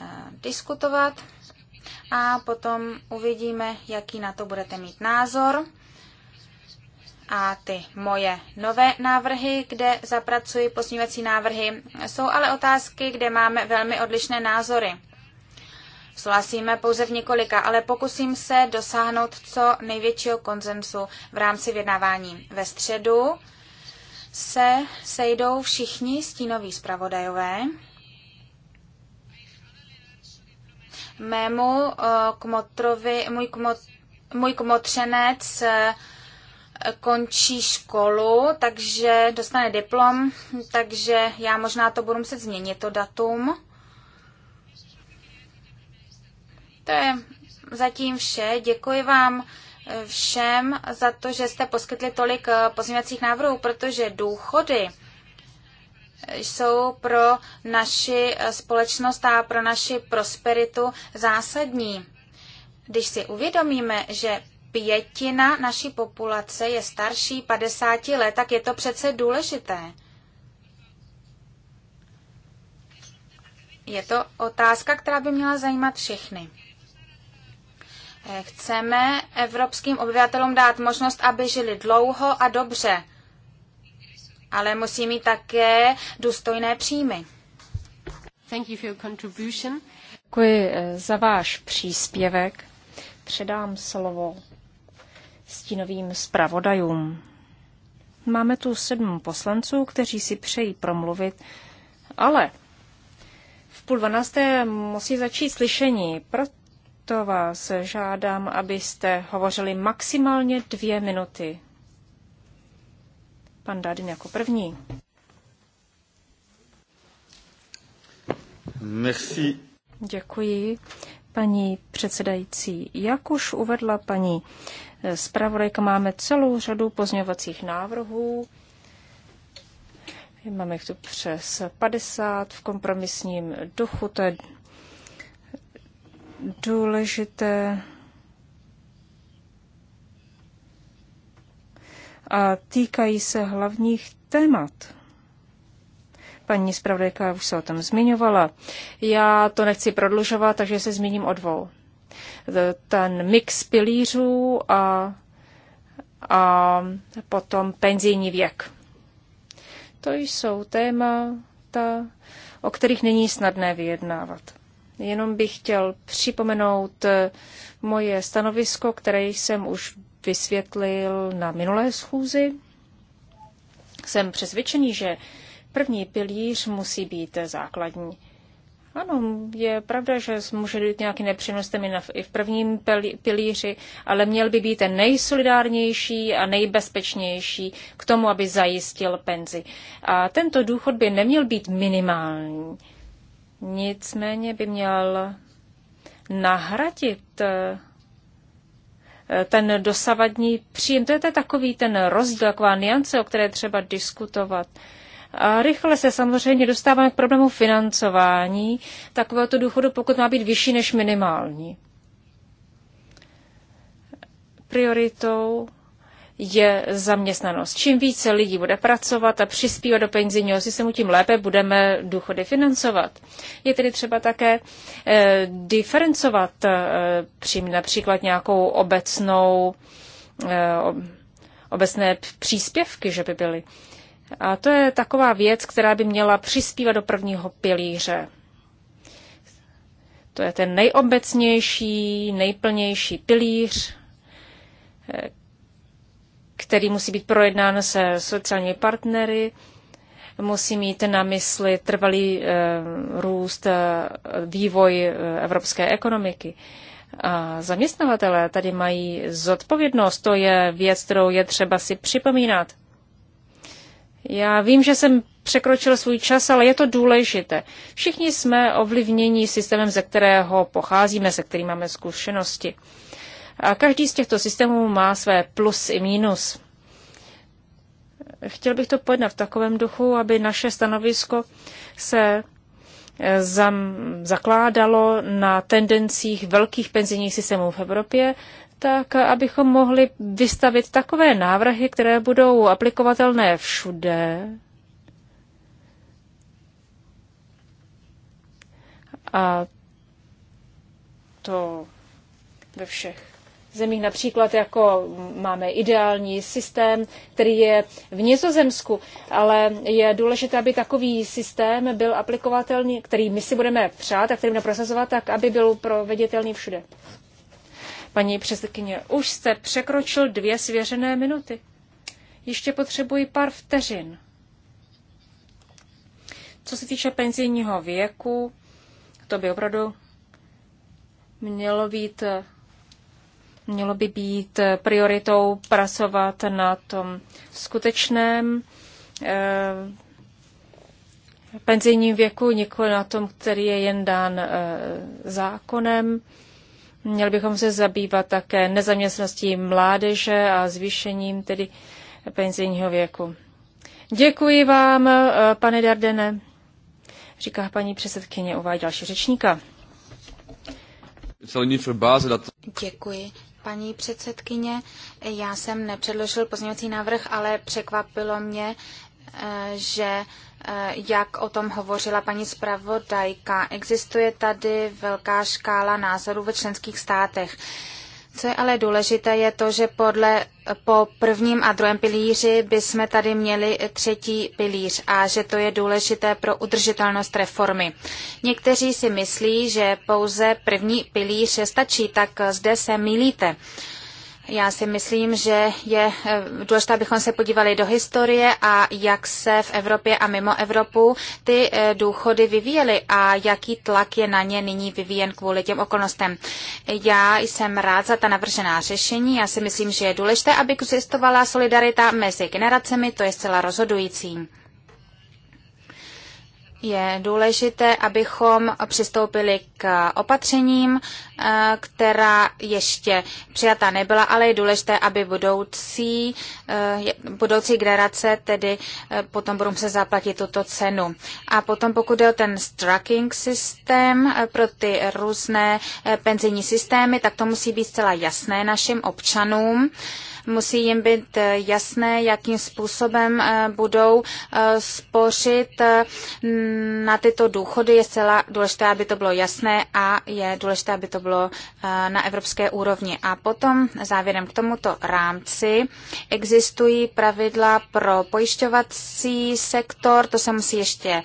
eh, diskutovat a potom uvidíme, jaký na to budete mít názor a ty moje nové návrhy, kde zapracuji posmívací návrhy, jsou ale otázky, kde máme velmi odlišné názory. Souhlasíme pouze v několika, ale pokusím se dosáhnout co největšího konsensu v rámci vědnávání. Ve středu se sejdou všichni stínoví zpravodajové. Mému eh, kmotrovi, můj, kmot, můj kmotřenec eh, končí školu, takže dostane diplom, takže já možná to budu muset změnit, to datum. To je zatím vše. Děkuji vám všem za to, že jste poskytli tolik eh, pozměňovacích návrhů, protože důchody jsou pro naši eh, společnost a pro naši prosperitu zásadní. Když si uvědomíme, že pětina naší populace je starší 50 let, tak je to přece důležité. Je to otázka, která by měla zajímat všechny. Chceme evropským obyvatelům dát možnost, aby žili dlouho a dobře, ale musí mít také důstojné příjmy. Thank you for your contribution. Děkuji eh, za váš příspěvek. Předám slovo stínovým zpravodajům. Máme tu sedm poslanců, kteří si přejí promluvit, ale v půl dvanácté musí začít slyšení, proto vás žádám, abyste hovořili maximálně dvě minuty. Pan Dádin jako první. Merci. Děkuji. Paní předsedající, jak už uvedla paní eh, zpravodajka, máme celou řadu pozměňovacích návrhů. Máme jich tu přes 50 v kompromisním duchu. To je důležité. A týkají se hlavních témat. Paní zpravodajka už se o tom zmiňovala. Já to nechci prodlužovat, takže se zmíním o dvou. E, ten mix pilířů a, a potom penzijní věk. To jsou témata, o kterých není snadné vyjednávat. Jenom bych chtěl připomenout e, moje stanovisko, které jsem už vysvětlil na minulé schůzi. Jsem přesvědčený, že První pilíř musí být základní. Ano, je pravda, že může být nějaký nepřínostem i v prvním pilíři, ale měl by být ten nejsolidárnější a nejbezpečnější k tomu, aby zajistil penzi. A tento důchod by neměl být minimální. Nicméně by měl nahradit eh, ten dosavadní příjem. To je, to takový ten rozdíl, taková niance, o které třeba diskutovat. A rychle se samozřejmě dostáváme k problému financování takovéto důchodu, pokud má být vyšší než minimální. Prioritou je zaměstnanost. Čím více lidí bude pracovat a přispívat do penzijního systému, tím lépe budeme důchody financovat. Je tedy třeba také e, diferencovat eh, například nějakou obecnou, e, obecné příspěvky, že by byly. E, a to je taková věc, která by měla přispívat do prvního pilíře. To je ten nejobecnější, nejplnější pilíř, eh, který musí být projednán se sociálními partnery, musí mít na mysli trvalý eh, růst, eh, vývoj evropské ekonomiky. A zaměstnavatelé tady mají zodpovědnost, to je věc, kterou je třeba si připomínat. Já vím, že jsem překročil svůj čas, ale je to důležité. Všichni jsme ovlivněni systémem, ze kterého pocházíme, se kterým máme zkušenosti. A každý z těchto systémů má své plus i mínus. Chtěl bych to pojednat v takovém duchu, aby naše stanovisko se eh, zam, zakládalo na tendencích velkých penzijních systémů v Evropě tak abychom mohli vystavit takové návrhy, které budou aplikovatelné všude. A to ve všech zemích, například jako máme ideální systém, který je v Nizozemsku, ale je důležité, aby takový systém byl aplikovatelný, který my si budeme přát a kterým naprosazovat, tak aby byl proveditelný všude. Paní předsedkyně, už jste překročil dvě svěřené minuty. Ještě potřebuji pár vteřin. Co se týče penzijního věku, to by opravdu mělo být, mělo by být prioritou pracovat na tom skutečném eh, penzijním věku, nikoli na tom, který je jen dán eh, zákonem. Měli bychom se zabývat také nezaměstností mládeže a zvýšením tedy penzijního věku. Děkuji vám, eh, pane Dardene, říká paní předsedkyně, uvádí další řečníka. Děkuji paní předsedkyně. Já jsem nepředložil pozměňovací návrh, ale překvapilo mě, eh, že Eh, jak o tom hovořila paní zpravodajka. Existuje tady velká škála názorů ve členských státech. Co je ale důležité, je to, že podle, po prvním a druhém pilíři bychom tady měli třetí pilíř a že to je důležité pro udržitelnost reformy. Někteří si myslí, že pouze první pilíř stačí, tak zde se milíte. Uh, já si myslím, že je eh, důležité, abychom se podívali do historie a jak se v Evropě a mimo Evropu ty eh, důchody vyvíjely a jaký tlak je na ně nyní vyvíjen kvůli těm okolnostem. Já jsem rád za ta navržená řešení. Já si myslím, že je důležité, aby existovala solidarita mezi generacemi, to je zcela rozhodující je důležité, abychom přistoupili k opatřením, eh, která ještě přijata nebyla, ale je důležité, aby budoucí, eh, budoucí generace tedy eh, potom budou se zaplatit tuto cenu. A potom pokud je o ten tracking systém pro ty různé penzijní systémy, tak to musí být zcela jasné našim občanům, Musí jim být eh, jasné, jakým způsobem eh, budou eh, spořit na tyto důchody. Je zcela důležité, aby to bylo jasné a je důležité, aby to bylo na evropské úrovni. A potom závěrem k tomuto rámci existují pravidla pro pojišťovací sektor, to se musí ještě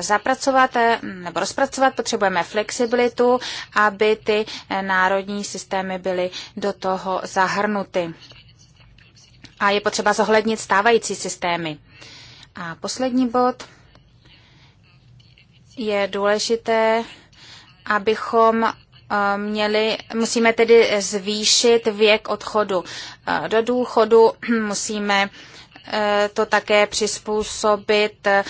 zapracovat nebo rozpracovat, potřebujeme flexibilitu, aby ty národní systémy byly do toho zahrnuty sporty. A je potřeba zohlednit stávající systémy. A poslední bod je důležité, abychom eh, měli, musíme tedy zvýšit věk odchodu eh, do důchodu, musíme to také přizpůsobit eh,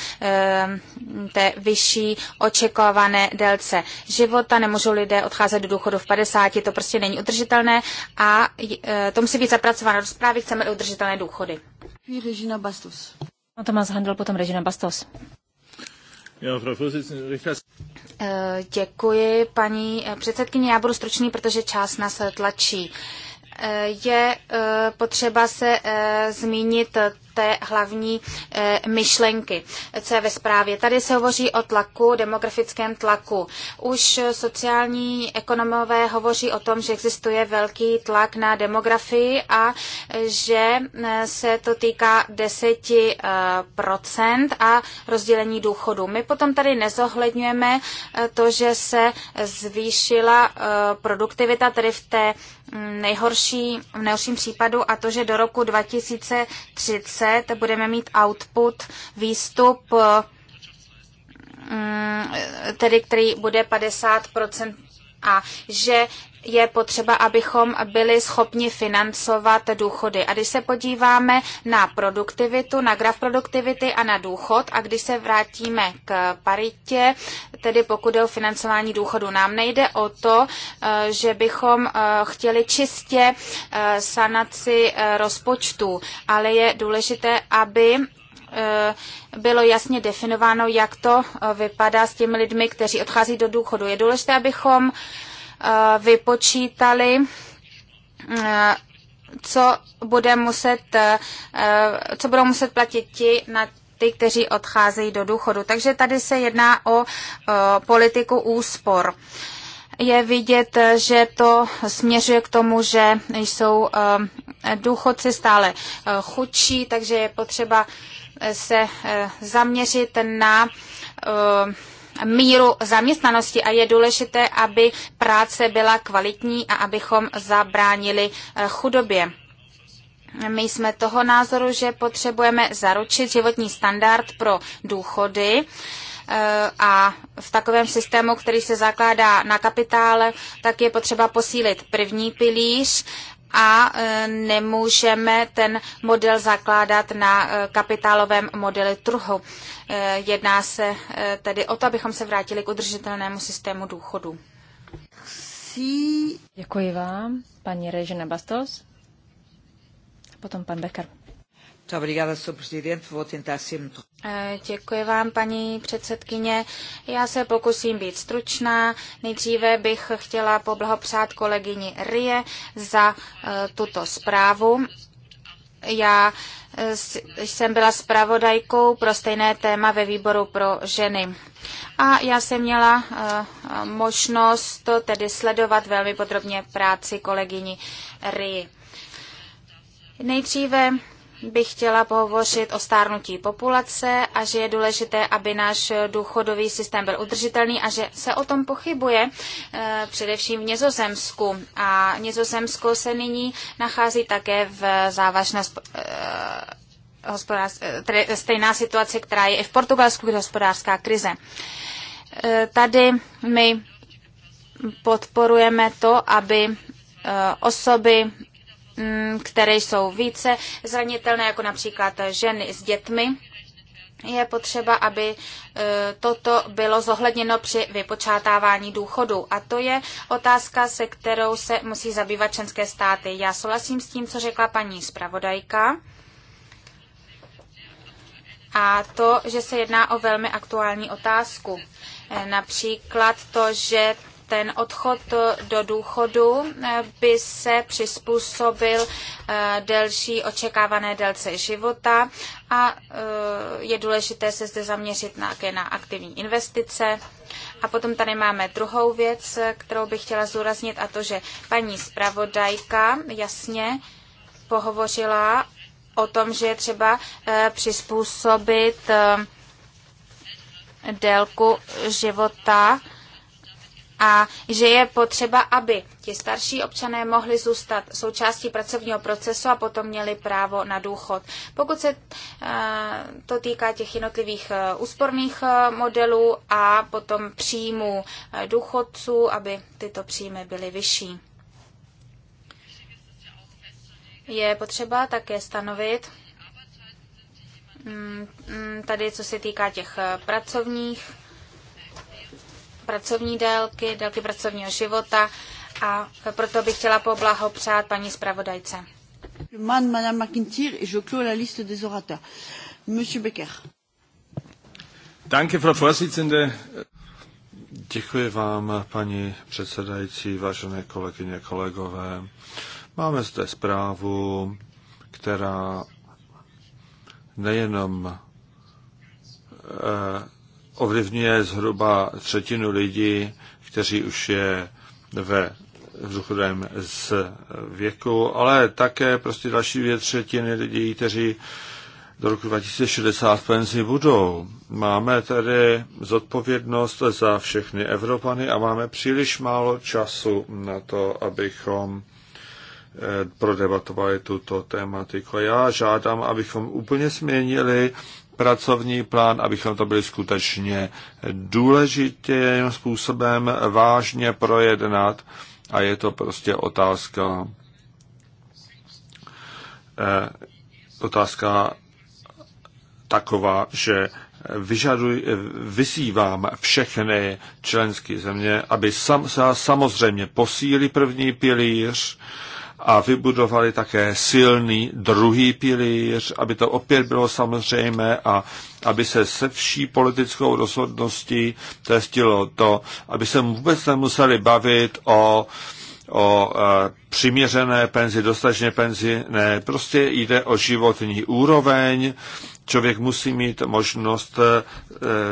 té vyšší očekávané délce života. Nemůžou lidé odcházet do důchodu v 50, to prostě není udržitelné a eh, to musí být zapracováno do zprávy, chceme udržitelné důchody. Regina Bastos. No má Handel, potom Regina Bastos. Eh, děkuji, paní předsedkyně. Já budu stručný, protože čas nás tlačí je potřeba se zmínit té hlavní eh, myšlenky, co je ve zprávě. Tady se hovoří o tlaku, demografickém tlaku. Už sociální ekonomové hovoří o tom, že existuje velký tlak na demografii a eh, že eh, se to týká 10% a rozdělení důchodu. My potom tady nezohledňujeme to, že se zvýšila produktivita, tady v té nejhorší, v nejhorším případu a to, že do roku 2030 budeme mít output, výstup, mm, tedy který bude 50% a že je potřeba, abychom byli schopni financovat důchody. A když se podíváme na produktivitu, na graf produktivity a na důchod, a když se vrátíme k paritě, tedy pokud je o financování důchodu, nám nejde o to, eh, že bychom eh, chtěli čistě eh, sanaci rozpočtu, ale je důležité, aby bylo jasně definováno, jak to vypadá s těmi lidmi, kteří odchází do důchodu. Je důležité, abychom Eh, vypočítali, eh, co, bude muset, eh, co budou muset platit ti na ty, kteří odcházejí do důchodu. Takže tady se jedná o, politiku úspor. Je vidět, že to směřuje k tomu, že jsou důchodci stále chudší, takže je potřeba se zaměřit na míru zaměstnanosti a je důležité, aby práce byla kvalitní a abychom zabránili eh, chudobě. My jsme toho názoru, že potřebujeme zaručit životní standard pro důchody eh, a v takovém systému, který se zakládá na kapitále, tak je potřeba posílit první pilíř a e, nemůžeme ten model zakládat na e, kapitálovém modelu trhu. E, jedná se tedy o to, abychom se vrátili k udržitelnému systému důchodu. Děkuji vám, paní Režina Bastos. Potom pan Becker. Eh, děkuji vám, paní předsedkyně. Já se pokusím být stručná. Nejdříve bych chtěla poblahopřát kolegyni Rie za eh, tuto zprávu. Já eh, jsem byla zpravodajkou pro stejné téma ve výboru pro ženy. A já jsem měla možnost to tedy sledovat velmi podrobně práci kolegyni Rie. Nejdříve bych chtěla pohovořit o stárnutí populace a že je důležité, aby náš důchodový systém byl udržitelný a že se o tom pochybuje eh, především v Nizozemsku. A Nizozemsko se nyní nachází také v závažné eh, eh, stejná situace, která je i v Portugalsku, kde hospodářská krize. Tady my podporujeme to, aby osoby Mm, které jsou více zranitelné, jako například ženy s dětmi. Je potřeba, aby e, toto bylo zohledněno při vypočátávání důchodu. A to je otázka, se kterou se musí zabývat členské státy. Já souhlasím s tím, co řekla paní zpravodajka. A to, že se jedná o velmi aktuální otázku. E, například to, že ten odchod do důchodu by se přizpůsobil eh, delší očekávané délce života a eh, je důležité se zde zaměřit také na aktivní investice. A potom tady máme druhou věc, kterou bych chtěla zúraznit, a to, že paní zpravodajka jasně pohovořila o tom, že je třeba eh, přizpůsobit délku života a že je potřeba, aby ti starší občané mohli zůstat součástí pracovního procesu a potom měli právo na důchod. Pokud se eh, to týká těch jednotlivých eh, úsporných eh, modelů a potom příjmů důchodců, aby tyto příjmy byly vyšší. Je potřeba také stanovit, mm, mm, tady co se týká těch pracovních pracovní délky, délky pracovního života a proto bych chtěla poblahopřát paní zpravodajce. Děkuji vám, paní předsedající, vážené kolegyně, kolegové. Máme zde zprávu, která nejenom eh, ovlivňuje zhruba třetinu lidí, kteří už je ve vzduchodem z věku, ale také prostě další dvě třetiny lidí, kteří do roku 2060 v penzi budou. Máme tedy zodpovědnost za všechny Evropany a máme příliš málo času na to, abychom eh, prodebatovali tuto tématiku. Já žádám, abychom úplně změnili pracovní plán, abychom to byli skutečně důležitým způsobem vážně projednat a je to prostě otázka eh, otázka taková, že vyžaduj, vyzývám všechny členské země, aby sam, samozřejmě posílili první pilíř, a vybudovali také silný druhý pilíř, aby to opět bylo samozřejmé a aby se se vší politickou rozhodností testilo to, aby se vůbec nemuseli bavit o, o e, přiměřené penzi, dostatečně penzi, ne, prostě jde o životní úroveň, člověk musí mít možnost e,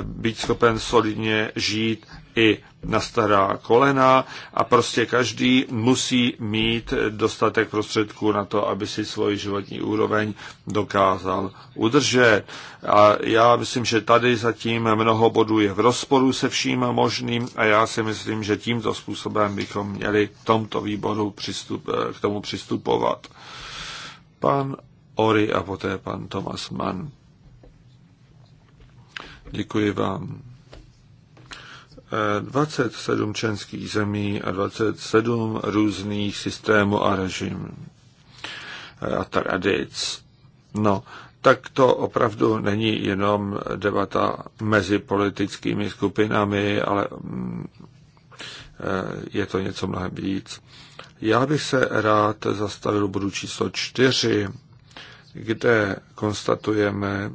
být schopen solidně žít i na stará kolena a prostě každý musí mít dostatek prostředků na to, aby si svoji životní úroveň dokázal udržet. A já myslím, že tady zatím mnoho bodů je v rozporu se vším možným a já si myslím, že tímto způsobem bychom měli k tomto výboru přistup, k tomu přistupovat. Pan Ory a poté pan Thomas Mann. Děkuji vám. 27 členských zemí a 27 různých systémů a režimů a tradic. No, tak to opravdu není jenom debata mezi politickými skupinami, ale mm, je to něco mnohem víc. Já bych se rád zastavil bodu číslo čtyři, kde konstatujeme,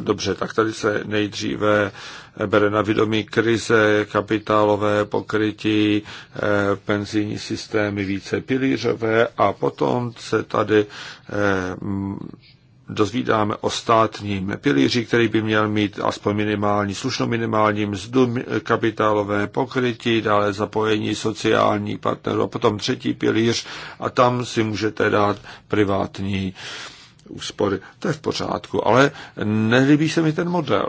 Dobře, tak tady se nejdříve bere na vědomí krize, kapitálové pokrytí, eh, penzijní systémy více pilířové a potom se tady eh, dozvídáme o státním pilíři, který by měl mít aspoň minimální, slušno minimální mzdu, kapitálové pokrytí, dále zapojení sociální partnerů a potom třetí pilíř a tam si můžete dát privátní eh, úspory. To je v pořádku, ale nelíbí se mi ten model.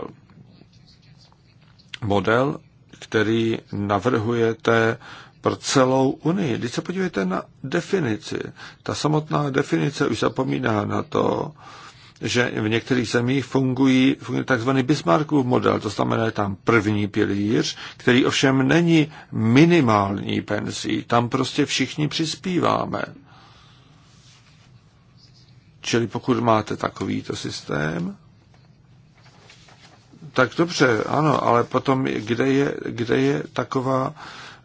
Model, který navrhujete pro celou Unii. Když se podívejte na definici, ta samotná definice už zapomíná na to, že v některých zemích fungují, funguje tzv. Bismarckův model, to znamená je tam první pilíř, který ovšem není minimální penzí, tam prostě všichni přispíváme. Čili pokud máte takovýto systém, tak dobře, ano, ale potom kde je, kde je taková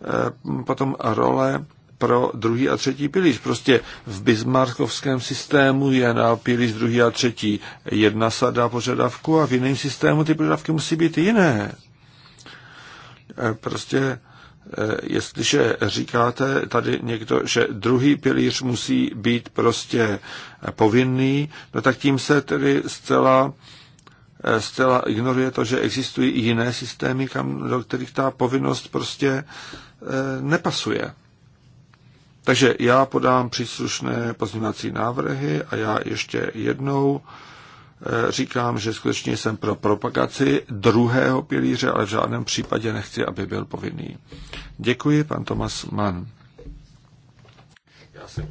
eh, potom role pro druhý a třetí pilíř. Prostě v bismarckovském systému je na pilíř druhý a třetí jedna sada požadavku a v jiném systému ty požadavky musí být jiné. Eh, prostě Eh, jestliže říkáte tady někdo, že druhý pilíř musí být prostě povinný, no tak tím se tedy zcela, eh, zcela ignoruje to, že existují i jiné systémy, kam, do kterých ta povinnost prostě eh, nepasuje. Takže já podám příslušné pozměňovací návrhy a já ještě jednou eh, Eh, říkám, že skutečně jsem pro propagaci druhého pilíře, ale v žádném případě nechci, aby byl povinný. Děkuji, pan Tomas Mann. Já si,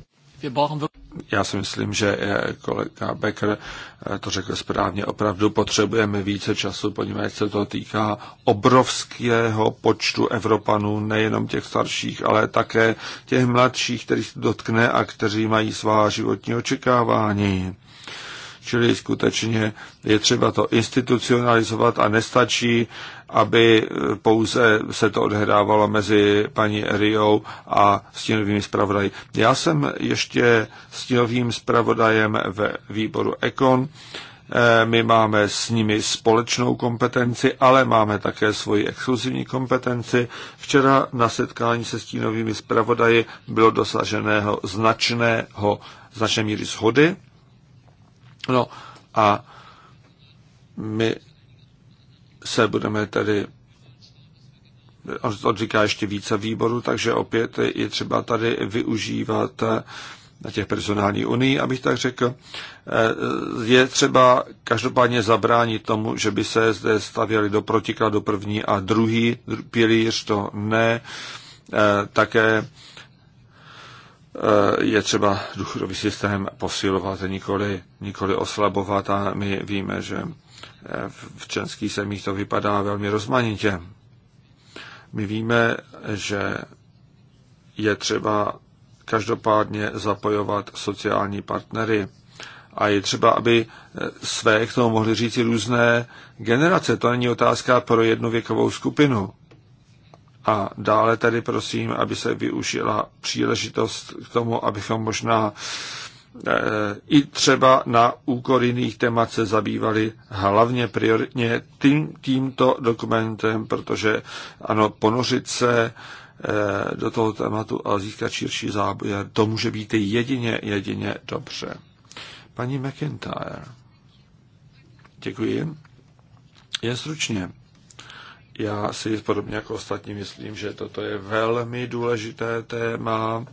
já myslím, že eh, kolega Becker eh, to řekl správně. Opravdu potřebujeme více času, poněvadž se to týká obrovského počtu Evropanů, nejenom těch starších, ale také těch mladších, kteří se dotkne a kteří mají svá životní očekávání Čili skutečně je třeba to institucionalizovat a nestačí, aby eh, pouze se to odhrávalo mezi paní Riou a stínovými zpravodaji. Já jsem ještě stínovým zpravodajem ve výboru Ekon. Eh, my máme s nimi společnou kompetenci, ale máme také svoji exkluzivní kompetenci. Včera na setkání se stínovými zpravodaji bylo dosaženého značného, značné míry shody No a my se budeme tedy on říká ještě více výboru, takže opět je třeba tady využívat na těch personální unii, abych tak řekl. Je třeba každopádně zabránit tomu, že by se zde stavěli do protikladu první a druhý pilíř, to ne. Také Eh, je třeba důchodový systém posilovat, nikoli, nikoli oslabovat a my víme, že eh, v českých zemích to vypadá velmi rozmanitě. My víme, že je třeba každopádně zapojovat sociální partnery a je třeba, aby eh, své k tomu mohli říci různé generace. To není otázka pro jednu věkovou skupinu. A dále tedy prosím, aby se využila příležitost k tomu, abychom možná eh, i třeba na úkor jiných témat se zabývali hlavně prioritně tím, tímto dokumentem, protože ano, ponořit se eh, do toho tématu a získat širší záběr, to může být jedině, jedině dobře. Paní McIntyre. Děkuji. Je stručně. Já si podobně jako ostatní myslím, že toto je velmi důležité téma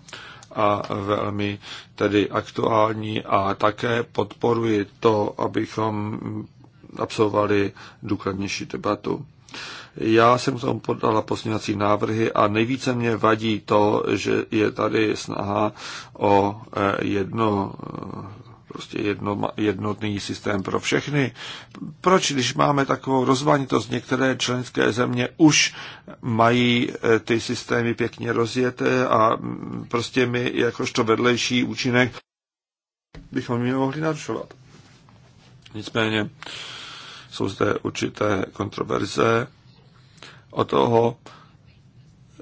a velmi tedy aktuální a také podporuji to, abychom absolvovali důkladnější debatu. Já jsem k tomu podala posměvací návrhy a nejvíce mě vadí to, že je tady snaha o eh, jedno prostě jedno, jednotný systém pro všechny. Proč, když máme takovou rozmanitost, některé členské země už mají eh, ty systémy pěkně rozjeté a mm, prostě my jakožto vedlejší účinek bychom jim mohli narušovat. Nicméně jsou zde určité kontroverze o toho,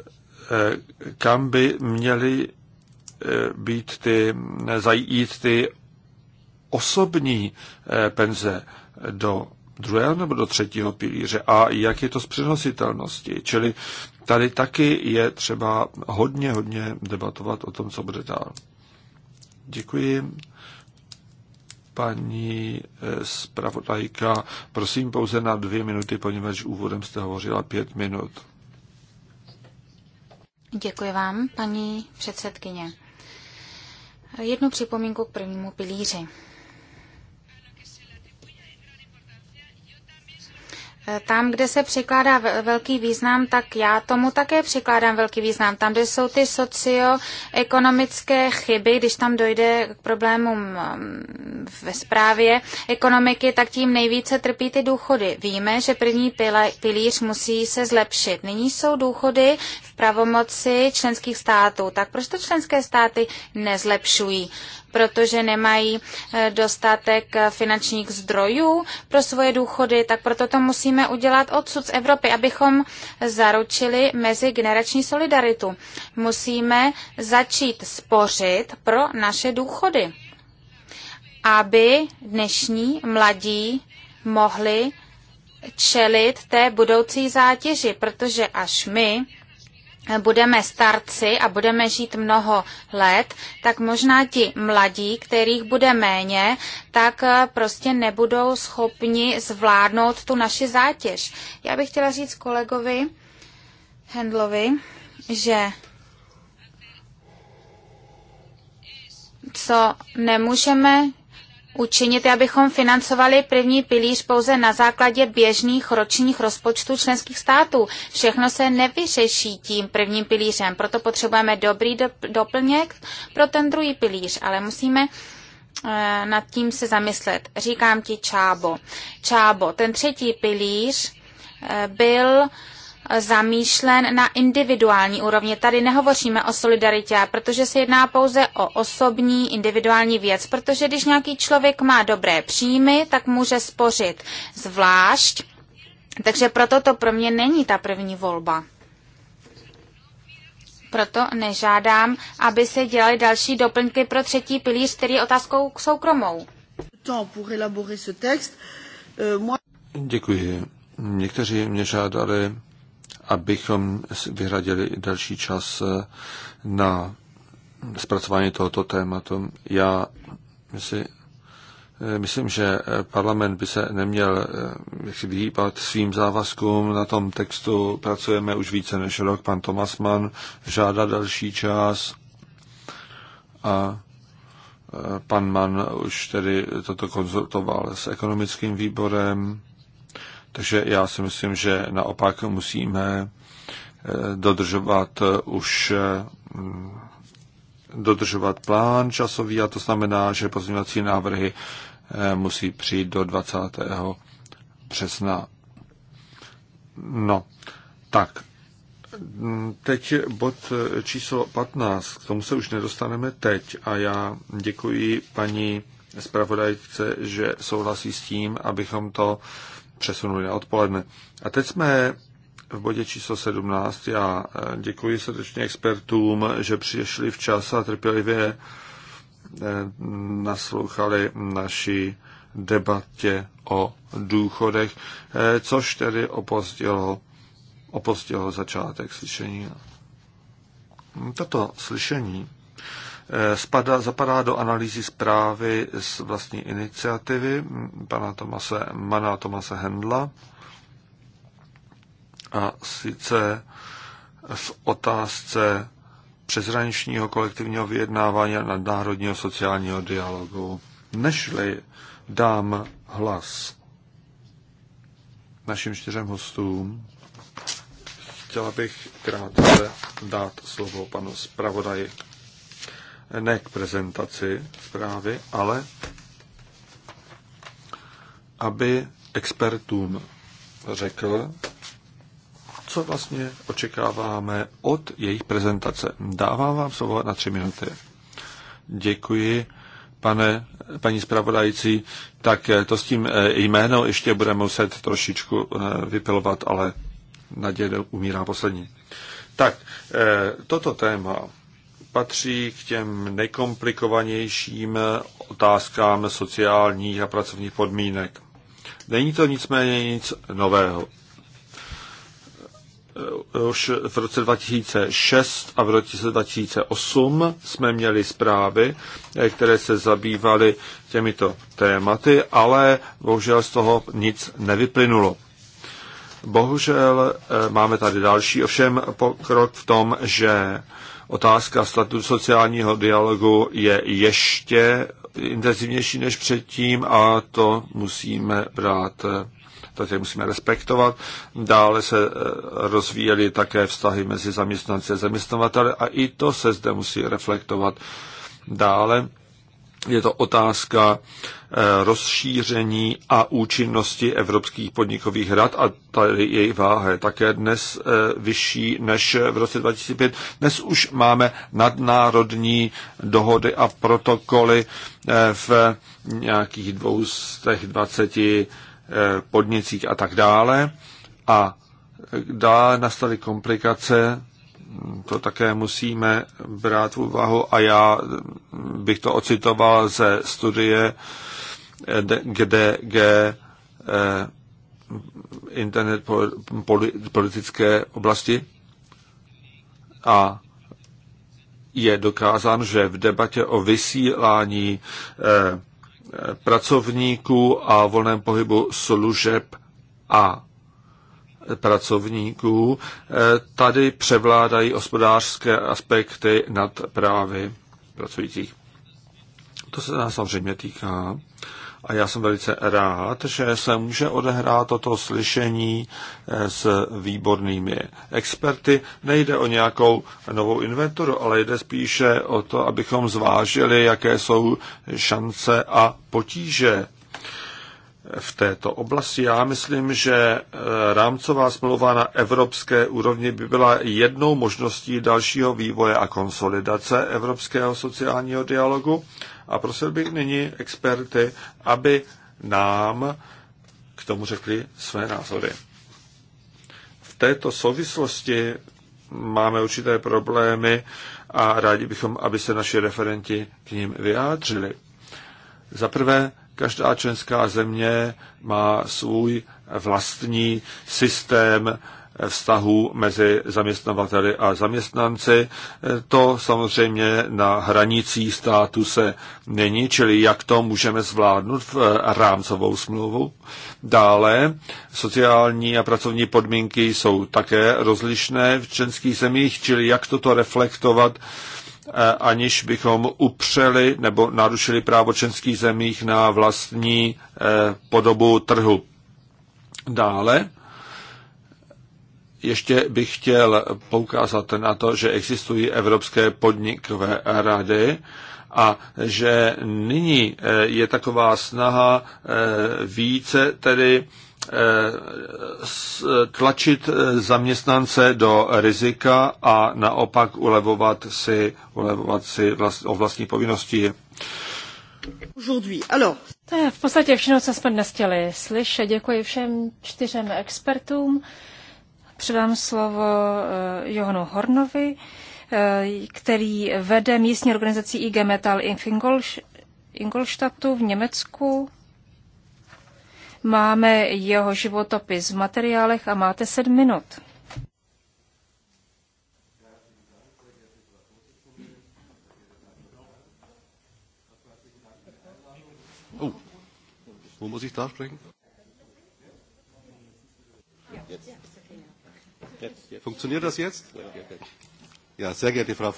eh, kam by měly eh, být ty, zajít ty osobní eh, penze do druhého nebo do třetího pilíře a jak je to s přenositelností. Čili tady taky je třeba hodně, hodně debatovat o tom, co bude dál. Děkuji. Paní eh, zpravodajka, prosím pouze na dvě minuty, poněvadž úvodem jste hovořila pět minut. Děkuji vám, paní předsedkyně. Jednu připomínku k prvnímu pilíři. Tam, kde se překládá velký význam, tak já tomu také překládám velký význam. Tam, kde jsou ty socioekonomické chyby, když tam dojde k problémům mm, ve zprávě ekonomiky, tak tím nejvíce trpí ty důchody. Víme, že první pilíř musí se zlepšit. Nyní jsou důchody v pravomoci členských států. Tak proč to členské státy nezlepšují? protože nemají eh, dostatek eh, finančních zdrojů pro svoje důchody, tak proto to musíme udělat odsud z Evropy, abychom zaručili mezigenerační solidaritu. Musíme začít spořit pro naše důchody, aby dnešní mladí mohli čelit té budoucí zátěži, protože až my budeme starci a budeme žít mnoho let, tak možná ti mladí, kterých bude méně, tak eh, prostě nebudou schopni zvládnout tu naši zátěž. Já bych chtěla říct kolegovi Hendlovi, že co nemůžeme učinit, abychom financovali první pilíř pouze na základě běžných ročních rozpočtů členských států. Všechno se nevyřeší tím prvním pilířem, proto potřebujeme dobrý doplněk pro ten druhý pilíř, ale musíme eh, nad tím se zamyslet. Říkám ti čábo. Čábo, ten třetí pilíř eh, byl zamýšlen na individuální úrovni. Tady nehovoříme o solidaritě, protože se jedná pouze o osobní, individuální věc, protože když nějaký člověk má dobré příjmy, tak může spořit zvlášť, takže proto to pro mě není ta první volba. Proto nežádám, aby se dělaly další doplňky pro třetí pilíř, který je otázkou k soukromou. Děkuji. Někteří mě žádali abychom vyhradili další čas eh, na zpracování tohoto tématu. Já si eh, myslím, že eh, parlament by se neměl vyhýbat svým závazkům. Na tom textu pracujeme už více než rok. Pan Tomasman žádá další čas a pan Mann už tedy toto konzultoval s ekonomickým výborem takže já si myslím, že naopak musíme eh, dodržovat eh, už eh, dodržovat plán časový a to znamená, že pozměňovací návrhy musí přijít do 20. března. No, tak. Teď bod číslo 15, k tomu se už nedostaneme teď a já děkuji paní zpravodajce, že souhlasí s tím, abychom to eh, přesunuli na odpoledne. A teď jsme v bodě číslo 17. Já eh, děkuji srdečně expertům, že přišli včas a trpělivě eh, naslouchali naší debatě o důchodech, eh, což tedy opozdilo, opozdilo začátek slyšení. Toto slyšení Eh, spada, zapadá do analýzy zprávy z vlastní iniciativy pana Tomase, mana Tomase Hendla a sice v otázce přezraničního kolektivního vyjednávání a nadnárodního sociálního dialogu. Nešli dám hlas našim čtyřem hostům, chtěla bych krátce dát slovo panu zpravodaji ne k prezentaci zprávy, ale aby expertům řekl, co vlastně očekáváme od jejich prezentace. Dávám vám slovo na tři minuty. Děkuji, pane, paní zpravodající. Tak eh, to s tím eh, jméno ještě budeme muset trošičku eh, vypilovat, ale naděje umírá poslední. Tak, toto téma patří k těm nejkomplikovanějším otázkám sociálních a pracovních podmínek. Není to nicméně nic nového. Už v roce 2006 a v roce 2008 jsme měli zprávy, které se zabývaly těmito tématy, ale bohužel z toho nic nevyplynulo. Bohužel eh, máme tady další, ovšem pokrok v tom, že Otázka statutu sociálního dialogu je ještě intenzivnější než předtím a to musíme brát tady musíme respektovat. Dále se eh, rozvíjely také vztahy mezi zaměstnanci a zaměstnavateli a i to se zde musí reflektovat. Dále je to otázka eh, rozšíření a účinnosti evropských podnikových rad a tady její váha je také dnes eh, vyšší než v roce 2005. Dnes už máme nadnárodní dohody a protokoly eh, v nějakých 220 podnicích a tak dále. A dá nastaly komplikace to také musíme brát v úvahu a já bych to ocitoval ze studie GDG eh, internet politické oblasti a je dokázán, že v debatě o vysílání eh, pracovníků a volném pohybu služeb a pracovníků, eh, tady převládají hospodářské aspekty nad právy pracujících. To se nás samozřejmě týká. A já jsem velice rád, že se může odehrát toto slyšení eh, s výbornými experty. Nejde o nějakou novou inventuru, ale jde spíše o to, abychom zvážili, jaké jsou šance a potíže v této oblasti. Já myslím, že e, rámcová smlouva na evropské úrovni by byla jednou možností dalšího vývoje a konsolidace evropského sociálního dialogu. A prosil bych nyní experty, aby nám k tomu řekli své názory. V této souvislosti máme určité problémy a rádi bychom, aby se naši referenti k ním vyjádřili. Za prvé, Každá členská země má svůj vlastní systém vztahů mezi zaměstnavateli a zaměstnanci. To samozřejmě na hranicích státu se není, čili jak to můžeme zvládnout v rámcovou smlouvu. Dále sociální a pracovní podmínky jsou také rozlišné v členských zemích, čili jak toto reflektovat Eh, aniž bychom upřeli nebo narušili právo členských zemích na vlastní eh, podobu trhu. Dále ještě bych chtěl poukázat na to, že existují evropské podnikové rady a že nyní eh, je taková snaha více tedy Eh, tlačit eh, zaměstnance do rizika a naopak ulevovat si, ulevovat si vlast, o vlastní povinnosti. To je v podstatě všechno, co jsme dnes chtěli slyšet. Děkuji všem čtyřem expertům. Předám slovo eh, Johanu Hornovi, který vede místní organizaci IG Metal in Ingolstadtu v Německu. Máme jeho životopis v materiálech a máte sedm minut. Oh. Wo muss ich da sprechen? Funktioniert das jetzt? Ja, sehr geehrte Frau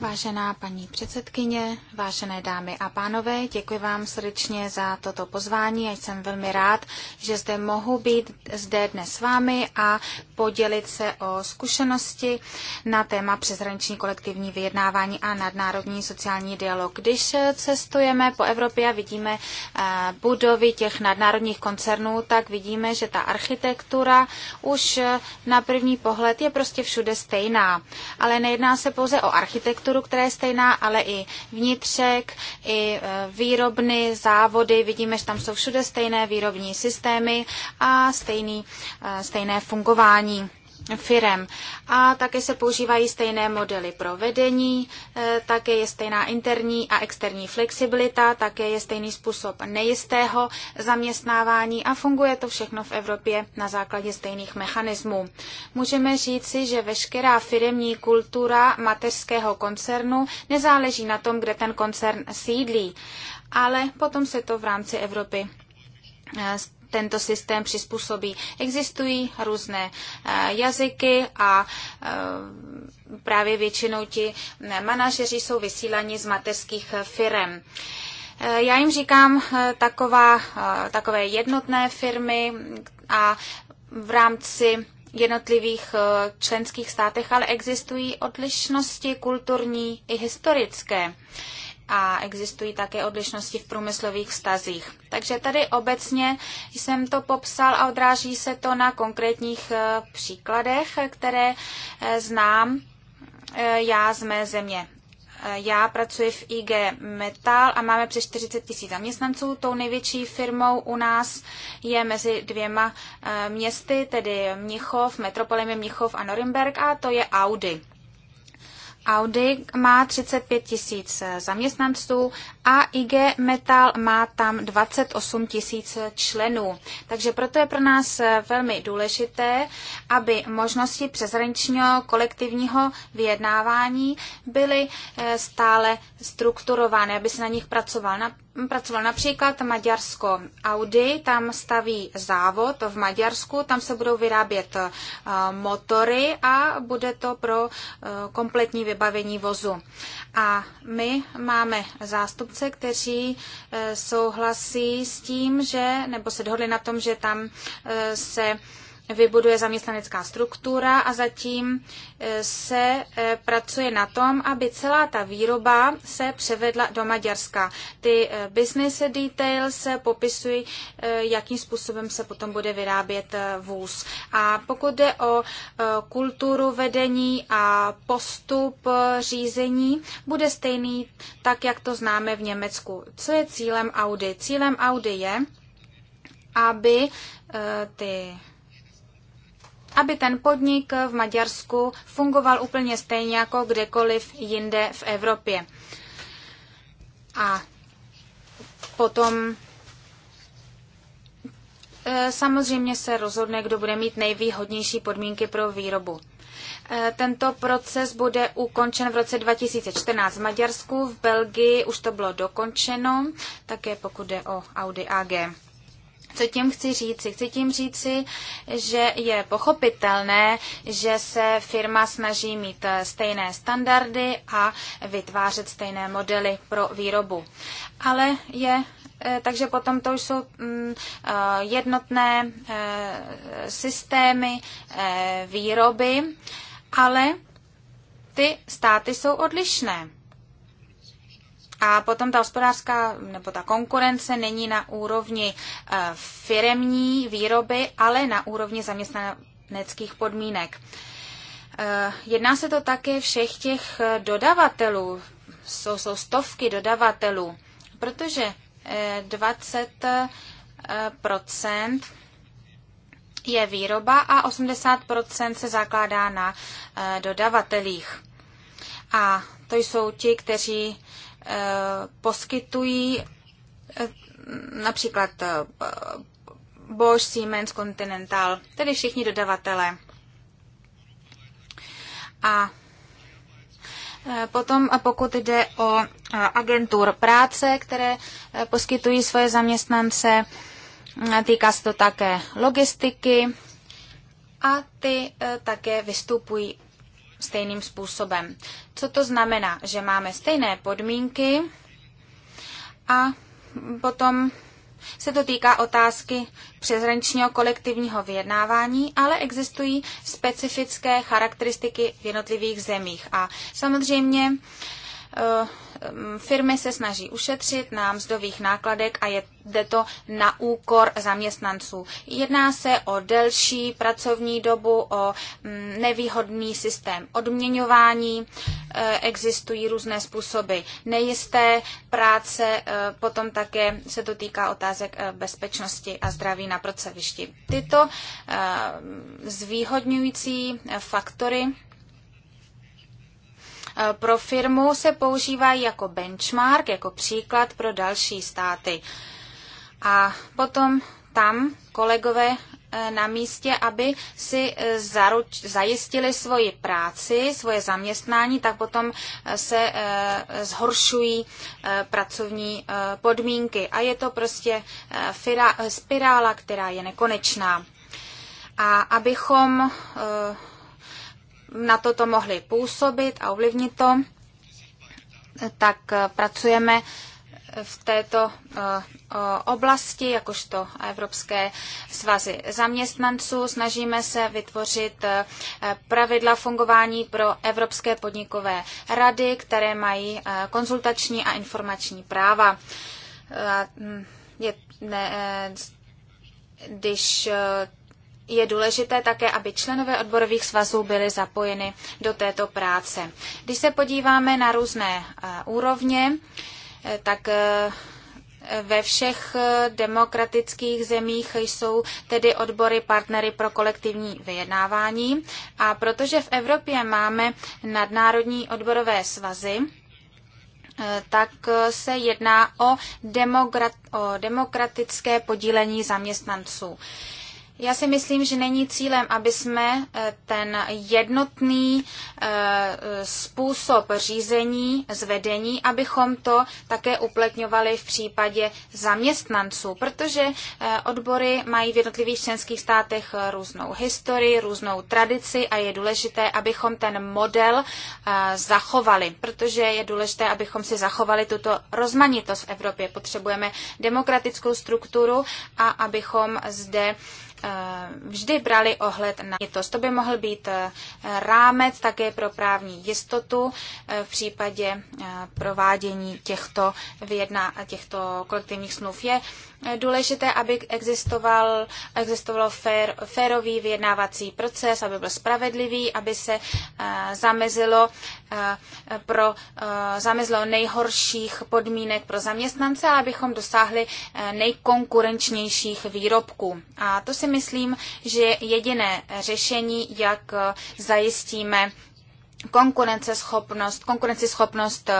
Vážená paní předsedkyně, vážené dámy a pánové, děkuji vám srdečně za toto pozvání a jsem velmi rád, že zde mohu být zde dnes s vámi a podělit se o zkušenosti na téma přeshraniční kolektivní vyjednávání a nadnárodní sociální dialog. Když cestujeme po Evropě a vidíme eh, budovy těch nadnárodních koncernů, tak vidíme, že ta architektura už na první pohled je prostě všude stejná. Ale nejedná se pouze o architekturu, strukturu, která je stejná, ale i vnitřek, i e, výrobny, závody. Vidíme, že tam jsou všude stejné výrobní systémy a stejný, e, stejné fungování firem. A také se používají stejné modely pro vedení, eh, také je stejná interní a externí flexibilita, také je stejný způsob nejistého zaměstnávání a funguje to všechno v Evropě na základě stejných mechanismů. Můžeme říci, že veškerá firemní kultura mateřského koncernu nezáleží na tom, kde ten koncern sídlí, ale potom se to v rámci Evropy eh, tento systém přizpůsobí. Existují různé eh, jazyky a eh, právě většinou ti eh, manažeři jsou vysílani z mateřských firm. Já jim říkám taková, takové jednotné firmy a v rámci jednotlivých členských státech, ale existují odlišnosti kulturní i historické a existují také odlišnosti v průmyslových vztazích. Takže tady obecně jsem to popsal a odráží se to na konkrétních eh, příkladech, které eh, znám eh, já z mé země. Já pracuji v IG Metal a máme přes 40 tisíc zaměstnanců. Tou největší firmou u nás je mezi dvěma městy, tedy Mnichov, metropolemi Mnichov a Norimberg a to je Audi. Audi má 35 tisíc zaměstnanců a IG Metal má tam 28 tisíc členů. Takže proto je pro nás velmi důležité, aby možnosti přezraničního kolektivního vyjednávání byly eh, stále strukturované, aby se na nich pracoval. Na pracoval například Maďarsko Audi, tam staví závod v Maďarsku, tam se budou vyrábět eh, motory a bude to pro eh, kompletní vybavení vybavení vozu. A my máme zástupce, kteří eh, souhlasí s tím, že, nebo se dohodli na tom, že tam eh, se vybuduje zaměstnanecká struktura a zatím e, se e, pracuje na tom, aby celá ta výroba se převedla do Maďarska. Ty e, business details popisují, jakým způsobem se potom bude vyrábět vůz. A pokud jde o kulturu vedení a postup řízení, bude stejný tak, jak to známe v Německu. Co je cílem Audi? Cílem Audi je, aby ty aby ten podnik v Maďarsku fungoval úplně stejně jako kdekoliv jinde v Evropě. A potom e, samozřejmě se rozhodne, kdo bude mít nejvýhodnější podmínky pro výrobu. E, tento proces bude ukončen v roce 2014 v Maďarsku, v Belgii už to bylo dokončeno, také pokud jde o Audi AG. Co tím chci říci? Chci tím říci, že je pochopitelné, že se firma snaží mít eh, stejné standardy a vytvářet stejné modely pro výrobu. Ale je eh, takže potom to už jsou mm, eh, jednotné systémy výroby, ale ty státy jsou odlišné. A potom ta hospodářská nebo ta konkurence není na úrovni eh, firemní výroby, ale na úrovni zaměstnaneckých podmínek. Eh, jedná se to také všech těch eh, dodavatelů, jsou, jsou stovky dodavatelů, protože 20 je výroba a 80 se zakládá na dodavatelích. A to jsou ti, kteří Eh, poskytují eh, například eh, Bosch, Siemens, Continental, tedy všichni dodavatelé. A Potom pokud jde o agentur práce, které poskytují svoje zaměstnance, týká se to také logistiky a ty také vystupují stejným způsobem. Co to znamená? Že máme stejné podmínky a potom se to týká otázky přezrančního kolektivního vyjednávání, ale existují specifické charakteristiky v jednotlivých zemích. A samozřejmě eh, firmy se snaží ušetřit na mzdových nákladek a je, jde to na úkor zaměstnanců. Jedná se o delší pracovní dobu, o mm, nevýhodný systém odměňování, e, existují různé způsoby nejisté práce, e, potom také se to týká otázek e, bezpečnosti a zdraví na pracovišti. Tyto zvýhodňující faktory Eh, pro firmu se používají jako benchmark, jako příklad pro další státy. A potom tam kolegové eh, na místě, aby si eh, zaruč, zajistili svoji práci, svoje zaměstnání, tak potom se zhoršují pracovní podmínky. A je to prostě spirála, která je nekonečná. A abychom na toto mohli působit a ovlivnit to, tak pracujeme v této eh, oblasti, jakožto Evropské svazy zaměstnanců. Snažíme se vytvořit eh, pravidla fungování pro Evropské podnikové rady, které mají eh, konzultační a informační práva. Je, ne, když je důležité také, aby členové odborových svazů byli zapojeni do této práce. Když se podíváme na různé eh, úrovně, eh, tak eh, ve všech demokratických zemích jsou tedy odbory partnery pro kolektivní vyjednávání. A protože v Evropě máme nadnárodní odborové svazy, tak se jedná o, demokrat, o demokratické podílení zaměstnanců. Já si myslím, že není cílem, aby jsme eh, ten jednotný eh, způsob řízení, zvedení, abychom to také uplatňovali v případě zaměstnanců, protože eh, odbory mají v jednotlivých členských státech různou historii, různou tradici a je důležité, abychom ten model zachovali, protože je důležité, abychom si zachovali tuto rozmanitost v Evropě. Potřebujeme demokratickou strukturu a abychom zde Eh, vždy brali ohled na to. To by mohl být eh, rámec také pro právní jistotu eh, v případě provádění těchto vyjedná těchto kolektivních smluv. Je důležité, aby existoval, existoval fér, férový vyjednávací proces, aby byl spravedlivý, aby se eh, zamezilo, eh, pro, eh, zamezilo nejhorších podmínek pro zaměstnance a abychom dosáhli nejkonkurenčnějších výrobků. A to si myslím, že je jediné řešení, jak zajistíme konkurenceschopnost, konkurenceschopnost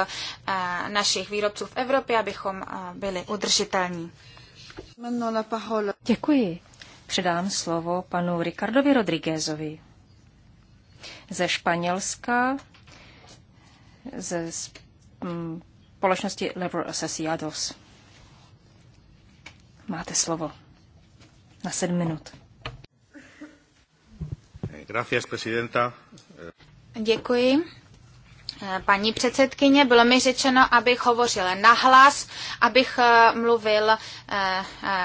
našich výrobců v Evropě, abychom byli udržitelní. Děkuji. Předám slovo panu Ricardovi Rodriguezovi ze Španělska, ze mm, společnosti Lever Asociados. Máte slovo na sedm minut. Gracias, presidenta. Děkuji, Eh, paní předsedkyně, bylo mi řečeno, abych hovořil nahlas, abych eh, mluvil eh,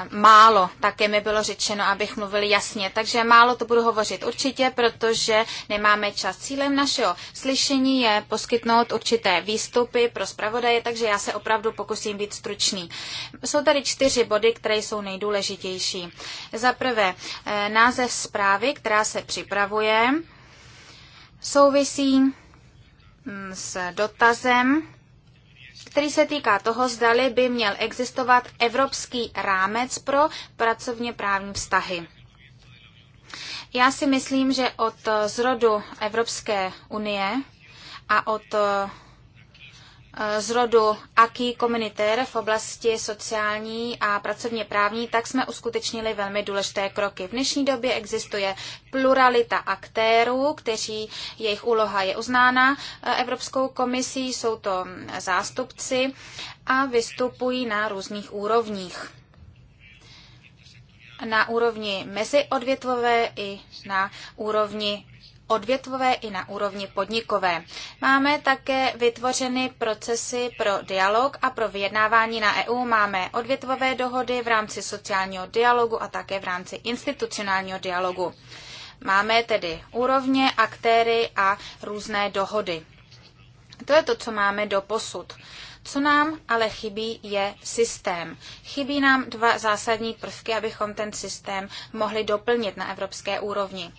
málo. Také mi bylo řečeno, abych mluvil jasně. Takže málo to budu hovořit určitě, protože nemáme čas. Cílem našeho slyšení je poskytnout určité výstupy pro zpravodaje, takže já se opravdu pokusím být stručný. Jsou tady čtyři body, které jsou nejdůležitější. Za prvé, název zprávy, která se připravuje, souvisí Mm, s dotazem, který se týká toho, zdali by měl existovat evropský rámec pro pracovně právní vztahy. Já si myslím, že od zrodu Evropské unie a od Eh, z rodu AKI Communitaire v oblasti sociální a pracovně právní, tak jsme uskutečnili velmi důležité kroky. V dnešní době existuje pluralita aktérů, kteří jejich úloha je uznána eh, Evropskou komisí, jsou to hm, zástupci a vystupují na různých úrovních. Na úrovni meziodvětvové i na úrovni odvětvové i na úrovni podnikové. Máme také vytvořeny procesy pro dialog a pro vyjednávání na EU. Máme odvětvové dohody v rámci sociálního dialogu a také v rámci institucionálního dialogu. Máme tedy úrovně, aktéry a různé dohody. To je to, co máme do posud. Co nám ale chybí, je systém. Chybí nám dva zásadní prvky, abychom ten systém mohli doplnit na evropské úrovni.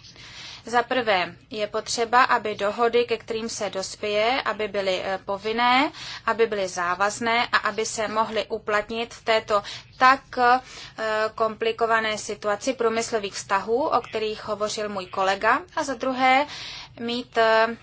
Za prvé je potřeba, aby dohody, ke kterým se dospěje, aby byly eh, povinné, aby byly závazné a aby se mohly uplatnit v této tak eh, komplikované situaci průmyslových vztahů, o kterých hovořil můj kolega. A za druhé mít eh,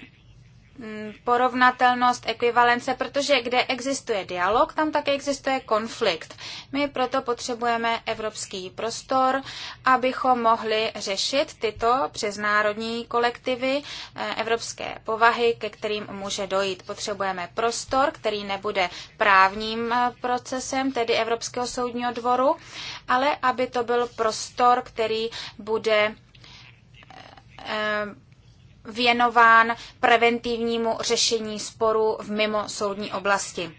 Mm, porovnatelnost, ekvivalence, protože kde existuje dialog, tam také existuje konflikt. My proto potřebujeme evropský prostor, abychom mohli řešit tyto přeznárodní kolektivy eh, evropské povahy, ke kterým může dojít. Potřebujeme prostor, který nebude právním eh, procesem, tedy Evropského soudního dvoru, ale aby to byl prostor, který bude eh, věnován preventivnímu řešení sporů v mimo soudní oblasti.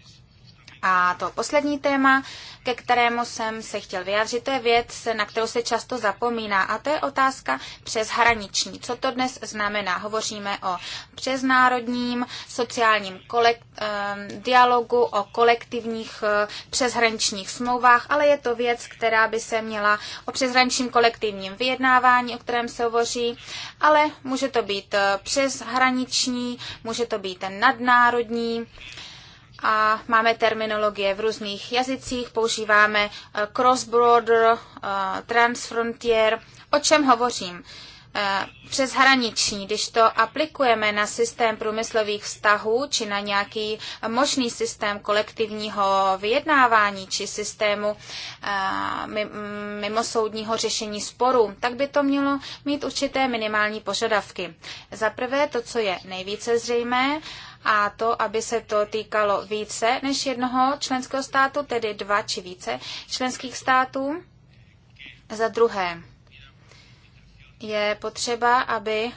A to poslední téma, ke kterému jsem se chtěl vyjádřit. To je věc, na kterou se často zapomíná a to je otázka přeshraniční. Co to dnes znamená? Hovoříme o přeznárodním sociálním eh, dialogu, o kolektivních eh, přeshraničních smlouvách, ale je to věc, která by se měla o přeshraničním kolektivním vyjednávání, o kterém se hovoří, ale může to být eh, přeshraniční, může to být nadnárodní, a máme terminologie v různých jazycích, používáme eh, cross-border, eh, transfrontier. O čem hovořím? Eh, hraniční, když to aplikujeme na systém průmyslových vztahů či na nějaký možný systém kolektivního vyjednávání či systému mimosoudního řešení sporů, tak by to mělo mít určité minimální požadavky. Za prvé to, co je nejvíce zřejmé, a to, aby se to týkalo více než jednoho členského státu, tedy dva či více členských států. Za druhé, je potřeba, aby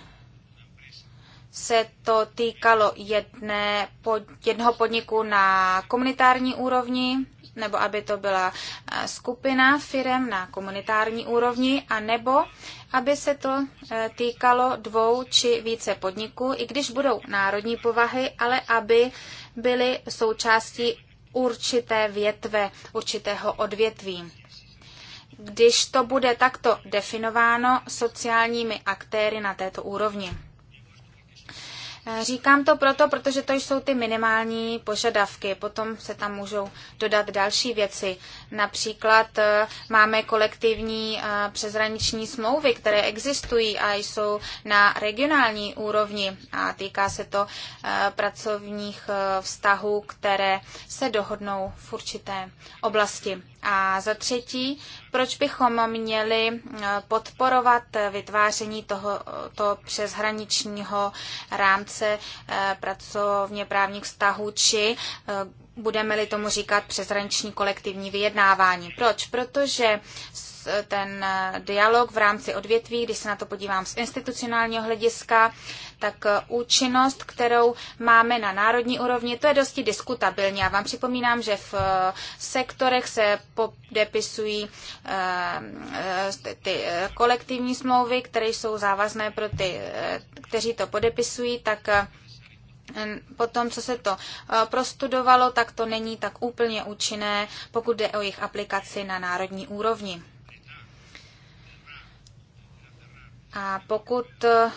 se to týkalo jedné, pod, jednoho podniku na komunitární úrovni nebo aby to byla eh, skupina firem na komunitární úrovni, a nebo aby se to eh, týkalo dvou či více podniků, i když budou národní povahy, ale aby byly součástí určité větve, určitého odvětví. Když to bude takto definováno sociálními aktéry na této úrovni. Eh, říkám to proto, protože to jsou ty minimální požadavky. Potom se tam můžou dodat další věci. Například eh, máme kolektivní eh, přezraniční smlouvy, které existují a jsou na regionální úrovni a týká se to pracovních vztahů, které se dohodnou v určité oblasti. A za třetí, proč bychom měli eh, podporovat eh, vytváření tohoto přeshraničního rámce eh, pracovně právních vztahů, či budeme-li tomu říkat přeshraniční kolektivní vyjednávání. Proč? Protože ten dialog v rámci odvětví, když se na to podívám z institucionálního hlediska, tak eh, účinnost, kterou máme na národní úrovni, to je dosti diskutabilní. Já vám připomínám, že v eh, sektorech se podepisují eh, ty kolektivní smlouvy, které jsou závazné pro ty, kteří to podepisují, tak Potom, co se to prostudovalo, tak to není tak úplně účinné, pokud jde o jejich aplikaci na národní úrovni. A pokud, eh,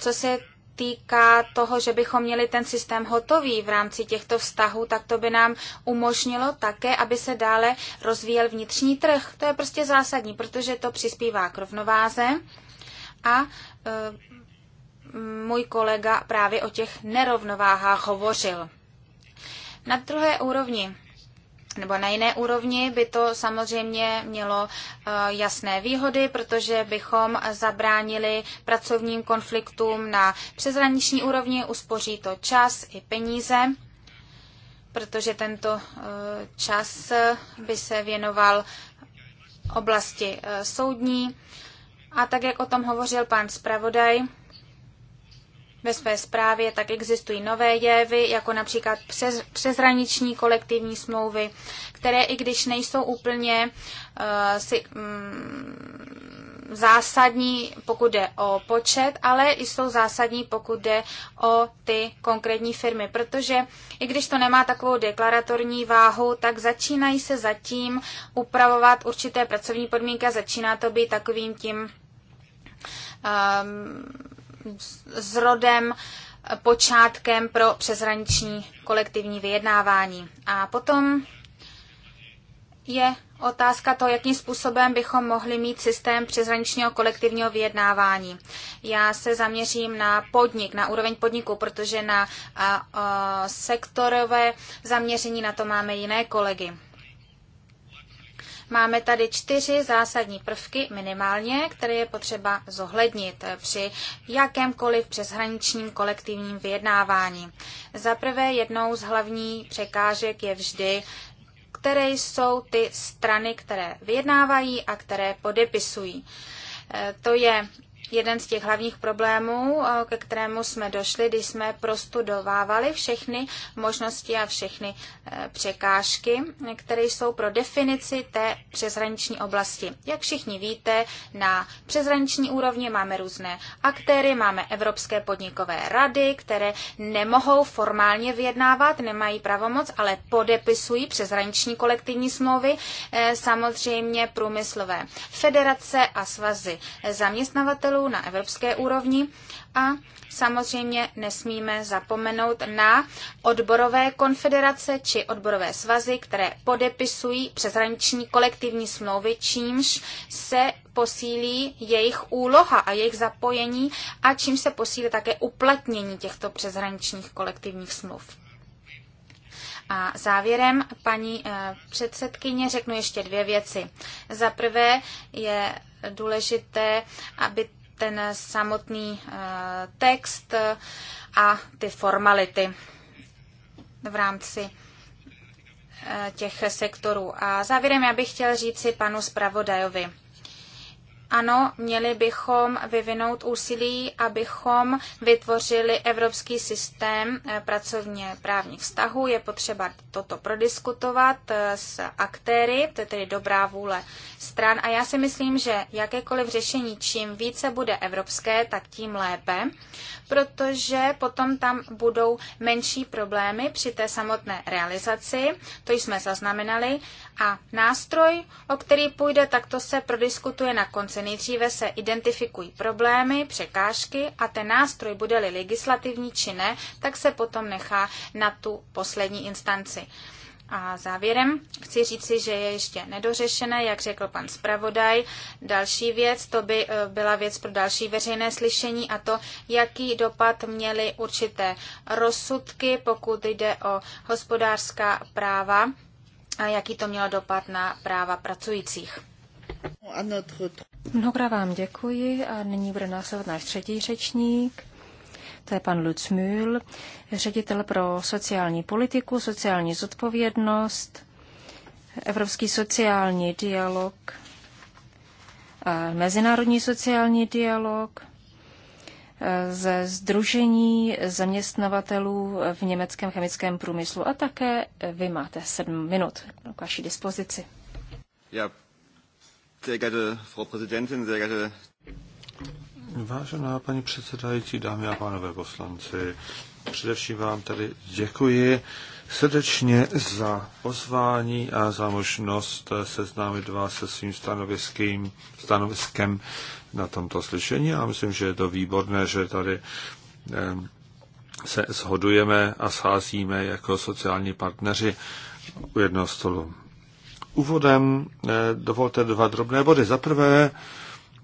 co se týká toho, že bychom měli ten systém hotový v rámci těchto vztahů, tak to by nám umožnilo také, aby se dále rozvíjel vnitřní trh. To je prostě zásadní, protože to přispívá k rovnováze a eh, můj kolega právě o těch nerovnováhách hovořil. Na druhé úrovni nebo na jiné úrovni by to samozřejmě mělo eh, jasné výhody, protože bychom zabránili pracovním konfliktům na přeshraniční úrovni, uspoří to čas i peníze, protože tento eh, čas by se věnoval oblasti eh, soudní. A tak, jak o tom hovořil pan zpravodaj, ve své zprávě, tak existují nové jevy, jako například přes, přeshraniční kolektivní smlouvy, které i když nejsou úplně uh, si, um, zásadní, pokud jde o počet, ale jsou zásadní, pokud jde o ty konkrétní firmy, protože i když to nemá takovou deklaratorní váhu, tak začínají se zatím upravovat určité pracovní podmínky a začíná to být takovým tím um, zrodem, počátkem pro přezraniční kolektivní vyjednávání. A potom je otázka to, jakým způsobem bychom mohli mít systém přezraničního kolektivního vyjednávání. Já se zaměřím na podnik, na úroveň podniku, protože na a, a, sektorové zaměření na to máme jiné kolegy. Máme tady čtyři zásadní prvky minimálně, které je potřeba zohlednit při jakémkoliv přeshraničním kolektivním vyjednávání. Za prvé jednou z hlavních překážek je vždy které jsou ty strany, které vyjednávají a které podepisují. E, to je jeden z těch hlavních problémů, eh, ke kterému jsme došli, když jsme prostudovávali všechny možnosti a všechny eh, překážky, které jsou pro definici té přeshraniční oblasti. Jak všichni víte, na přeshraniční úrovni máme různé aktéry, máme Evropské podnikové rady, které nemohou formálně vyjednávat, nemají pravomoc, ale podepisují přeshraniční kolektivní smlouvy, eh, samozřejmě průmyslové federace a svazy zaměstnavatelů standardů na evropské úrovni a samozřejmě nesmíme zapomenout na odborové konfederace či odborové svazy, které podepisují přeshraniční kolektivní smlouvy, čímž se posílí jejich úloha a jejich zapojení a čím se posílí také uplatnění těchto přeshraničních kolektivních smluv. A závěrem, paní eh, předsedkyně, řeknu ještě dvě věci. Za prvé je důležité, aby ten samotný eh, text eh, a ty formality v rámci eh, těch sektorů. A závěrem já bych chtěl říci panu zpravodajovi. Ano, měli bychom vyvinout úsilí, abychom vytvořili evropský systém eh, pracovně právních vztahů. Je potřeba toto prodiskutovat eh, s aktéry, to je tedy dobrá vůle stran. A já si myslím, že jakékoliv řešení, čím více bude evropské, tak tím lépe, protože potom tam budou menší problémy při té samotné realizaci, to jsme zaznamenali, a nástroj, o který půjde, tak to se prodiskutuje na konci. Nejdříve se identifikují problémy, překážky a ten nástroj, bude-li legislativní či ne, tak se potom nechá na tu poslední instanci. A závěrem chci říci, že je ještě nedořešené, jak řekl pan zpravodaj. Další věc, to by e, byla věc pro další veřejné slyšení a to, jaký dopad měly určité rozsudky, pokud jde o hospodářská práva a jaký to mělo dopad na práva pracujících. Mnohokrát vám děkuji a nyní bude následovat náš třetí řečník. To je pan Lutz Mühl, ředitel pro sociální politiku, sociální zodpovědnost, Evropský sociální dialog, a mezinárodní sociální dialog ze Združení zaměstnavatelů v německém chemickém průmyslu. A také vy máte sedm minut k vaší dispozici. Ja, sehr geehrte Frau Präsidentin, sehr geehrte... Vážená paní předsedající, dámy a pánové poslanci, především vám tady děkuji srdečně za pozvání a za možnost seznámit vás se svým stanoviským, stanoviskem na tomto slyšení. A myslím, že je to výborné, že tady se shodujeme a scházíme jako sociální partneři u jednoho stolu. Úvodem eh, dovolte dva drobné body. Za prvé,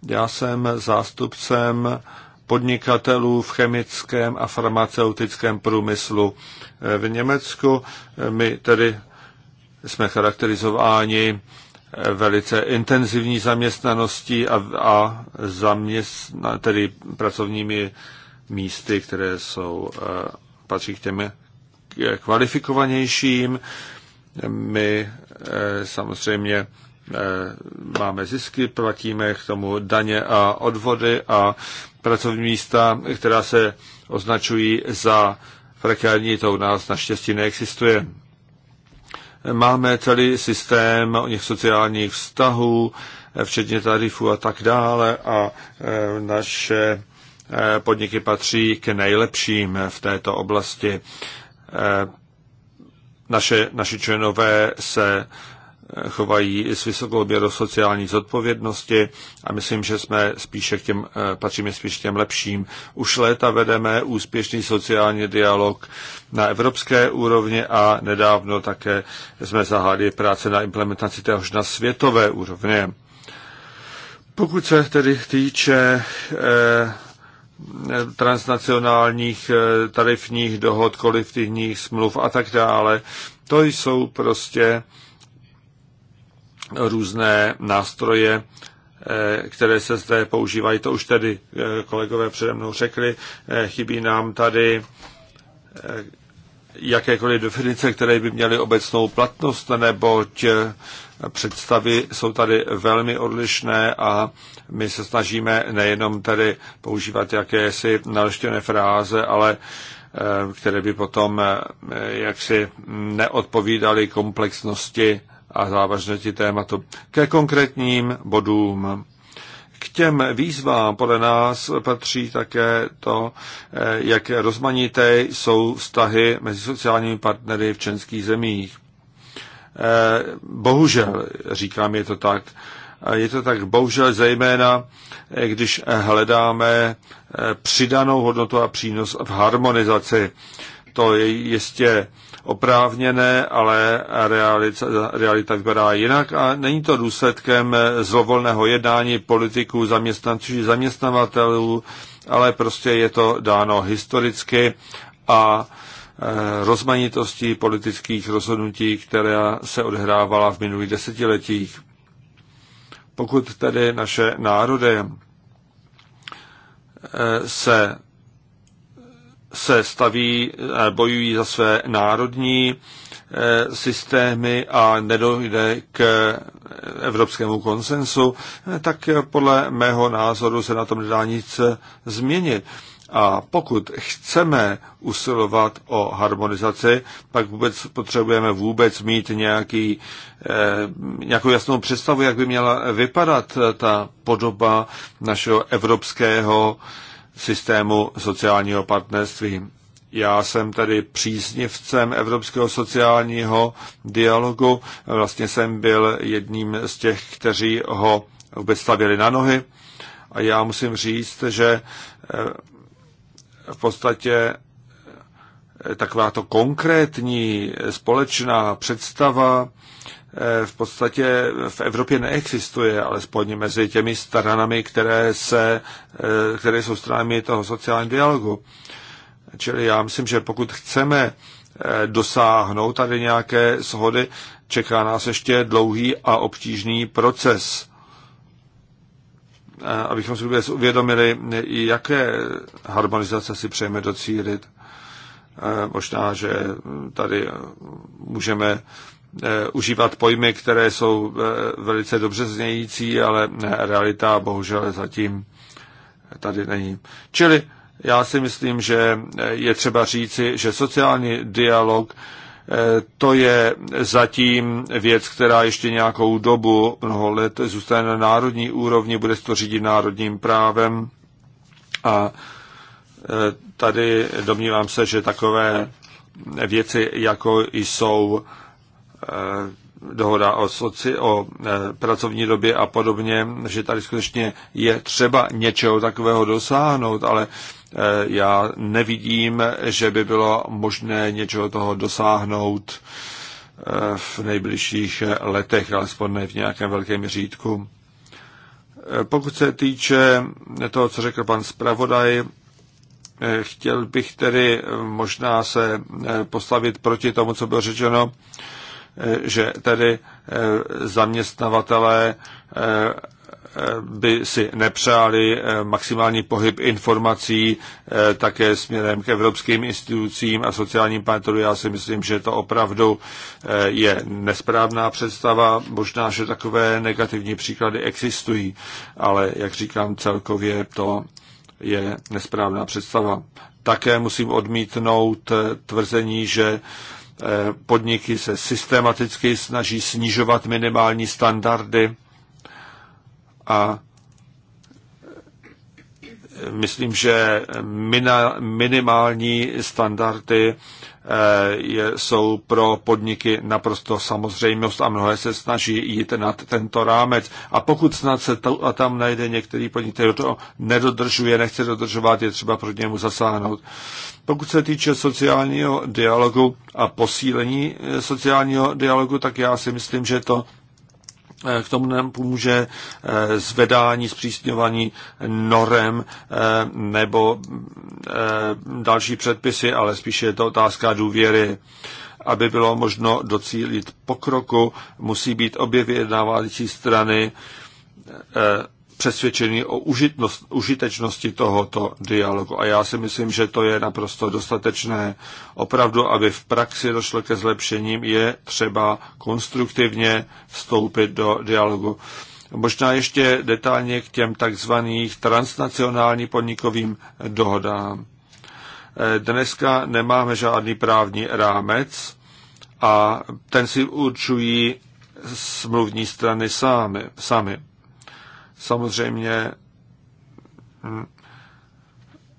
já jsem zástupcem podnikatelů v chemickém a farmaceutickém průmyslu v Německu. My tedy jsme charakterizováni velice intenzivní zaměstnaností a, a zaměstna, tedy pracovními místy, které jsou, eh, patří k těm eh, kvalifikovanějším. My eh, samozřejmě máme zisky, platíme k tomu daně a odvody a pracovní místa, která se označují za prekární, to u nás naštěstí neexistuje. Máme celý systém o nich sociálních vztahů, včetně tarifů a tak dále a e, naše e, podniky patří k nejlepším v této oblasti. E, naše, naši členové se chovají s vysokou běrou sociální zodpovědnosti a myslím, že jsme spíše k těm, eh, patříme spíš k těm lepším. Už léta vedeme úspěšný sociální dialog na evropské úrovni a nedávno také jsme zahájili práce na implementaci téhož na světové úrovně. Pokud se tedy týče eh, transnacionálních eh, tarifních dohod, kolektivních smluv a tak dále. To jsou prostě různé nástroje, eh, které se zde používají. To už tedy eh, kolegové přede mnou řekli. Eh, chybí nám tady jakékoliv definice, které by měly obecnou platnost, neboť představy jsou tady velmi odlišné a my se snažíme nejenom tady používat jakési naleštěné fráze, ale které by potom jaksi neodpovídaly komplexnosti a závažnosti tématu. Ke konkrétním bodům. K těm výzvám podle nás patří také to, eh, jak rozmanité jsou vztahy mezi sociálními partnery v českých zemích. Eh, bohužel, říkám, je to tak. Je to tak bohužel zejména, eh, když hledáme přidanou hodnotu a přínos v harmonizaci. To je jistě oprávněné, ale realita, realita vypadá jinak a není to důsledkem zlovolného jednání politiků, zaměstnanců či zaměstnavatelů, ale prostě je to dáno historicky a e, rozmanitostí politických rozhodnutí, která se odhrávala v minulých desetiletích. Pokud tedy naše národy e, se se staví, eh, bojují za své národní eh, systémy a nedojde k eh, evropskému konsensu, tak podle mého názoru se na tom nedá nic změnit. A pokud chceme usilovat o harmonizaci, pak vůbec potřebujeme vůbec mít nějaký, nějakou jasnou představu, jak by měla vypadat ta podoba našeho evropského systému sociálního partnerství. Já jsem tedy příznivcem Evropského sociálního dialogu. Vlastně jsem byl jedním z těch, kteří ho vůbec stavili na nohy. A já musím říct, že eh, v podstatě eh, takováto konkrétní společná představa Eh, v podstatě v Evropě neexistuje, alespoň mezi těmi stranami, které, se, eh, které jsou stranami toho sociálního dialogu. Čili já myslím, že pokud chceme eh, dosáhnout tady nějaké shody, čeká nás ještě dlouhý a obtížný proces. Abychom si vůbec uvědomili, jaké harmonizace si přejeme docílit. Možná, že tady můžeme Eh, užívat pojmy, které jsou eh, velice dobře znějící, ale eh, realita bohužel zatím tady není. Čili já si myslím, že je třeba říci, že sociální dialog to je zatím věc, která ještě nějakou dobu, mnoho let, zůstane na národní úrovni, bude se to řídit národním právem a tady domnívám se, že takové věci, jako jsou Eh, dohoda o, soci, o eh, pracovní době a podobně, že tady skutečně je třeba něčeho takového dosáhnout, ale eh, já nevidím, že by bylo možné něčeho toho dosáhnout v nejbližších letech, alespoň ne v nějakém velkém řídku. Pokud se týče toho, co řekl pan zpravodaj, chtěl bych tedy možná se postavit proti tomu, co bylo řečeno Eh, že tedy eh, zaměstnavatelé eh, by si nepřáli maximální pohyb informací také směrem k evropským institucím a sociálním partnerům. Já si myslím, že to opravdu je nesprávná představa. Možná, že takové negativní příklady existují, ale jak říkám, celkově to je nesprávná představa. Také musím odmítnout tvrzení, že Eh, podniky se systematicky snaží snižovat minimální standardy a eh, myslím, že minimální standardy Eh, jsou pro podniky naprosto samozřejmost a mnohé se snaží jít nad tento rámec. A pokud snad se to a tam najde některý podnik, který to nedodržuje, nechce dodržovat, je třeba pro němu zasáhnout. Pokud se týče sociálního dialogu a posílení eh, sociálního dialogu, tak já si myslím, že to Eh, k tomu nám pomůže eh, zvedání, zpřísňování norem eh, nebo další předpisy, ale spíše je to otázka důvěry. Aby bylo možno docílit pokroku, musí být obě vyjednávající strany přesvědčeni o užitnost, užitečnosti tohoto dialogu. A já si myslím, že to je naprosto dostatečné. Opravdu, aby v praxi došlo ke zlepšením, je třeba konstruktivně vstoupit do dialogu. Možná ještě detailně k těm takzvaných transnacionální podnikovým dohodám. Dneska nemáme žádný právní rámec a ten si určují smluvní strany sami. sami. Samozřejmě hm,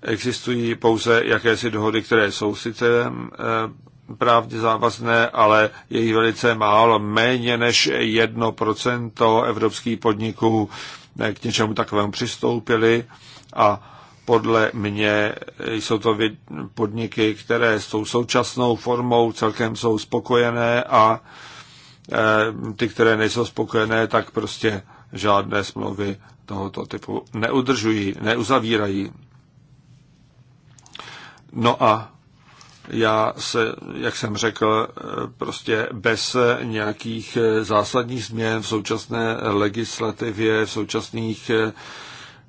existují pouze jakési dohody, které jsou sice hm, eh, právně závazné, ale je jich velice málo, méně než 1% evropských podniků eh, k něčemu takovému přistoupili a podle mě jsou to podniky, které s tou současnou formou celkem jsou spokojené a eh, ty, které nejsou spokojené, tak prostě žádné smlouvy tohoto typu neudržují, neuzavírají. No a já se, jak jsem řekl, prostě bez nějakých zásadních změn v současné legislativě, v současných eh,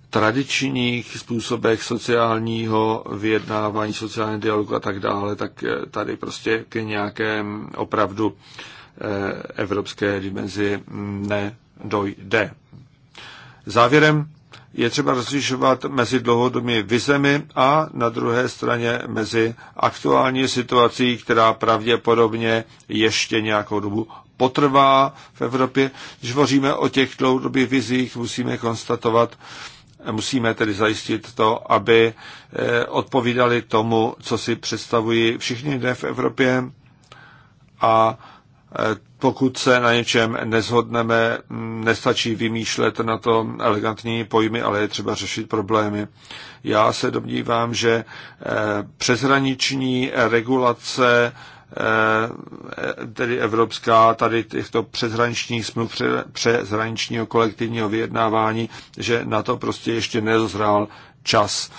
tradičních způsobech sociálního vyjednávání, sociální dialogu a tak dále, tak eh, tady prostě k nějakém opravdu eh, evropské dimenzi ne dojde. Závěrem je třeba rozlišovat mezi dlouhodobými vizemi a na druhé straně mezi aktuální situací, která pravděpodobně ještě nějakou dobu potrvá v Evropě. Když hovoříme o těch dlouhodobých vizích, musíme konstatovat, musíme tedy zajistit to, aby eh, odpovídali tomu, co si představují všichni lidé v Evropě a eh, pokud se na něčem nezhodneme, nestačí vymýšlet na to elegantní pojmy, ale je třeba řešit problémy. Já se domnívám, že eh, přeshraniční regulace eh, tedy evropská, tady těchto přeshraničních smluv, přeshraničního kolektivního vyjednávání, že na to prostě ještě nedozrál čas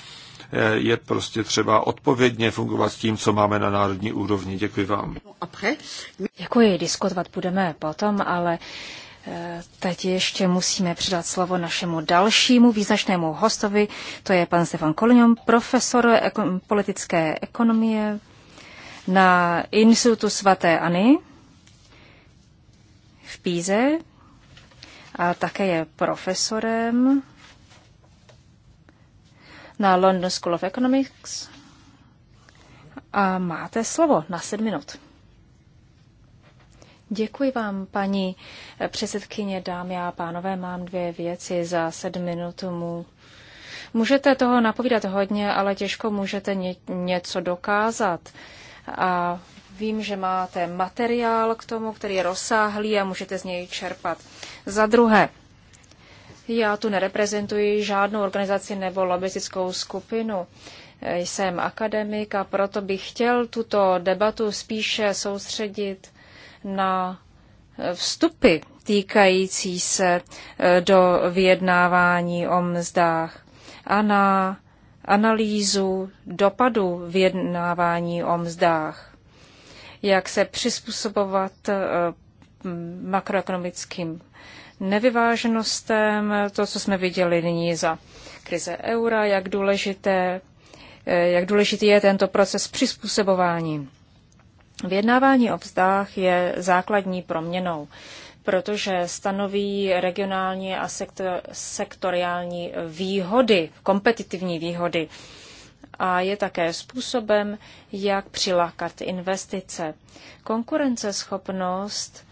je prostě třeba odpovědně fungovat s tím, co máme na národní úrovni. Děkuji vám. Děkuji, diskutovat budeme potom, ale eh, Teď ještě musíme předat slovo našemu dalšímu význačnému hostovi, to je pan Stefan Kolňom, profesor politické ekonomie na Institutu Ani v Píze a také je profesorem na London School of Economics. A máte slovo na sedm minut. Děkuji vám, paní předsedkyně, dámy a pánové. Mám dvě věci za sedm minut. Mu. Můžete toho napovídat hodně, ale těžko můžete ně, něco dokázat. A vím, že máte materiál k tomu, který je rozsáhlý a můžete z něj čerpat. Za druhé, já tu nereprezentuji žádnou organizaci nebo lobbystickou skupinu. Jsem akademik a proto bych chtěl tuto debatu spíše soustředit na vstupy týkající se e, do vyjednávání o mzdách a na analýzu dopadu vyjednávání o mzdách, jak se přizpůsobovat e, makroekonomickým nevyváženostem, to, co jsme viděli nyní za krize eura, jak, důležité, eh, jak důležitý je tento proces přizpůsobování. Vyjednávání o vzdách je základní proměnou, protože stanoví regionální a sektor, sektoriální výhody, kompetitivní výhody a je také způsobem, jak přilákat investice. Konkurenceschopnost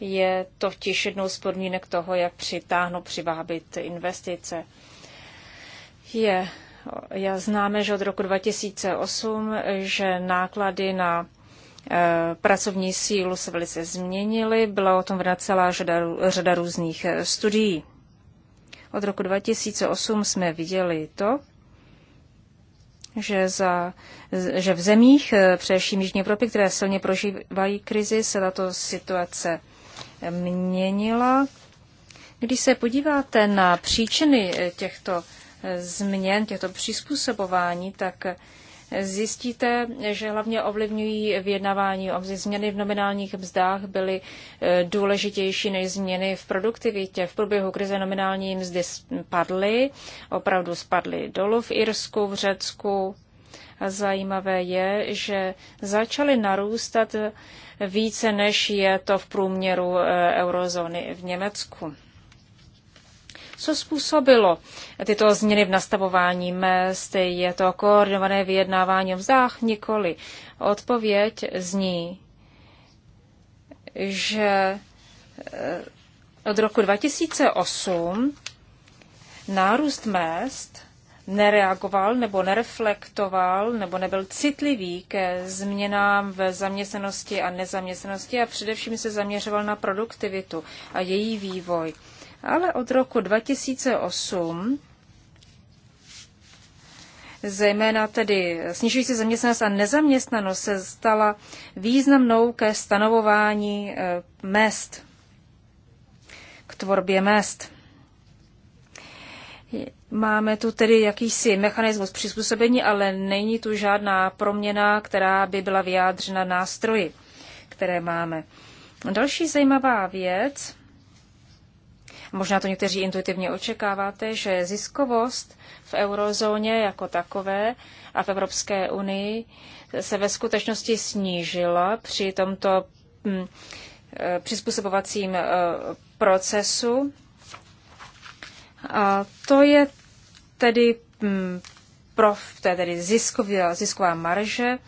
je totiž jednou z podmínek toho, jak přitáhnout, přivábit investice. Je, já známe, že od roku 2008, že náklady na eh, pracovní sílu se velice změnily, byla o tom vedena celá řada, řada různých eh, studií. Od roku 2008 jsme viděli to, že, za, že v zemích, eh, především Jižní Evropy, které silně prožívají krizi, se tato situace měnila. Když se podíváte na příčiny eh, těchto eh, změn, těchto přizpůsobování, tak eh, zjistíte, že hlavně ovlivňují vyjednávání o změny v nominálních mzdách byly důležitější než změny v produktivitě. V průběhu krize nominální mzdy spadly, opravdu spadly dolů v Irsku, v Řecku. A zajímavé je, že začaly narůstat více, než je to v průměru eh, eurozóny v Německu. Co způsobilo tyto změny v nastavování mest? Je to koordinované vyjednávání o mzdách? Nikoli. Odpověď zní, že eh, od roku 2008 nárůst mest nereagoval nebo nereflektoval nebo nebyl citlivý ke změnám v zaměstnanosti a nezaměstnanosti a především se zaměřoval na produktivitu a její vývoj. Ale od roku 2008 zejména tedy snižující zaměstnanost a nezaměstnanost se stala významnou ke stanovování eh, mest, k tvorbě mest. Máme tu tedy jakýsi mechanismus přizpůsobení, ale není tu žádná proměna, která by byla vyjádřena nástroji, které máme. Další zajímavá věc, možná to někteří intuitivně očekáváte, že ziskovost v eurozóně jako takové a v Evropské unii se ve skutečnosti snížila při tomto mm, e, přizpůsobovacím e, procesu a to je tedy, mm, prof, to je tedy zisková, zisková marže,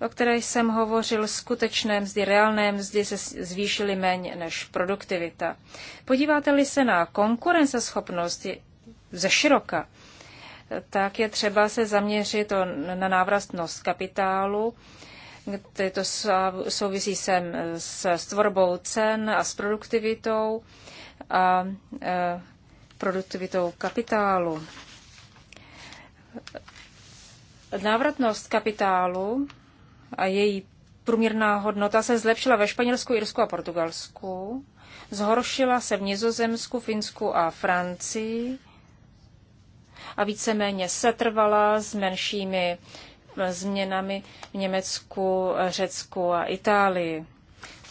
o které jsem hovořil, skutečné mzdy, reálné mzdy se zvýšily méně než produktivita. Podíváte-li se na konkurenceschopnost ze široka, tak je třeba se zaměřit na návratnost kapitálu, to souvisí sem s tvorbou cen a s produktivitou a e, produktivitou kapitálu. Návratnost kapitálu a její průměrná hodnota se zlepšila ve Španělsku, Irsku a Portugalsku, zhoršila se v Nizozemsku, Finsku a Francii a víceméně setrvala s menšími e, změnami v Německu, Řecku a Itálii.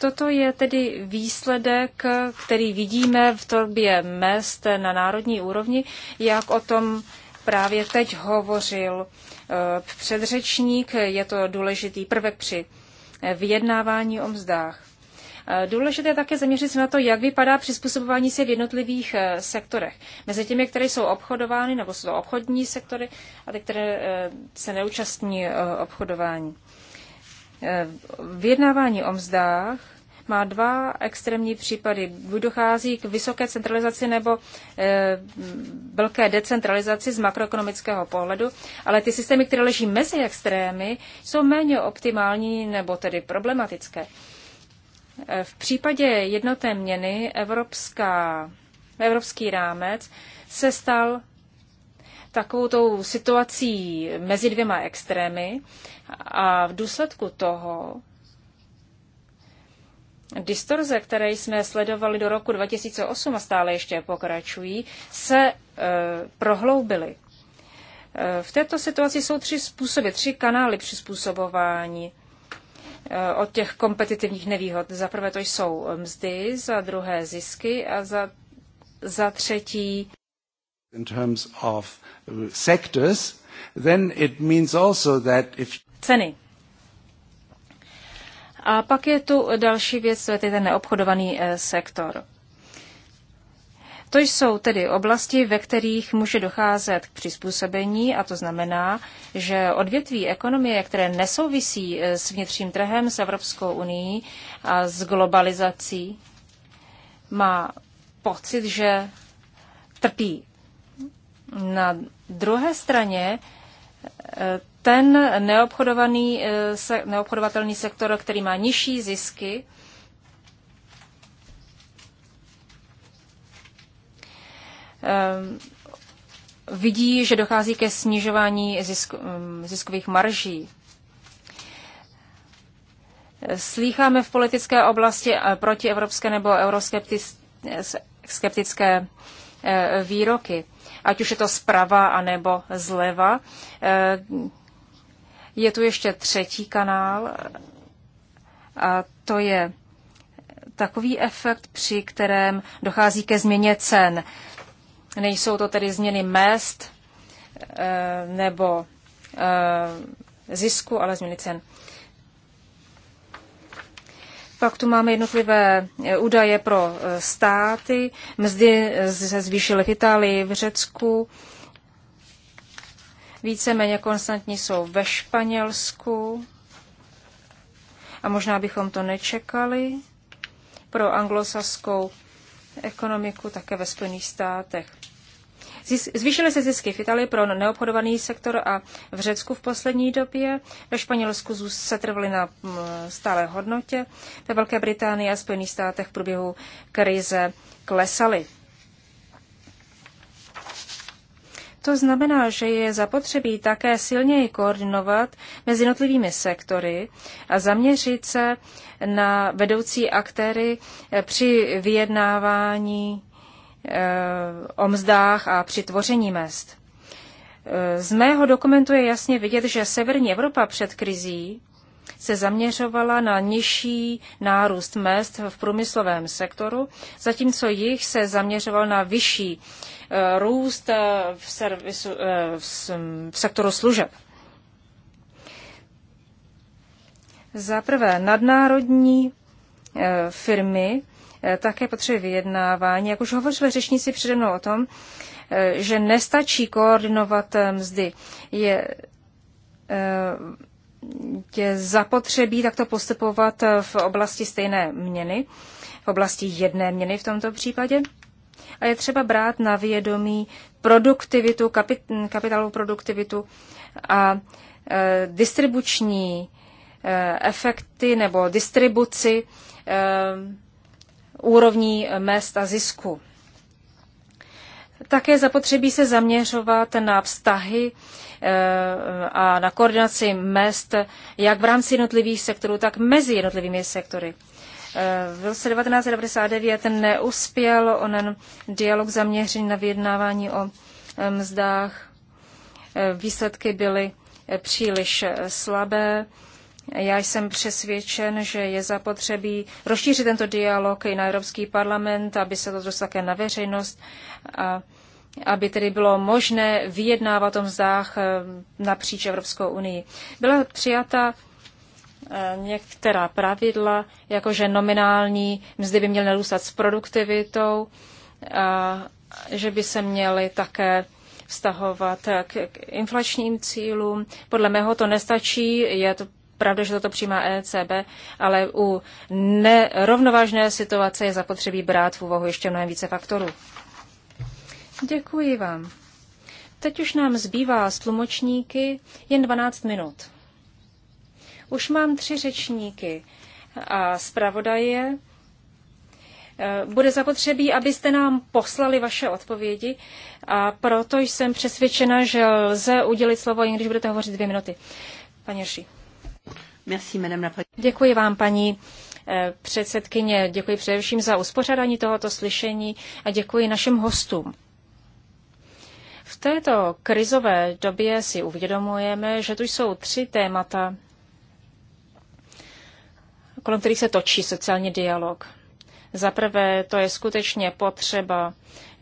Toto je tedy výsledek, který vidíme v tobě mest na národní úrovni, jak o tom právě teď hovořil eh, předřečník. Je to důležitý prvek při eh, vyjednávání o mzdách. Eh, důležité je také zaměřit se na to, jak vypadá přizpůsobování se v jednotlivých sektorech. Mezi těmi, které jsou obchodovány, nebo jsou to obchodní sektory, a ty, které se neúčastní obchodování. Vyjednávání o mzdách má dva extrémní případy. Buď dochází k vysoké centralizaci nebo e, velké decentralizaci z makroekonomického pohledu, ale ty systémy, které leží mezi extrémy, jsou méně optimální nebo tedy problematické. Eh, v případě jednotné měny evropská, evropský rámec se stal takovou tou situací mezi dvěma extrémy, a v důsledku toho distorze, které jsme sledovali do roku 2008 a stále ještě pokračují, se e, prohloubily. E, v této situaci jsou tři způsoby, tři kanály přizpůsobování e, od těch kompetitivních nevýhod. Za prvé to jsou mzdy, za druhé zisky a za, za třetí in terms of sectors, then it means also that if ceny. A pak je tu další věc, to je ten neobchodovaný eh, sektor. To jsou tedy oblasti, ve kterých může docházet k přizpůsobení a to znamená, že odvětví ekonomie, které nesouvisí eh, s vnitřním trhem, s Evropskou unii a s globalizací, má pocit, že trpí. Na druhé straně eh, ten neobchodovaný, eh, neobchodovatelný sektor, který má nižší zisky, eh, vidí, že dochází ke snižování zisk, mm, ziskových marží. Slýcháme v politické oblasti eh, protievropské nebo euroskeptické výroky, ať už je to zprava anebo zleva, je tu ještě třetí kanál a to je takový efekt, při kterém dochází ke změně cen. Nejsou to tedy změny mest eh, nebo eh, zisku, ale změny cen. Pak tu máme jednotlivé eh, údaje pro státy. Mzdy se zvýšily v Itálii, v Řecku, Víceméně konstantní jsou ve Španělsku a možná bychom to nečekali pro anglosaskou ekonomiku také ve Spojených státech. Zvýšily se zisky v Itálii pro neobchodovaný sektor a v Řecku v poslední době. Ve Španělsku se trvaly na stále hodnotě. Ve Velké Británii a Spojených státech v průběhu krize klesaly. To znamená, že je zapotřebí také silněji koordinovat mezi jednotlivými sektory a zaměřit se na vedoucí aktéry eh, při vyjednávání eh, o mzdách a při tvoření mest. Eh, z mého dokumentu je jasně vidět, že severní Evropa před krizí se zaměřovala na nižší nárůst mest v průmyslovém sektoru, zatímco jich se zaměřoval na vyšší eh, růst eh, v, servisu, eh, v sektoru služeb. Za prvé, nadnárodní firmy také potřebují vyjednávání. Jak už hovořili řečníci přede mnou o tom, že nestačí koordinovat mzdy. Je je zapotřebí takto postupovat v oblasti stejné měny, v oblasti jedné měny v tomto případě. A je třeba brát na vědomí produktivitu, kapit, kapitálovou produktivitu a e, distribuční e, efekty nebo distribuci e, úrovní mest a zisku. Také zapotřebí se zaměřovat na vztahy a na koordinaci mest, jak v rámci jednotlivých sektorů, tak mezi jednotlivými sektory. V roce 1999 neuspěl onen dialog zaměřený na vyjednávání o eh, mzdách. Eh, výsledky byly eh, příliš slabé. Já jsem přesvědčen, že je zapotřebí rozšířit tento dialog i na Evropský parlament, aby se to dostalo také na veřejnost a aby tedy bylo možné vyjednávat o mzdách eh, napříč Evropskou unii. Byla přijata eh, některá pravidla, jakože nominální mzdy by měly narůstat s produktivitou, a že by se měly také vztahovat k, k inflačním cílům. Podle mého to nestačí, je to pravda, že toto přijímá ECB, ale u nerovnovážné situace je zapotřebí brát v úvahu ještě mnohem více faktorů. Děkuji vám. Teď už nám zbývá z tlumočníky jen 12 minut. Už mám tři řečníky a zpravodaje. Eh, bude zapotřebí, abyste nám poslali vaše odpovědi a proto jsem přesvědčena, že lze udělit slovo, i když budete hovořit dvě minuty. Paní Rší. Děkuji vám, paní eh, předsedkyně. Děkuji především za uspořádání tohoto slyšení a děkuji našim hostům. V této krizové době si uvědomujeme, že tu jsou tři témata, kolem kterých se točí sociální dialog. Za prvé, to je skutečně potřeba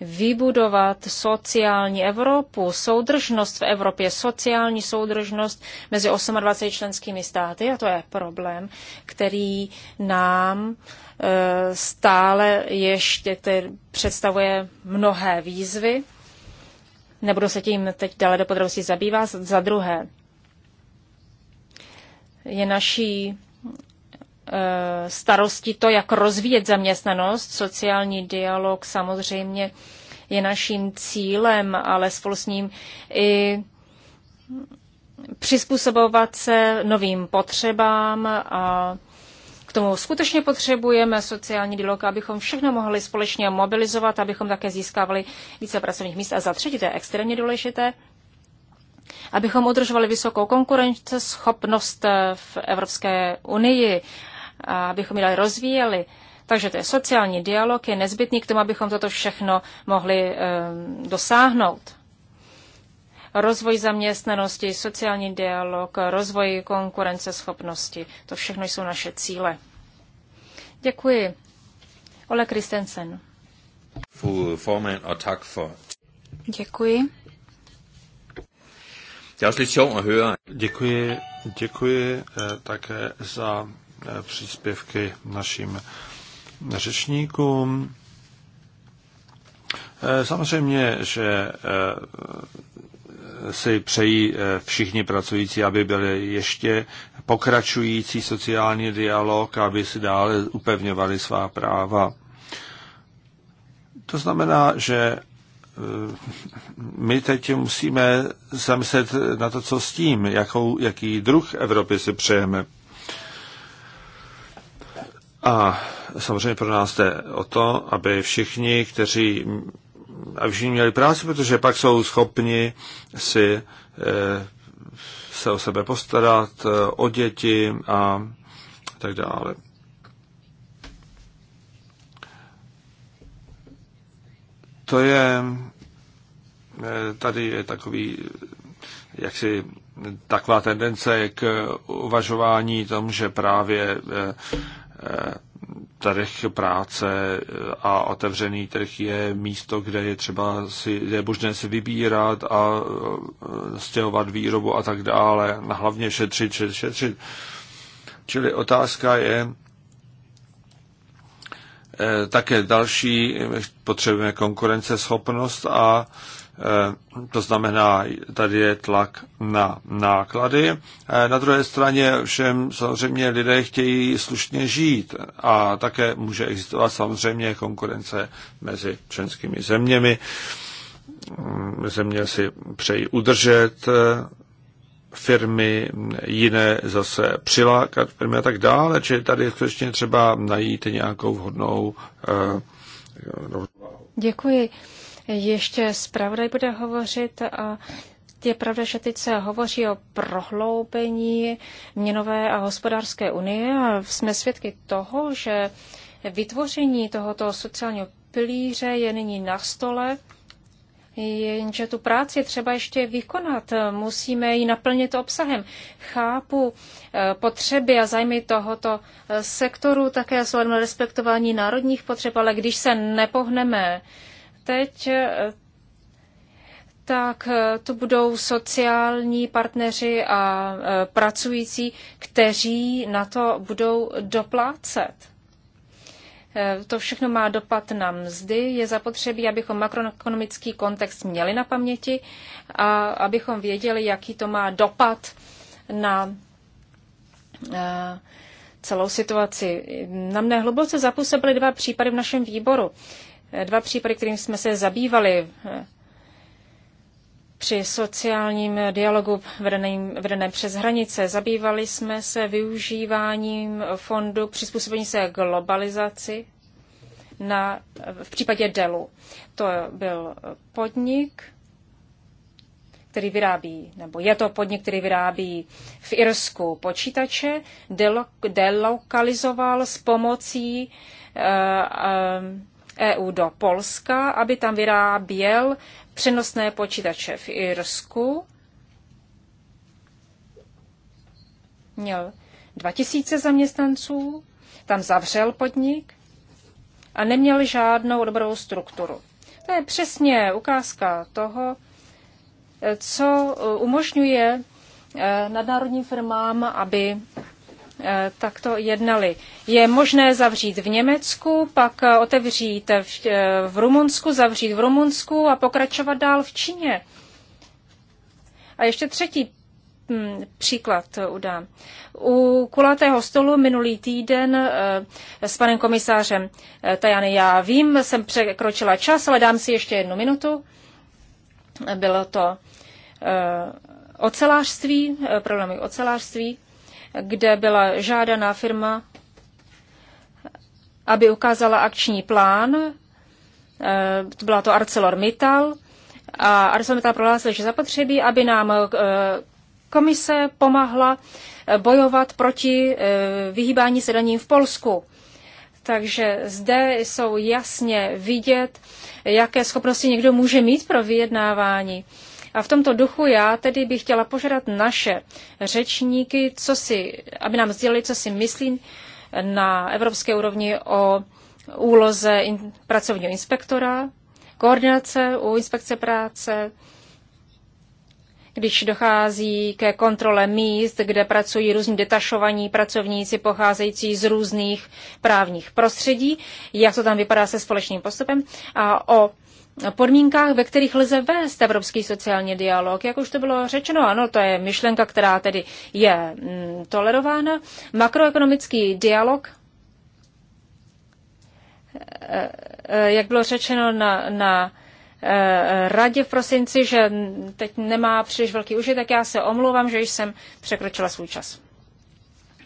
vybudovat sociální Evropu, soudržnost v Evropě, sociální soudržnost mezi 28 členskými státy a to je problém, který nám eh, stále ještě představuje mnohé výzvy nebudu se tím teď dále do podrobností zabývat. Za druhé, je naší eh, starosti to, jak rozvíjet zaměstnanost. Sociální dialog samozřejmě je naším cílem, ale spolu s ním i přizpůsobovat se novým potřebám a k tomu skutečně potřebujeme sociální dialog, abychom všechno mohli společně mobilizovat, abychom také získávali více pracovních míst. A za třetí, to je extrémně důležité, abychom udržovali vysokou konkurenceschopnost v Evropské unii, abychom ji dále rozvíjeli. Takže to je sociální dialog, je nezbytný k tomu, abychom toto všechno mohli um, dosáhnout rozvoj zaměstnanosti, sociální dialog, rozvoj konkurenceschopnosti. To všechno jsou naše cíle. Děkuji. Ole Kristensen. Er děkuji. Děkuji, děkuji eh, také za eh, příspěvky našim řečníkům. Eh, samozřejmě, že si přejí eh, všichni pracující, aby byl ještě pokračující sociální dialog, aby si dále upevňovali svá práva. To znamená, že eh, my teď musíme zamyslet na to, co s tím, jakou, jaký druh Evropy si přejeme. A samozřejmě pro nás jde o to, aby všichni, kteří aby všichni měli práci, protože pak jsou schopni si eh, se o sebe postarat, eh, o děti a tak dále. To je, eh, tady je takový, jaksi taková tendence k uvažování tom, že právě trh práce eh, a otevřený trh je místo, kde je třeba si, kde je možné si vybírat a eh, stěhovat výrobu a tak dále, a hlavně šetřit, šetřit, šetřit. Čili otázka je, eh, také další, potřebujeme konkurenceschopnost a Eh, to znamená, tady je tlak na náklady. Eh, na druhé straně všem samozřejmě lidé chtějí slušně žít a také může existovat samozřejmě konkurence mezi členskými zeměmi. Mm, země si přejí udržet eh, firmy, jiné zase přilákat firmy a tak dále, čili tady je skutečně třeba najít nějakou vhodnou Děkuji ještě zpravodaj bude hovořit a je pravda, že teď se hovoří o prohloubení měnové a hospodářské unie a jsme svědky toho, že vytvoření tohoto sociálního pilíře je nyní na stole, jenže tu práci třeba ještě vykonat, musíme ji naplnit obsahem. Chápu eh, potřeby a zájmy tohoto eh, sektoru, také jsou respektování národních potřeb, ale když se nepohneme, teď, eh, tak eh, to budou sociální partneři a eh, pracující, kteří na to budou doplácet. To všechno má dopad na mzdy. Je zapotřebí, abychom makroekonomický kontext měli na paměti a abychom věděli, jaký to má dopad na celou situaci. Na mne hluboce zapůsobily dva případy v našem výboru. Dva případy, kterým jsme se zabývali eh, při sociálním dialogu vedeném, vedeném přes hranice, zabývali jsme se využíváním fondu přizpůsobení se globalizaci na, v případě Delu. To byl podnik, který vyrábí, nebo je to podnik, který vyrábí v Irsku počítače, delo, delokalizoval s pomocí uh, uh, EU do Polska, aby tam vyráběl přenosné počítače v Irsku. Měl 2000 zaměstnanců, tam zavřel podnik a neměl žádnou dobrou strukturu. To je přesně ukázka toho, co umožňuje eh, nadnárodním firmám, aby Eh, takto jednali. Je možné zavřít v Německu, pak eh, otevřít v, eh, v Rumunsku, zavřít v Rumunsku a pokračovat dál v Číně. A ještě třetí hm, příklad udám. U kulatého stolu minulý týden s panem komisářem Tajany, já vím, jsem překročila čas, ale dám si ještě jednu minutu. Bylo to ocelářství, problémy ocelářství kde byla žádaná firma, aby ukázala akční plán. E, byla to ArcelorMittal. A ArcelorMittal prohlásil, že zapotřebí, aby nám e, komise pomáhla e, bojovat proti vyhýbání se daním v Polsku. Takže zde jsou jasně vidět, jaké schopnosti někdo může mít pro vyjednávání. A v tomto duchu já tedy bych chtěla požádat naše řečníky, co si, aby nám sdělili, co si myslí na evropské úrovni o úloze in, pracovního inspektora, koordinace u inspekce práce, když dochází ke kontrole míst, kde pracují různí detašovaní pracovníci pocházející z různých právních prostředí, jak to tam vypadá se společným postupem a o podmínkách, ve kterých lze vést evropský sociální dialog. Jak už to bylo řečeno, ano, to je myšlenka, která tedy je mm, tolerována. Makroekonomický dialog, eh, eh, jak bylo řečeno na, na eh, radě v prosinci, že teď nemá příliš velký užitek, já se omlouvám, že jsem překročila svůj čas.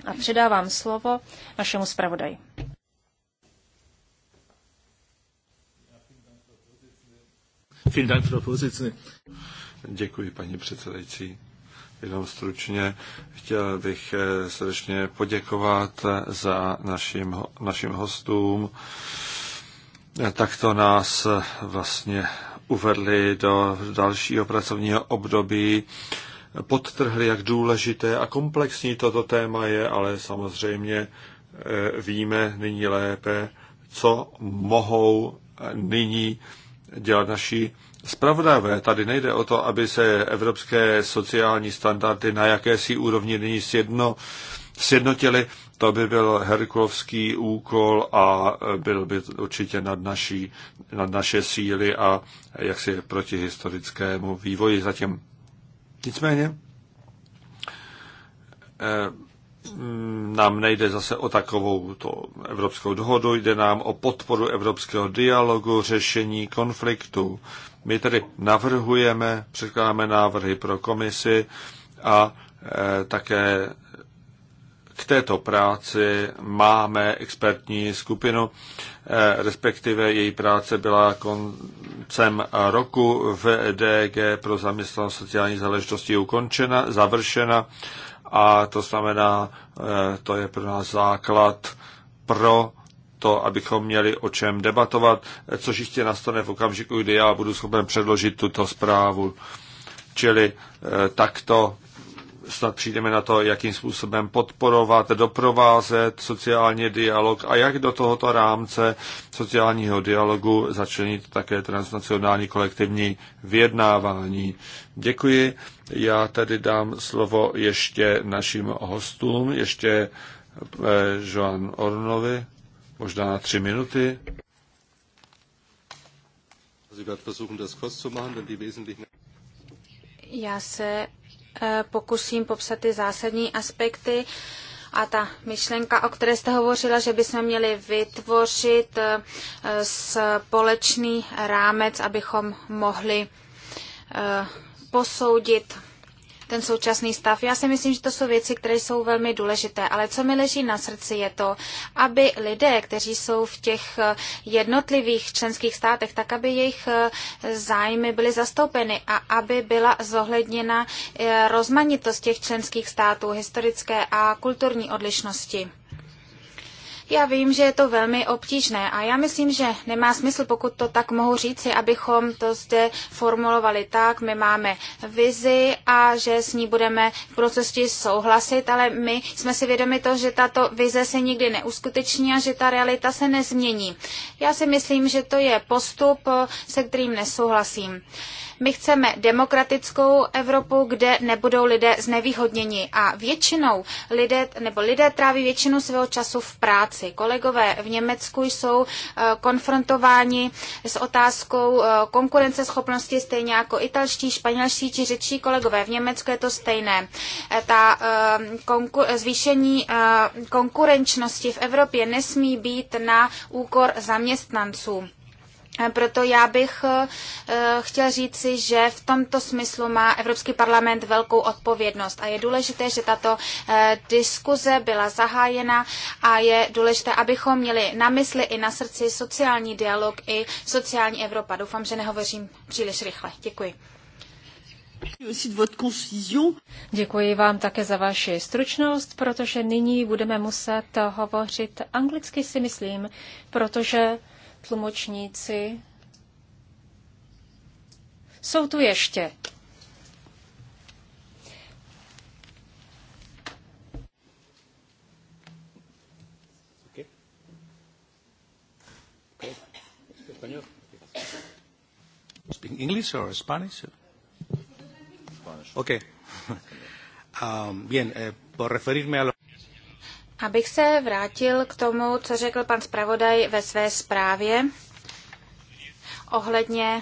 A předávám slovo našemu zpravodaji. Vielen Dank, Frau Vorsitzende. Děkuji, paní předsedající. Jenom stručně chtěl bych eh, srdečně poděkovat eh, za našim, našim hostům. Eh, takto nás vlastně uvedli do dalšího pracovního období podtrhli, jak důležité a komplexní toto téma je, ale samozřejmě víme nyní lépe, co mohou nyní dělat naší spravodajové. Tady nejde o to, aby se evropské sociální standardy na jakési úrovni nyní sjedno, sjednotily. To by byl herkulovský úkol a byl by určitě nad, naší, nad naše síly a jaksi proti historickému vývoji zatím. Nicméně, eh, Mm, nám nejde zase o takovou to evropskou dohodu, jde nám o podporu evropského dialogu, řešení konfliktu. My tedy navrhujeme, předkládáme návrhy pro komisi a e, také k této práci máme expertní skupinu, e, respektive její práce byla koncem roku v DG pro zaměstnanost sociální záležitosti ukončena, završena a to znamená, eh, to je pro nás základ pro to, abychom měli o čem debatovat, eh, což ještě nastane v okamžiku, kdy já budu schopen předložit tuto zprávu. Čili eh, takto snad přijdeme na to, jakým způsobem podporovat, doprovázet sociální dialog a jak do tohoto rámce sociálního dialogu začlenit také transnacionální kolektivní vyjednávání. Děkuji. Já tedy dám slovo ještě našim hostům, ještě eh, Joan Ornovi, možná na tři minuty. Já se Eh, pokusím popsat ty zásadní aspekty. A ta myšlenka, o které jste hovořila, že bychom měli vytvořit eh, společný rámec, abychom mohli eh, posoudit ten současný stav. Já si myslím, že to jsou věci, které jsou velmi důležité, ale co mi leží na srdci je to, aby lidé, kteří jsou v těch eh, jednotlivých členských státech, tak aby jejich eh, zájmy byly zastoupeny a aby byla zohledněna eh, rozmanitost těch členských států, historické a kulturní odlišnosti. Já vím, že je to velmi obtížné a já myslím, že nemá smysl, pokud to tak mohu říci, abychom to zde formulovali tak, my máme vizi a že s ní budeme v procesu souhlasit, ale my jsme si vědomi to, že tato vize se nikdy neuskuteční a že ta realita se nezmění. Já si myslím, že to je postup, se kterým nesouhlasím. My chceme demokratickou Evropu, kde nebudou lidé znevýhodněni a většinou lidé, nebo lidé tráví většinu svého času v práci. Kolegové v Německu jsou eh, konfrontováni s otázkou eh, konkurenceschopnosti stejně jako italští, španělští či řečí kolegové. V Německu je to stejné. Eh, ta konku, zvýšení konkurenčnosti v Evropě nesmí být na úkor zaměstnanců. Proto já bych eh, chtěl říci, že v tomto smyslu má Evropský parlament velkou odpovědnost a je důležité, že tato eh, diskuze byla zahájena a je důležité, abychom měli na mysli i na srdci sociální dialog i sociální Evropa. Doufám, že nehovořím příliš rychle. Děkuji. Děkuji vám také za vaši stručnost, protože nyní budeme muset hovořit anglicky, si myslím, protože tlumočníci jsou tu ještě. Okay. Okay. Speak English or Spanish? Spanish. Okay. um, bien, eh, por referirme a lo... Abych se vrátil k tomu, co řekl pan zpravodaj ve své zprávě ohledně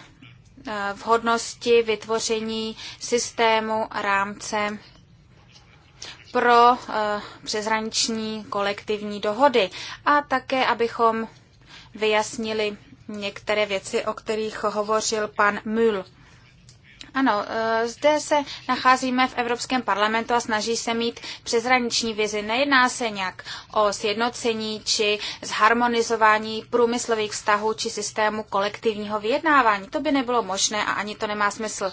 eh, vhodnosti vytvoření systému rámce pro eh, přeshraniční kolektivní dohody a také, abychom vyjasnili některé věci, o kterých hovořil pan Müll. Ano, eh, zde se nacházíme v Evropském parlamentu a snaží se mít přeshraniční vizi. Nejedná se nějak o sjednocení či zharmonizování průmyslových vztahů či systému kolektivního vyjednávání. To by nebylo možné a ani to nemá smysl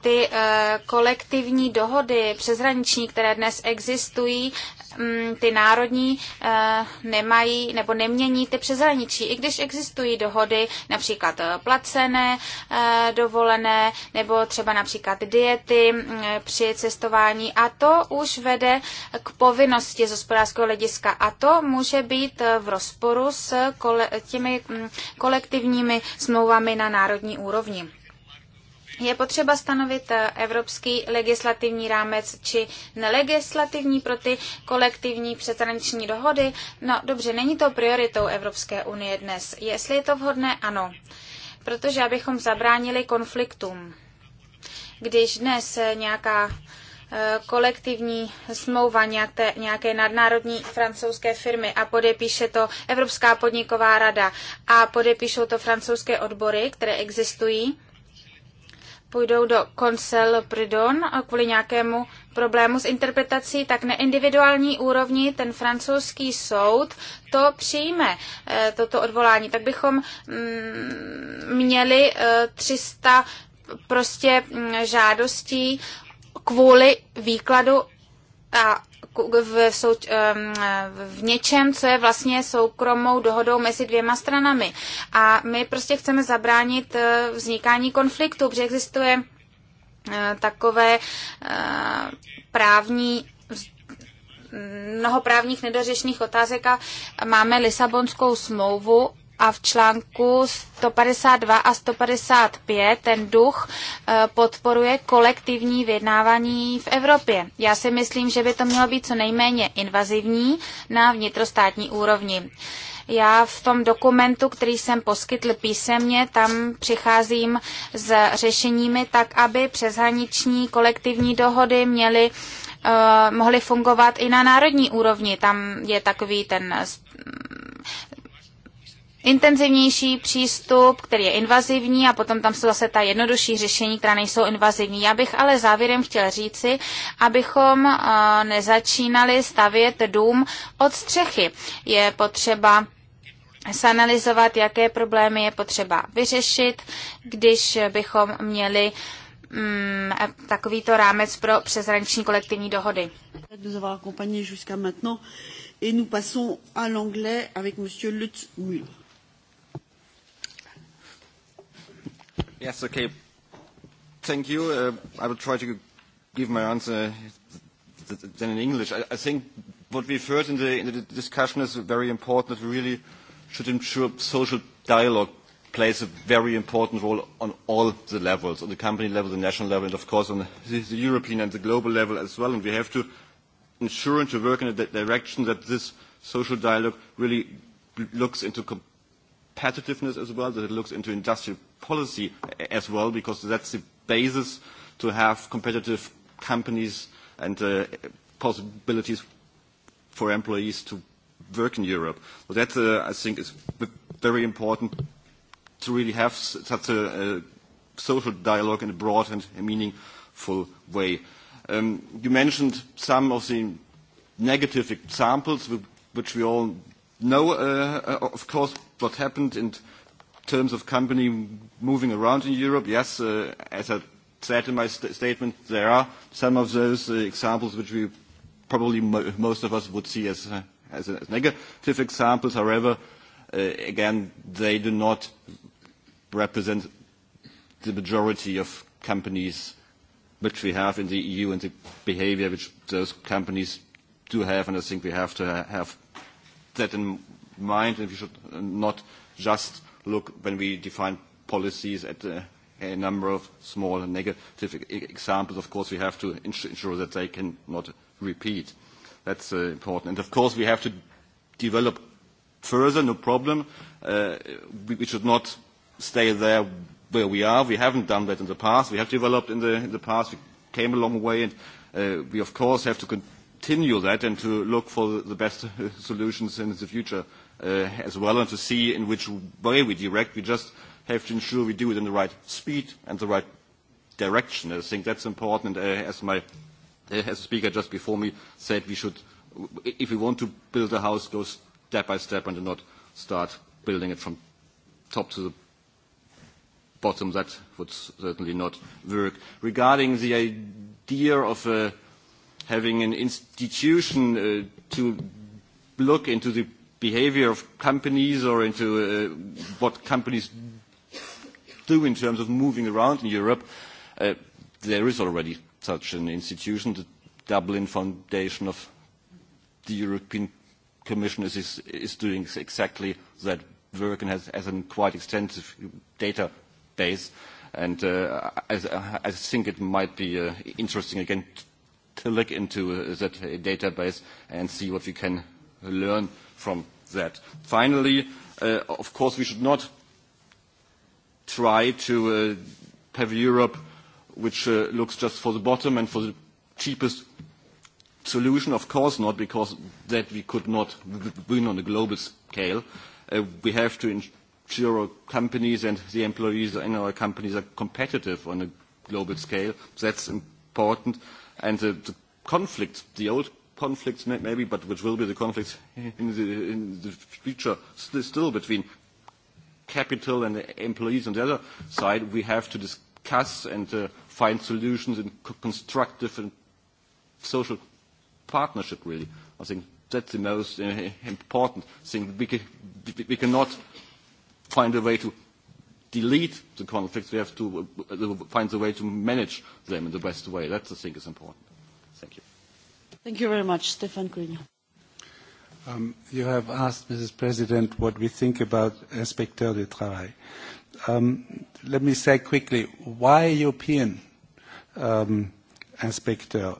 ty eh, kolektivní dohody přeshraniční, které dnes existují, Mm, ty národní eh, nemají nebo nemění ty přezraničí, i když existují dohody, například eh, placené eh, dovolené nebo třeba například diety mm, při cestování a to už vede k povinnosti z hospodářského hlediska a to může být v rozporu s těmi mm, kolektivními smlouvami na národní úrovni. Je potřeba stanovit eh, evropský legislativní rámec či nelegislativní pro ty kolektivní přeshraniční dohody? No dobře, není to prioritou Evropské unie dnes. Jestli je to vhodné, ano. Protože abychom zabránili konfliktům. Když dnes eh, nějaká eh, kolektivní smlouva nějaké, nějaké nadnárodní francouzské firmy a podepíše to Evropská podniková rada a podepíšou to francouzské odbory, které existují, půjdou do Consel Pridon kvůli nějakému problému s interpretací, tak na individuální úrovni ten francouzský soud to přijme, eh, toto odvolání. Tak bychom mm, měli 300 eh, prostě mm, žádostí kvůli výkladu a v, souč, v něčem, co je vlastně soukromou dohodou mezi dvěma stranami. A my prostě chceme zabránit eh, vznikání konfliktu, protože existuje eh, takové eh, právní mnoho právních nedořešených otázek a máme Lisabonskou smlouvu a v článku 152 a 155 ten duch e, podporuje kolektivní vyjednávání v Evropě. Já si myslím, že by to mělo být co nejméně invazivní na vnitrostátní úrovni. Já v tom dokumentu, který jsem poskytl písemně, tam přicházím s řešeními tak, aby přeshraniční kolektivní dohody měly e, mohly fungovat i na národní úrovni. Tam je takový ten intenzivnější přístup, který je invazivní a potom tam jsou zase ta jednodušší řešení, která nejsou invazivní. Já bych ale závěrem chtěl říci, abychom eh, nezačínali stavět dům od střechy. Je potřeba sanalizovat, jaké problémy je potřeba vyřešit, když bychom měli mm, takovýto rámec pro přezraniční kolektivní dohody. nous passons à l'anglais avec monsieur Lutz Müller. Yes, okay. Thank you. Uh, I will try to give my answer then in English. I, I think what we've heard in the, in the discussion is very important that we really should ensure social dialogue plays a very important role on all the levels, on the company level, the national level, and of course on the, the European and the global level as well. And we have to ensure and to work in a direction that this social dialogue really looks into competitiveness as well, that it looks into industrial policy as well, because that's the basis to have competitive companies and uh, possibilities for employees to work in Europe. So that, uh, I think, is very important to really have such a, a social dialogue in a broad and a meaningful way. Um, you mentioned some of the negative examples which we all know, uh, uh, of course, what happened and terms of company moving around in Europe, yes, uh, as I said in my st statement, there are some of those uh, examples which we probably mo most of us would see as, uh, as, as negative examples. However, uh, again, they do not represent the majority of companies which we have in the EU and the behavior which those companies do have, and I think we have to have that in mind, and we should not just look when we define policies at uh, a number of small and negative e examples. Of course, we have to ensure that they cannot repeat. That's uh, important. And of course, we have to develop further, no problem. Uh, we, we should not stay there where we are. We haven't done that in the past. We have developed in the, in the past. We came a long way, and uh, we, of course, have to continue that and to look for the best solutions in the future Uh, as well and to see in which way we direct. We just have to ensure we do it in the right speed and the right direction. I think that's important. And uh, as my uh, as speaker just before me said, we should, if we want to build a house, go step by step and not start building it from top to the bottom. That would certainly not work. Regarding the idea of uh, having an institution uh, to look into the behavior of companies or into uh, what companies do in terms of moving around in Europe, uh, there is already such an institution. The Dublin Foundation of the European Commission is, is, doing exactly that work and has, has a quite extensive database. And uh, I, I think it might be uh, interesting again to look into uh, that database and see what we can learn from that. Finally, uh, of course, we should not try to uh, have a Europe which uh, looks just for the bottom and for the cheapest solution. Of course not, because that we could not win on a global scale. Uh, we have to ensure our companies and the employees in our companies are competitive on a global scale. That's important. And the, the conflicts, the old conflicts maybe, but which will be the conflicts in the, in the future st still between capital and the employees on the other side, we have to discuss and uh, find solutions in co constructive and social partnership, really. I think that's the most uh, important thing. We, can, we cannot find a way to delete the conflicts. We have to uh, find a way to manage them in the best way. That's, I think, is important. Thank you. Thank you very much. Stefan Grignon. Um, you have asked, Mrs. President, what we think about Inspecteur du Travail. Um, let me say quickly, why European um, inspector?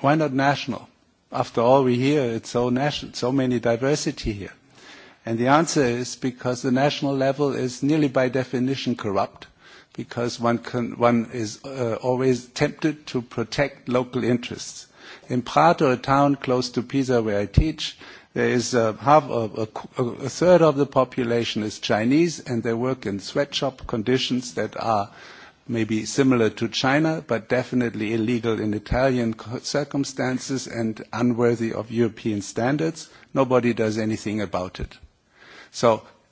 Why not national? After all, we hear it's so national, so many diversity here. And the answer is because the national level is nearly by definition corrupt, because one, can, one is uh, always tempted to protect local interests. In Prato, a town close to Pisa where I teach, there is a, half, of a, a third of the population is Chinese and they work in sweatshop conditions that are maybe similar to China, but definitely illegal in Italian circumstances and unworthy of European standards. Nobody does anything about it. So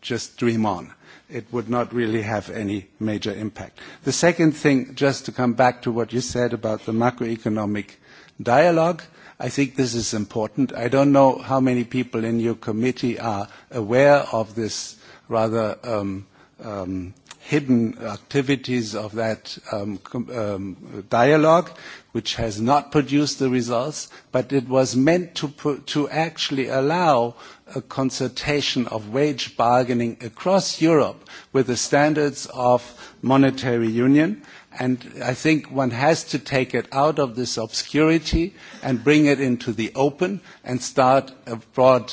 just dream on. It would not really have any major impact. The second thing, just to come back to what you said about the macroeconomic dialogue, I think this is important. I don't know how many people in your committee are aware of this rather um, um, hidden activities of that um, dialogue, which has not produced the results, but it was meant to actually allow a concertation of wage bargaining across Europe with the standards of monetary union. And I think one has to take it out of this obscurity and bring it into the open and start a broad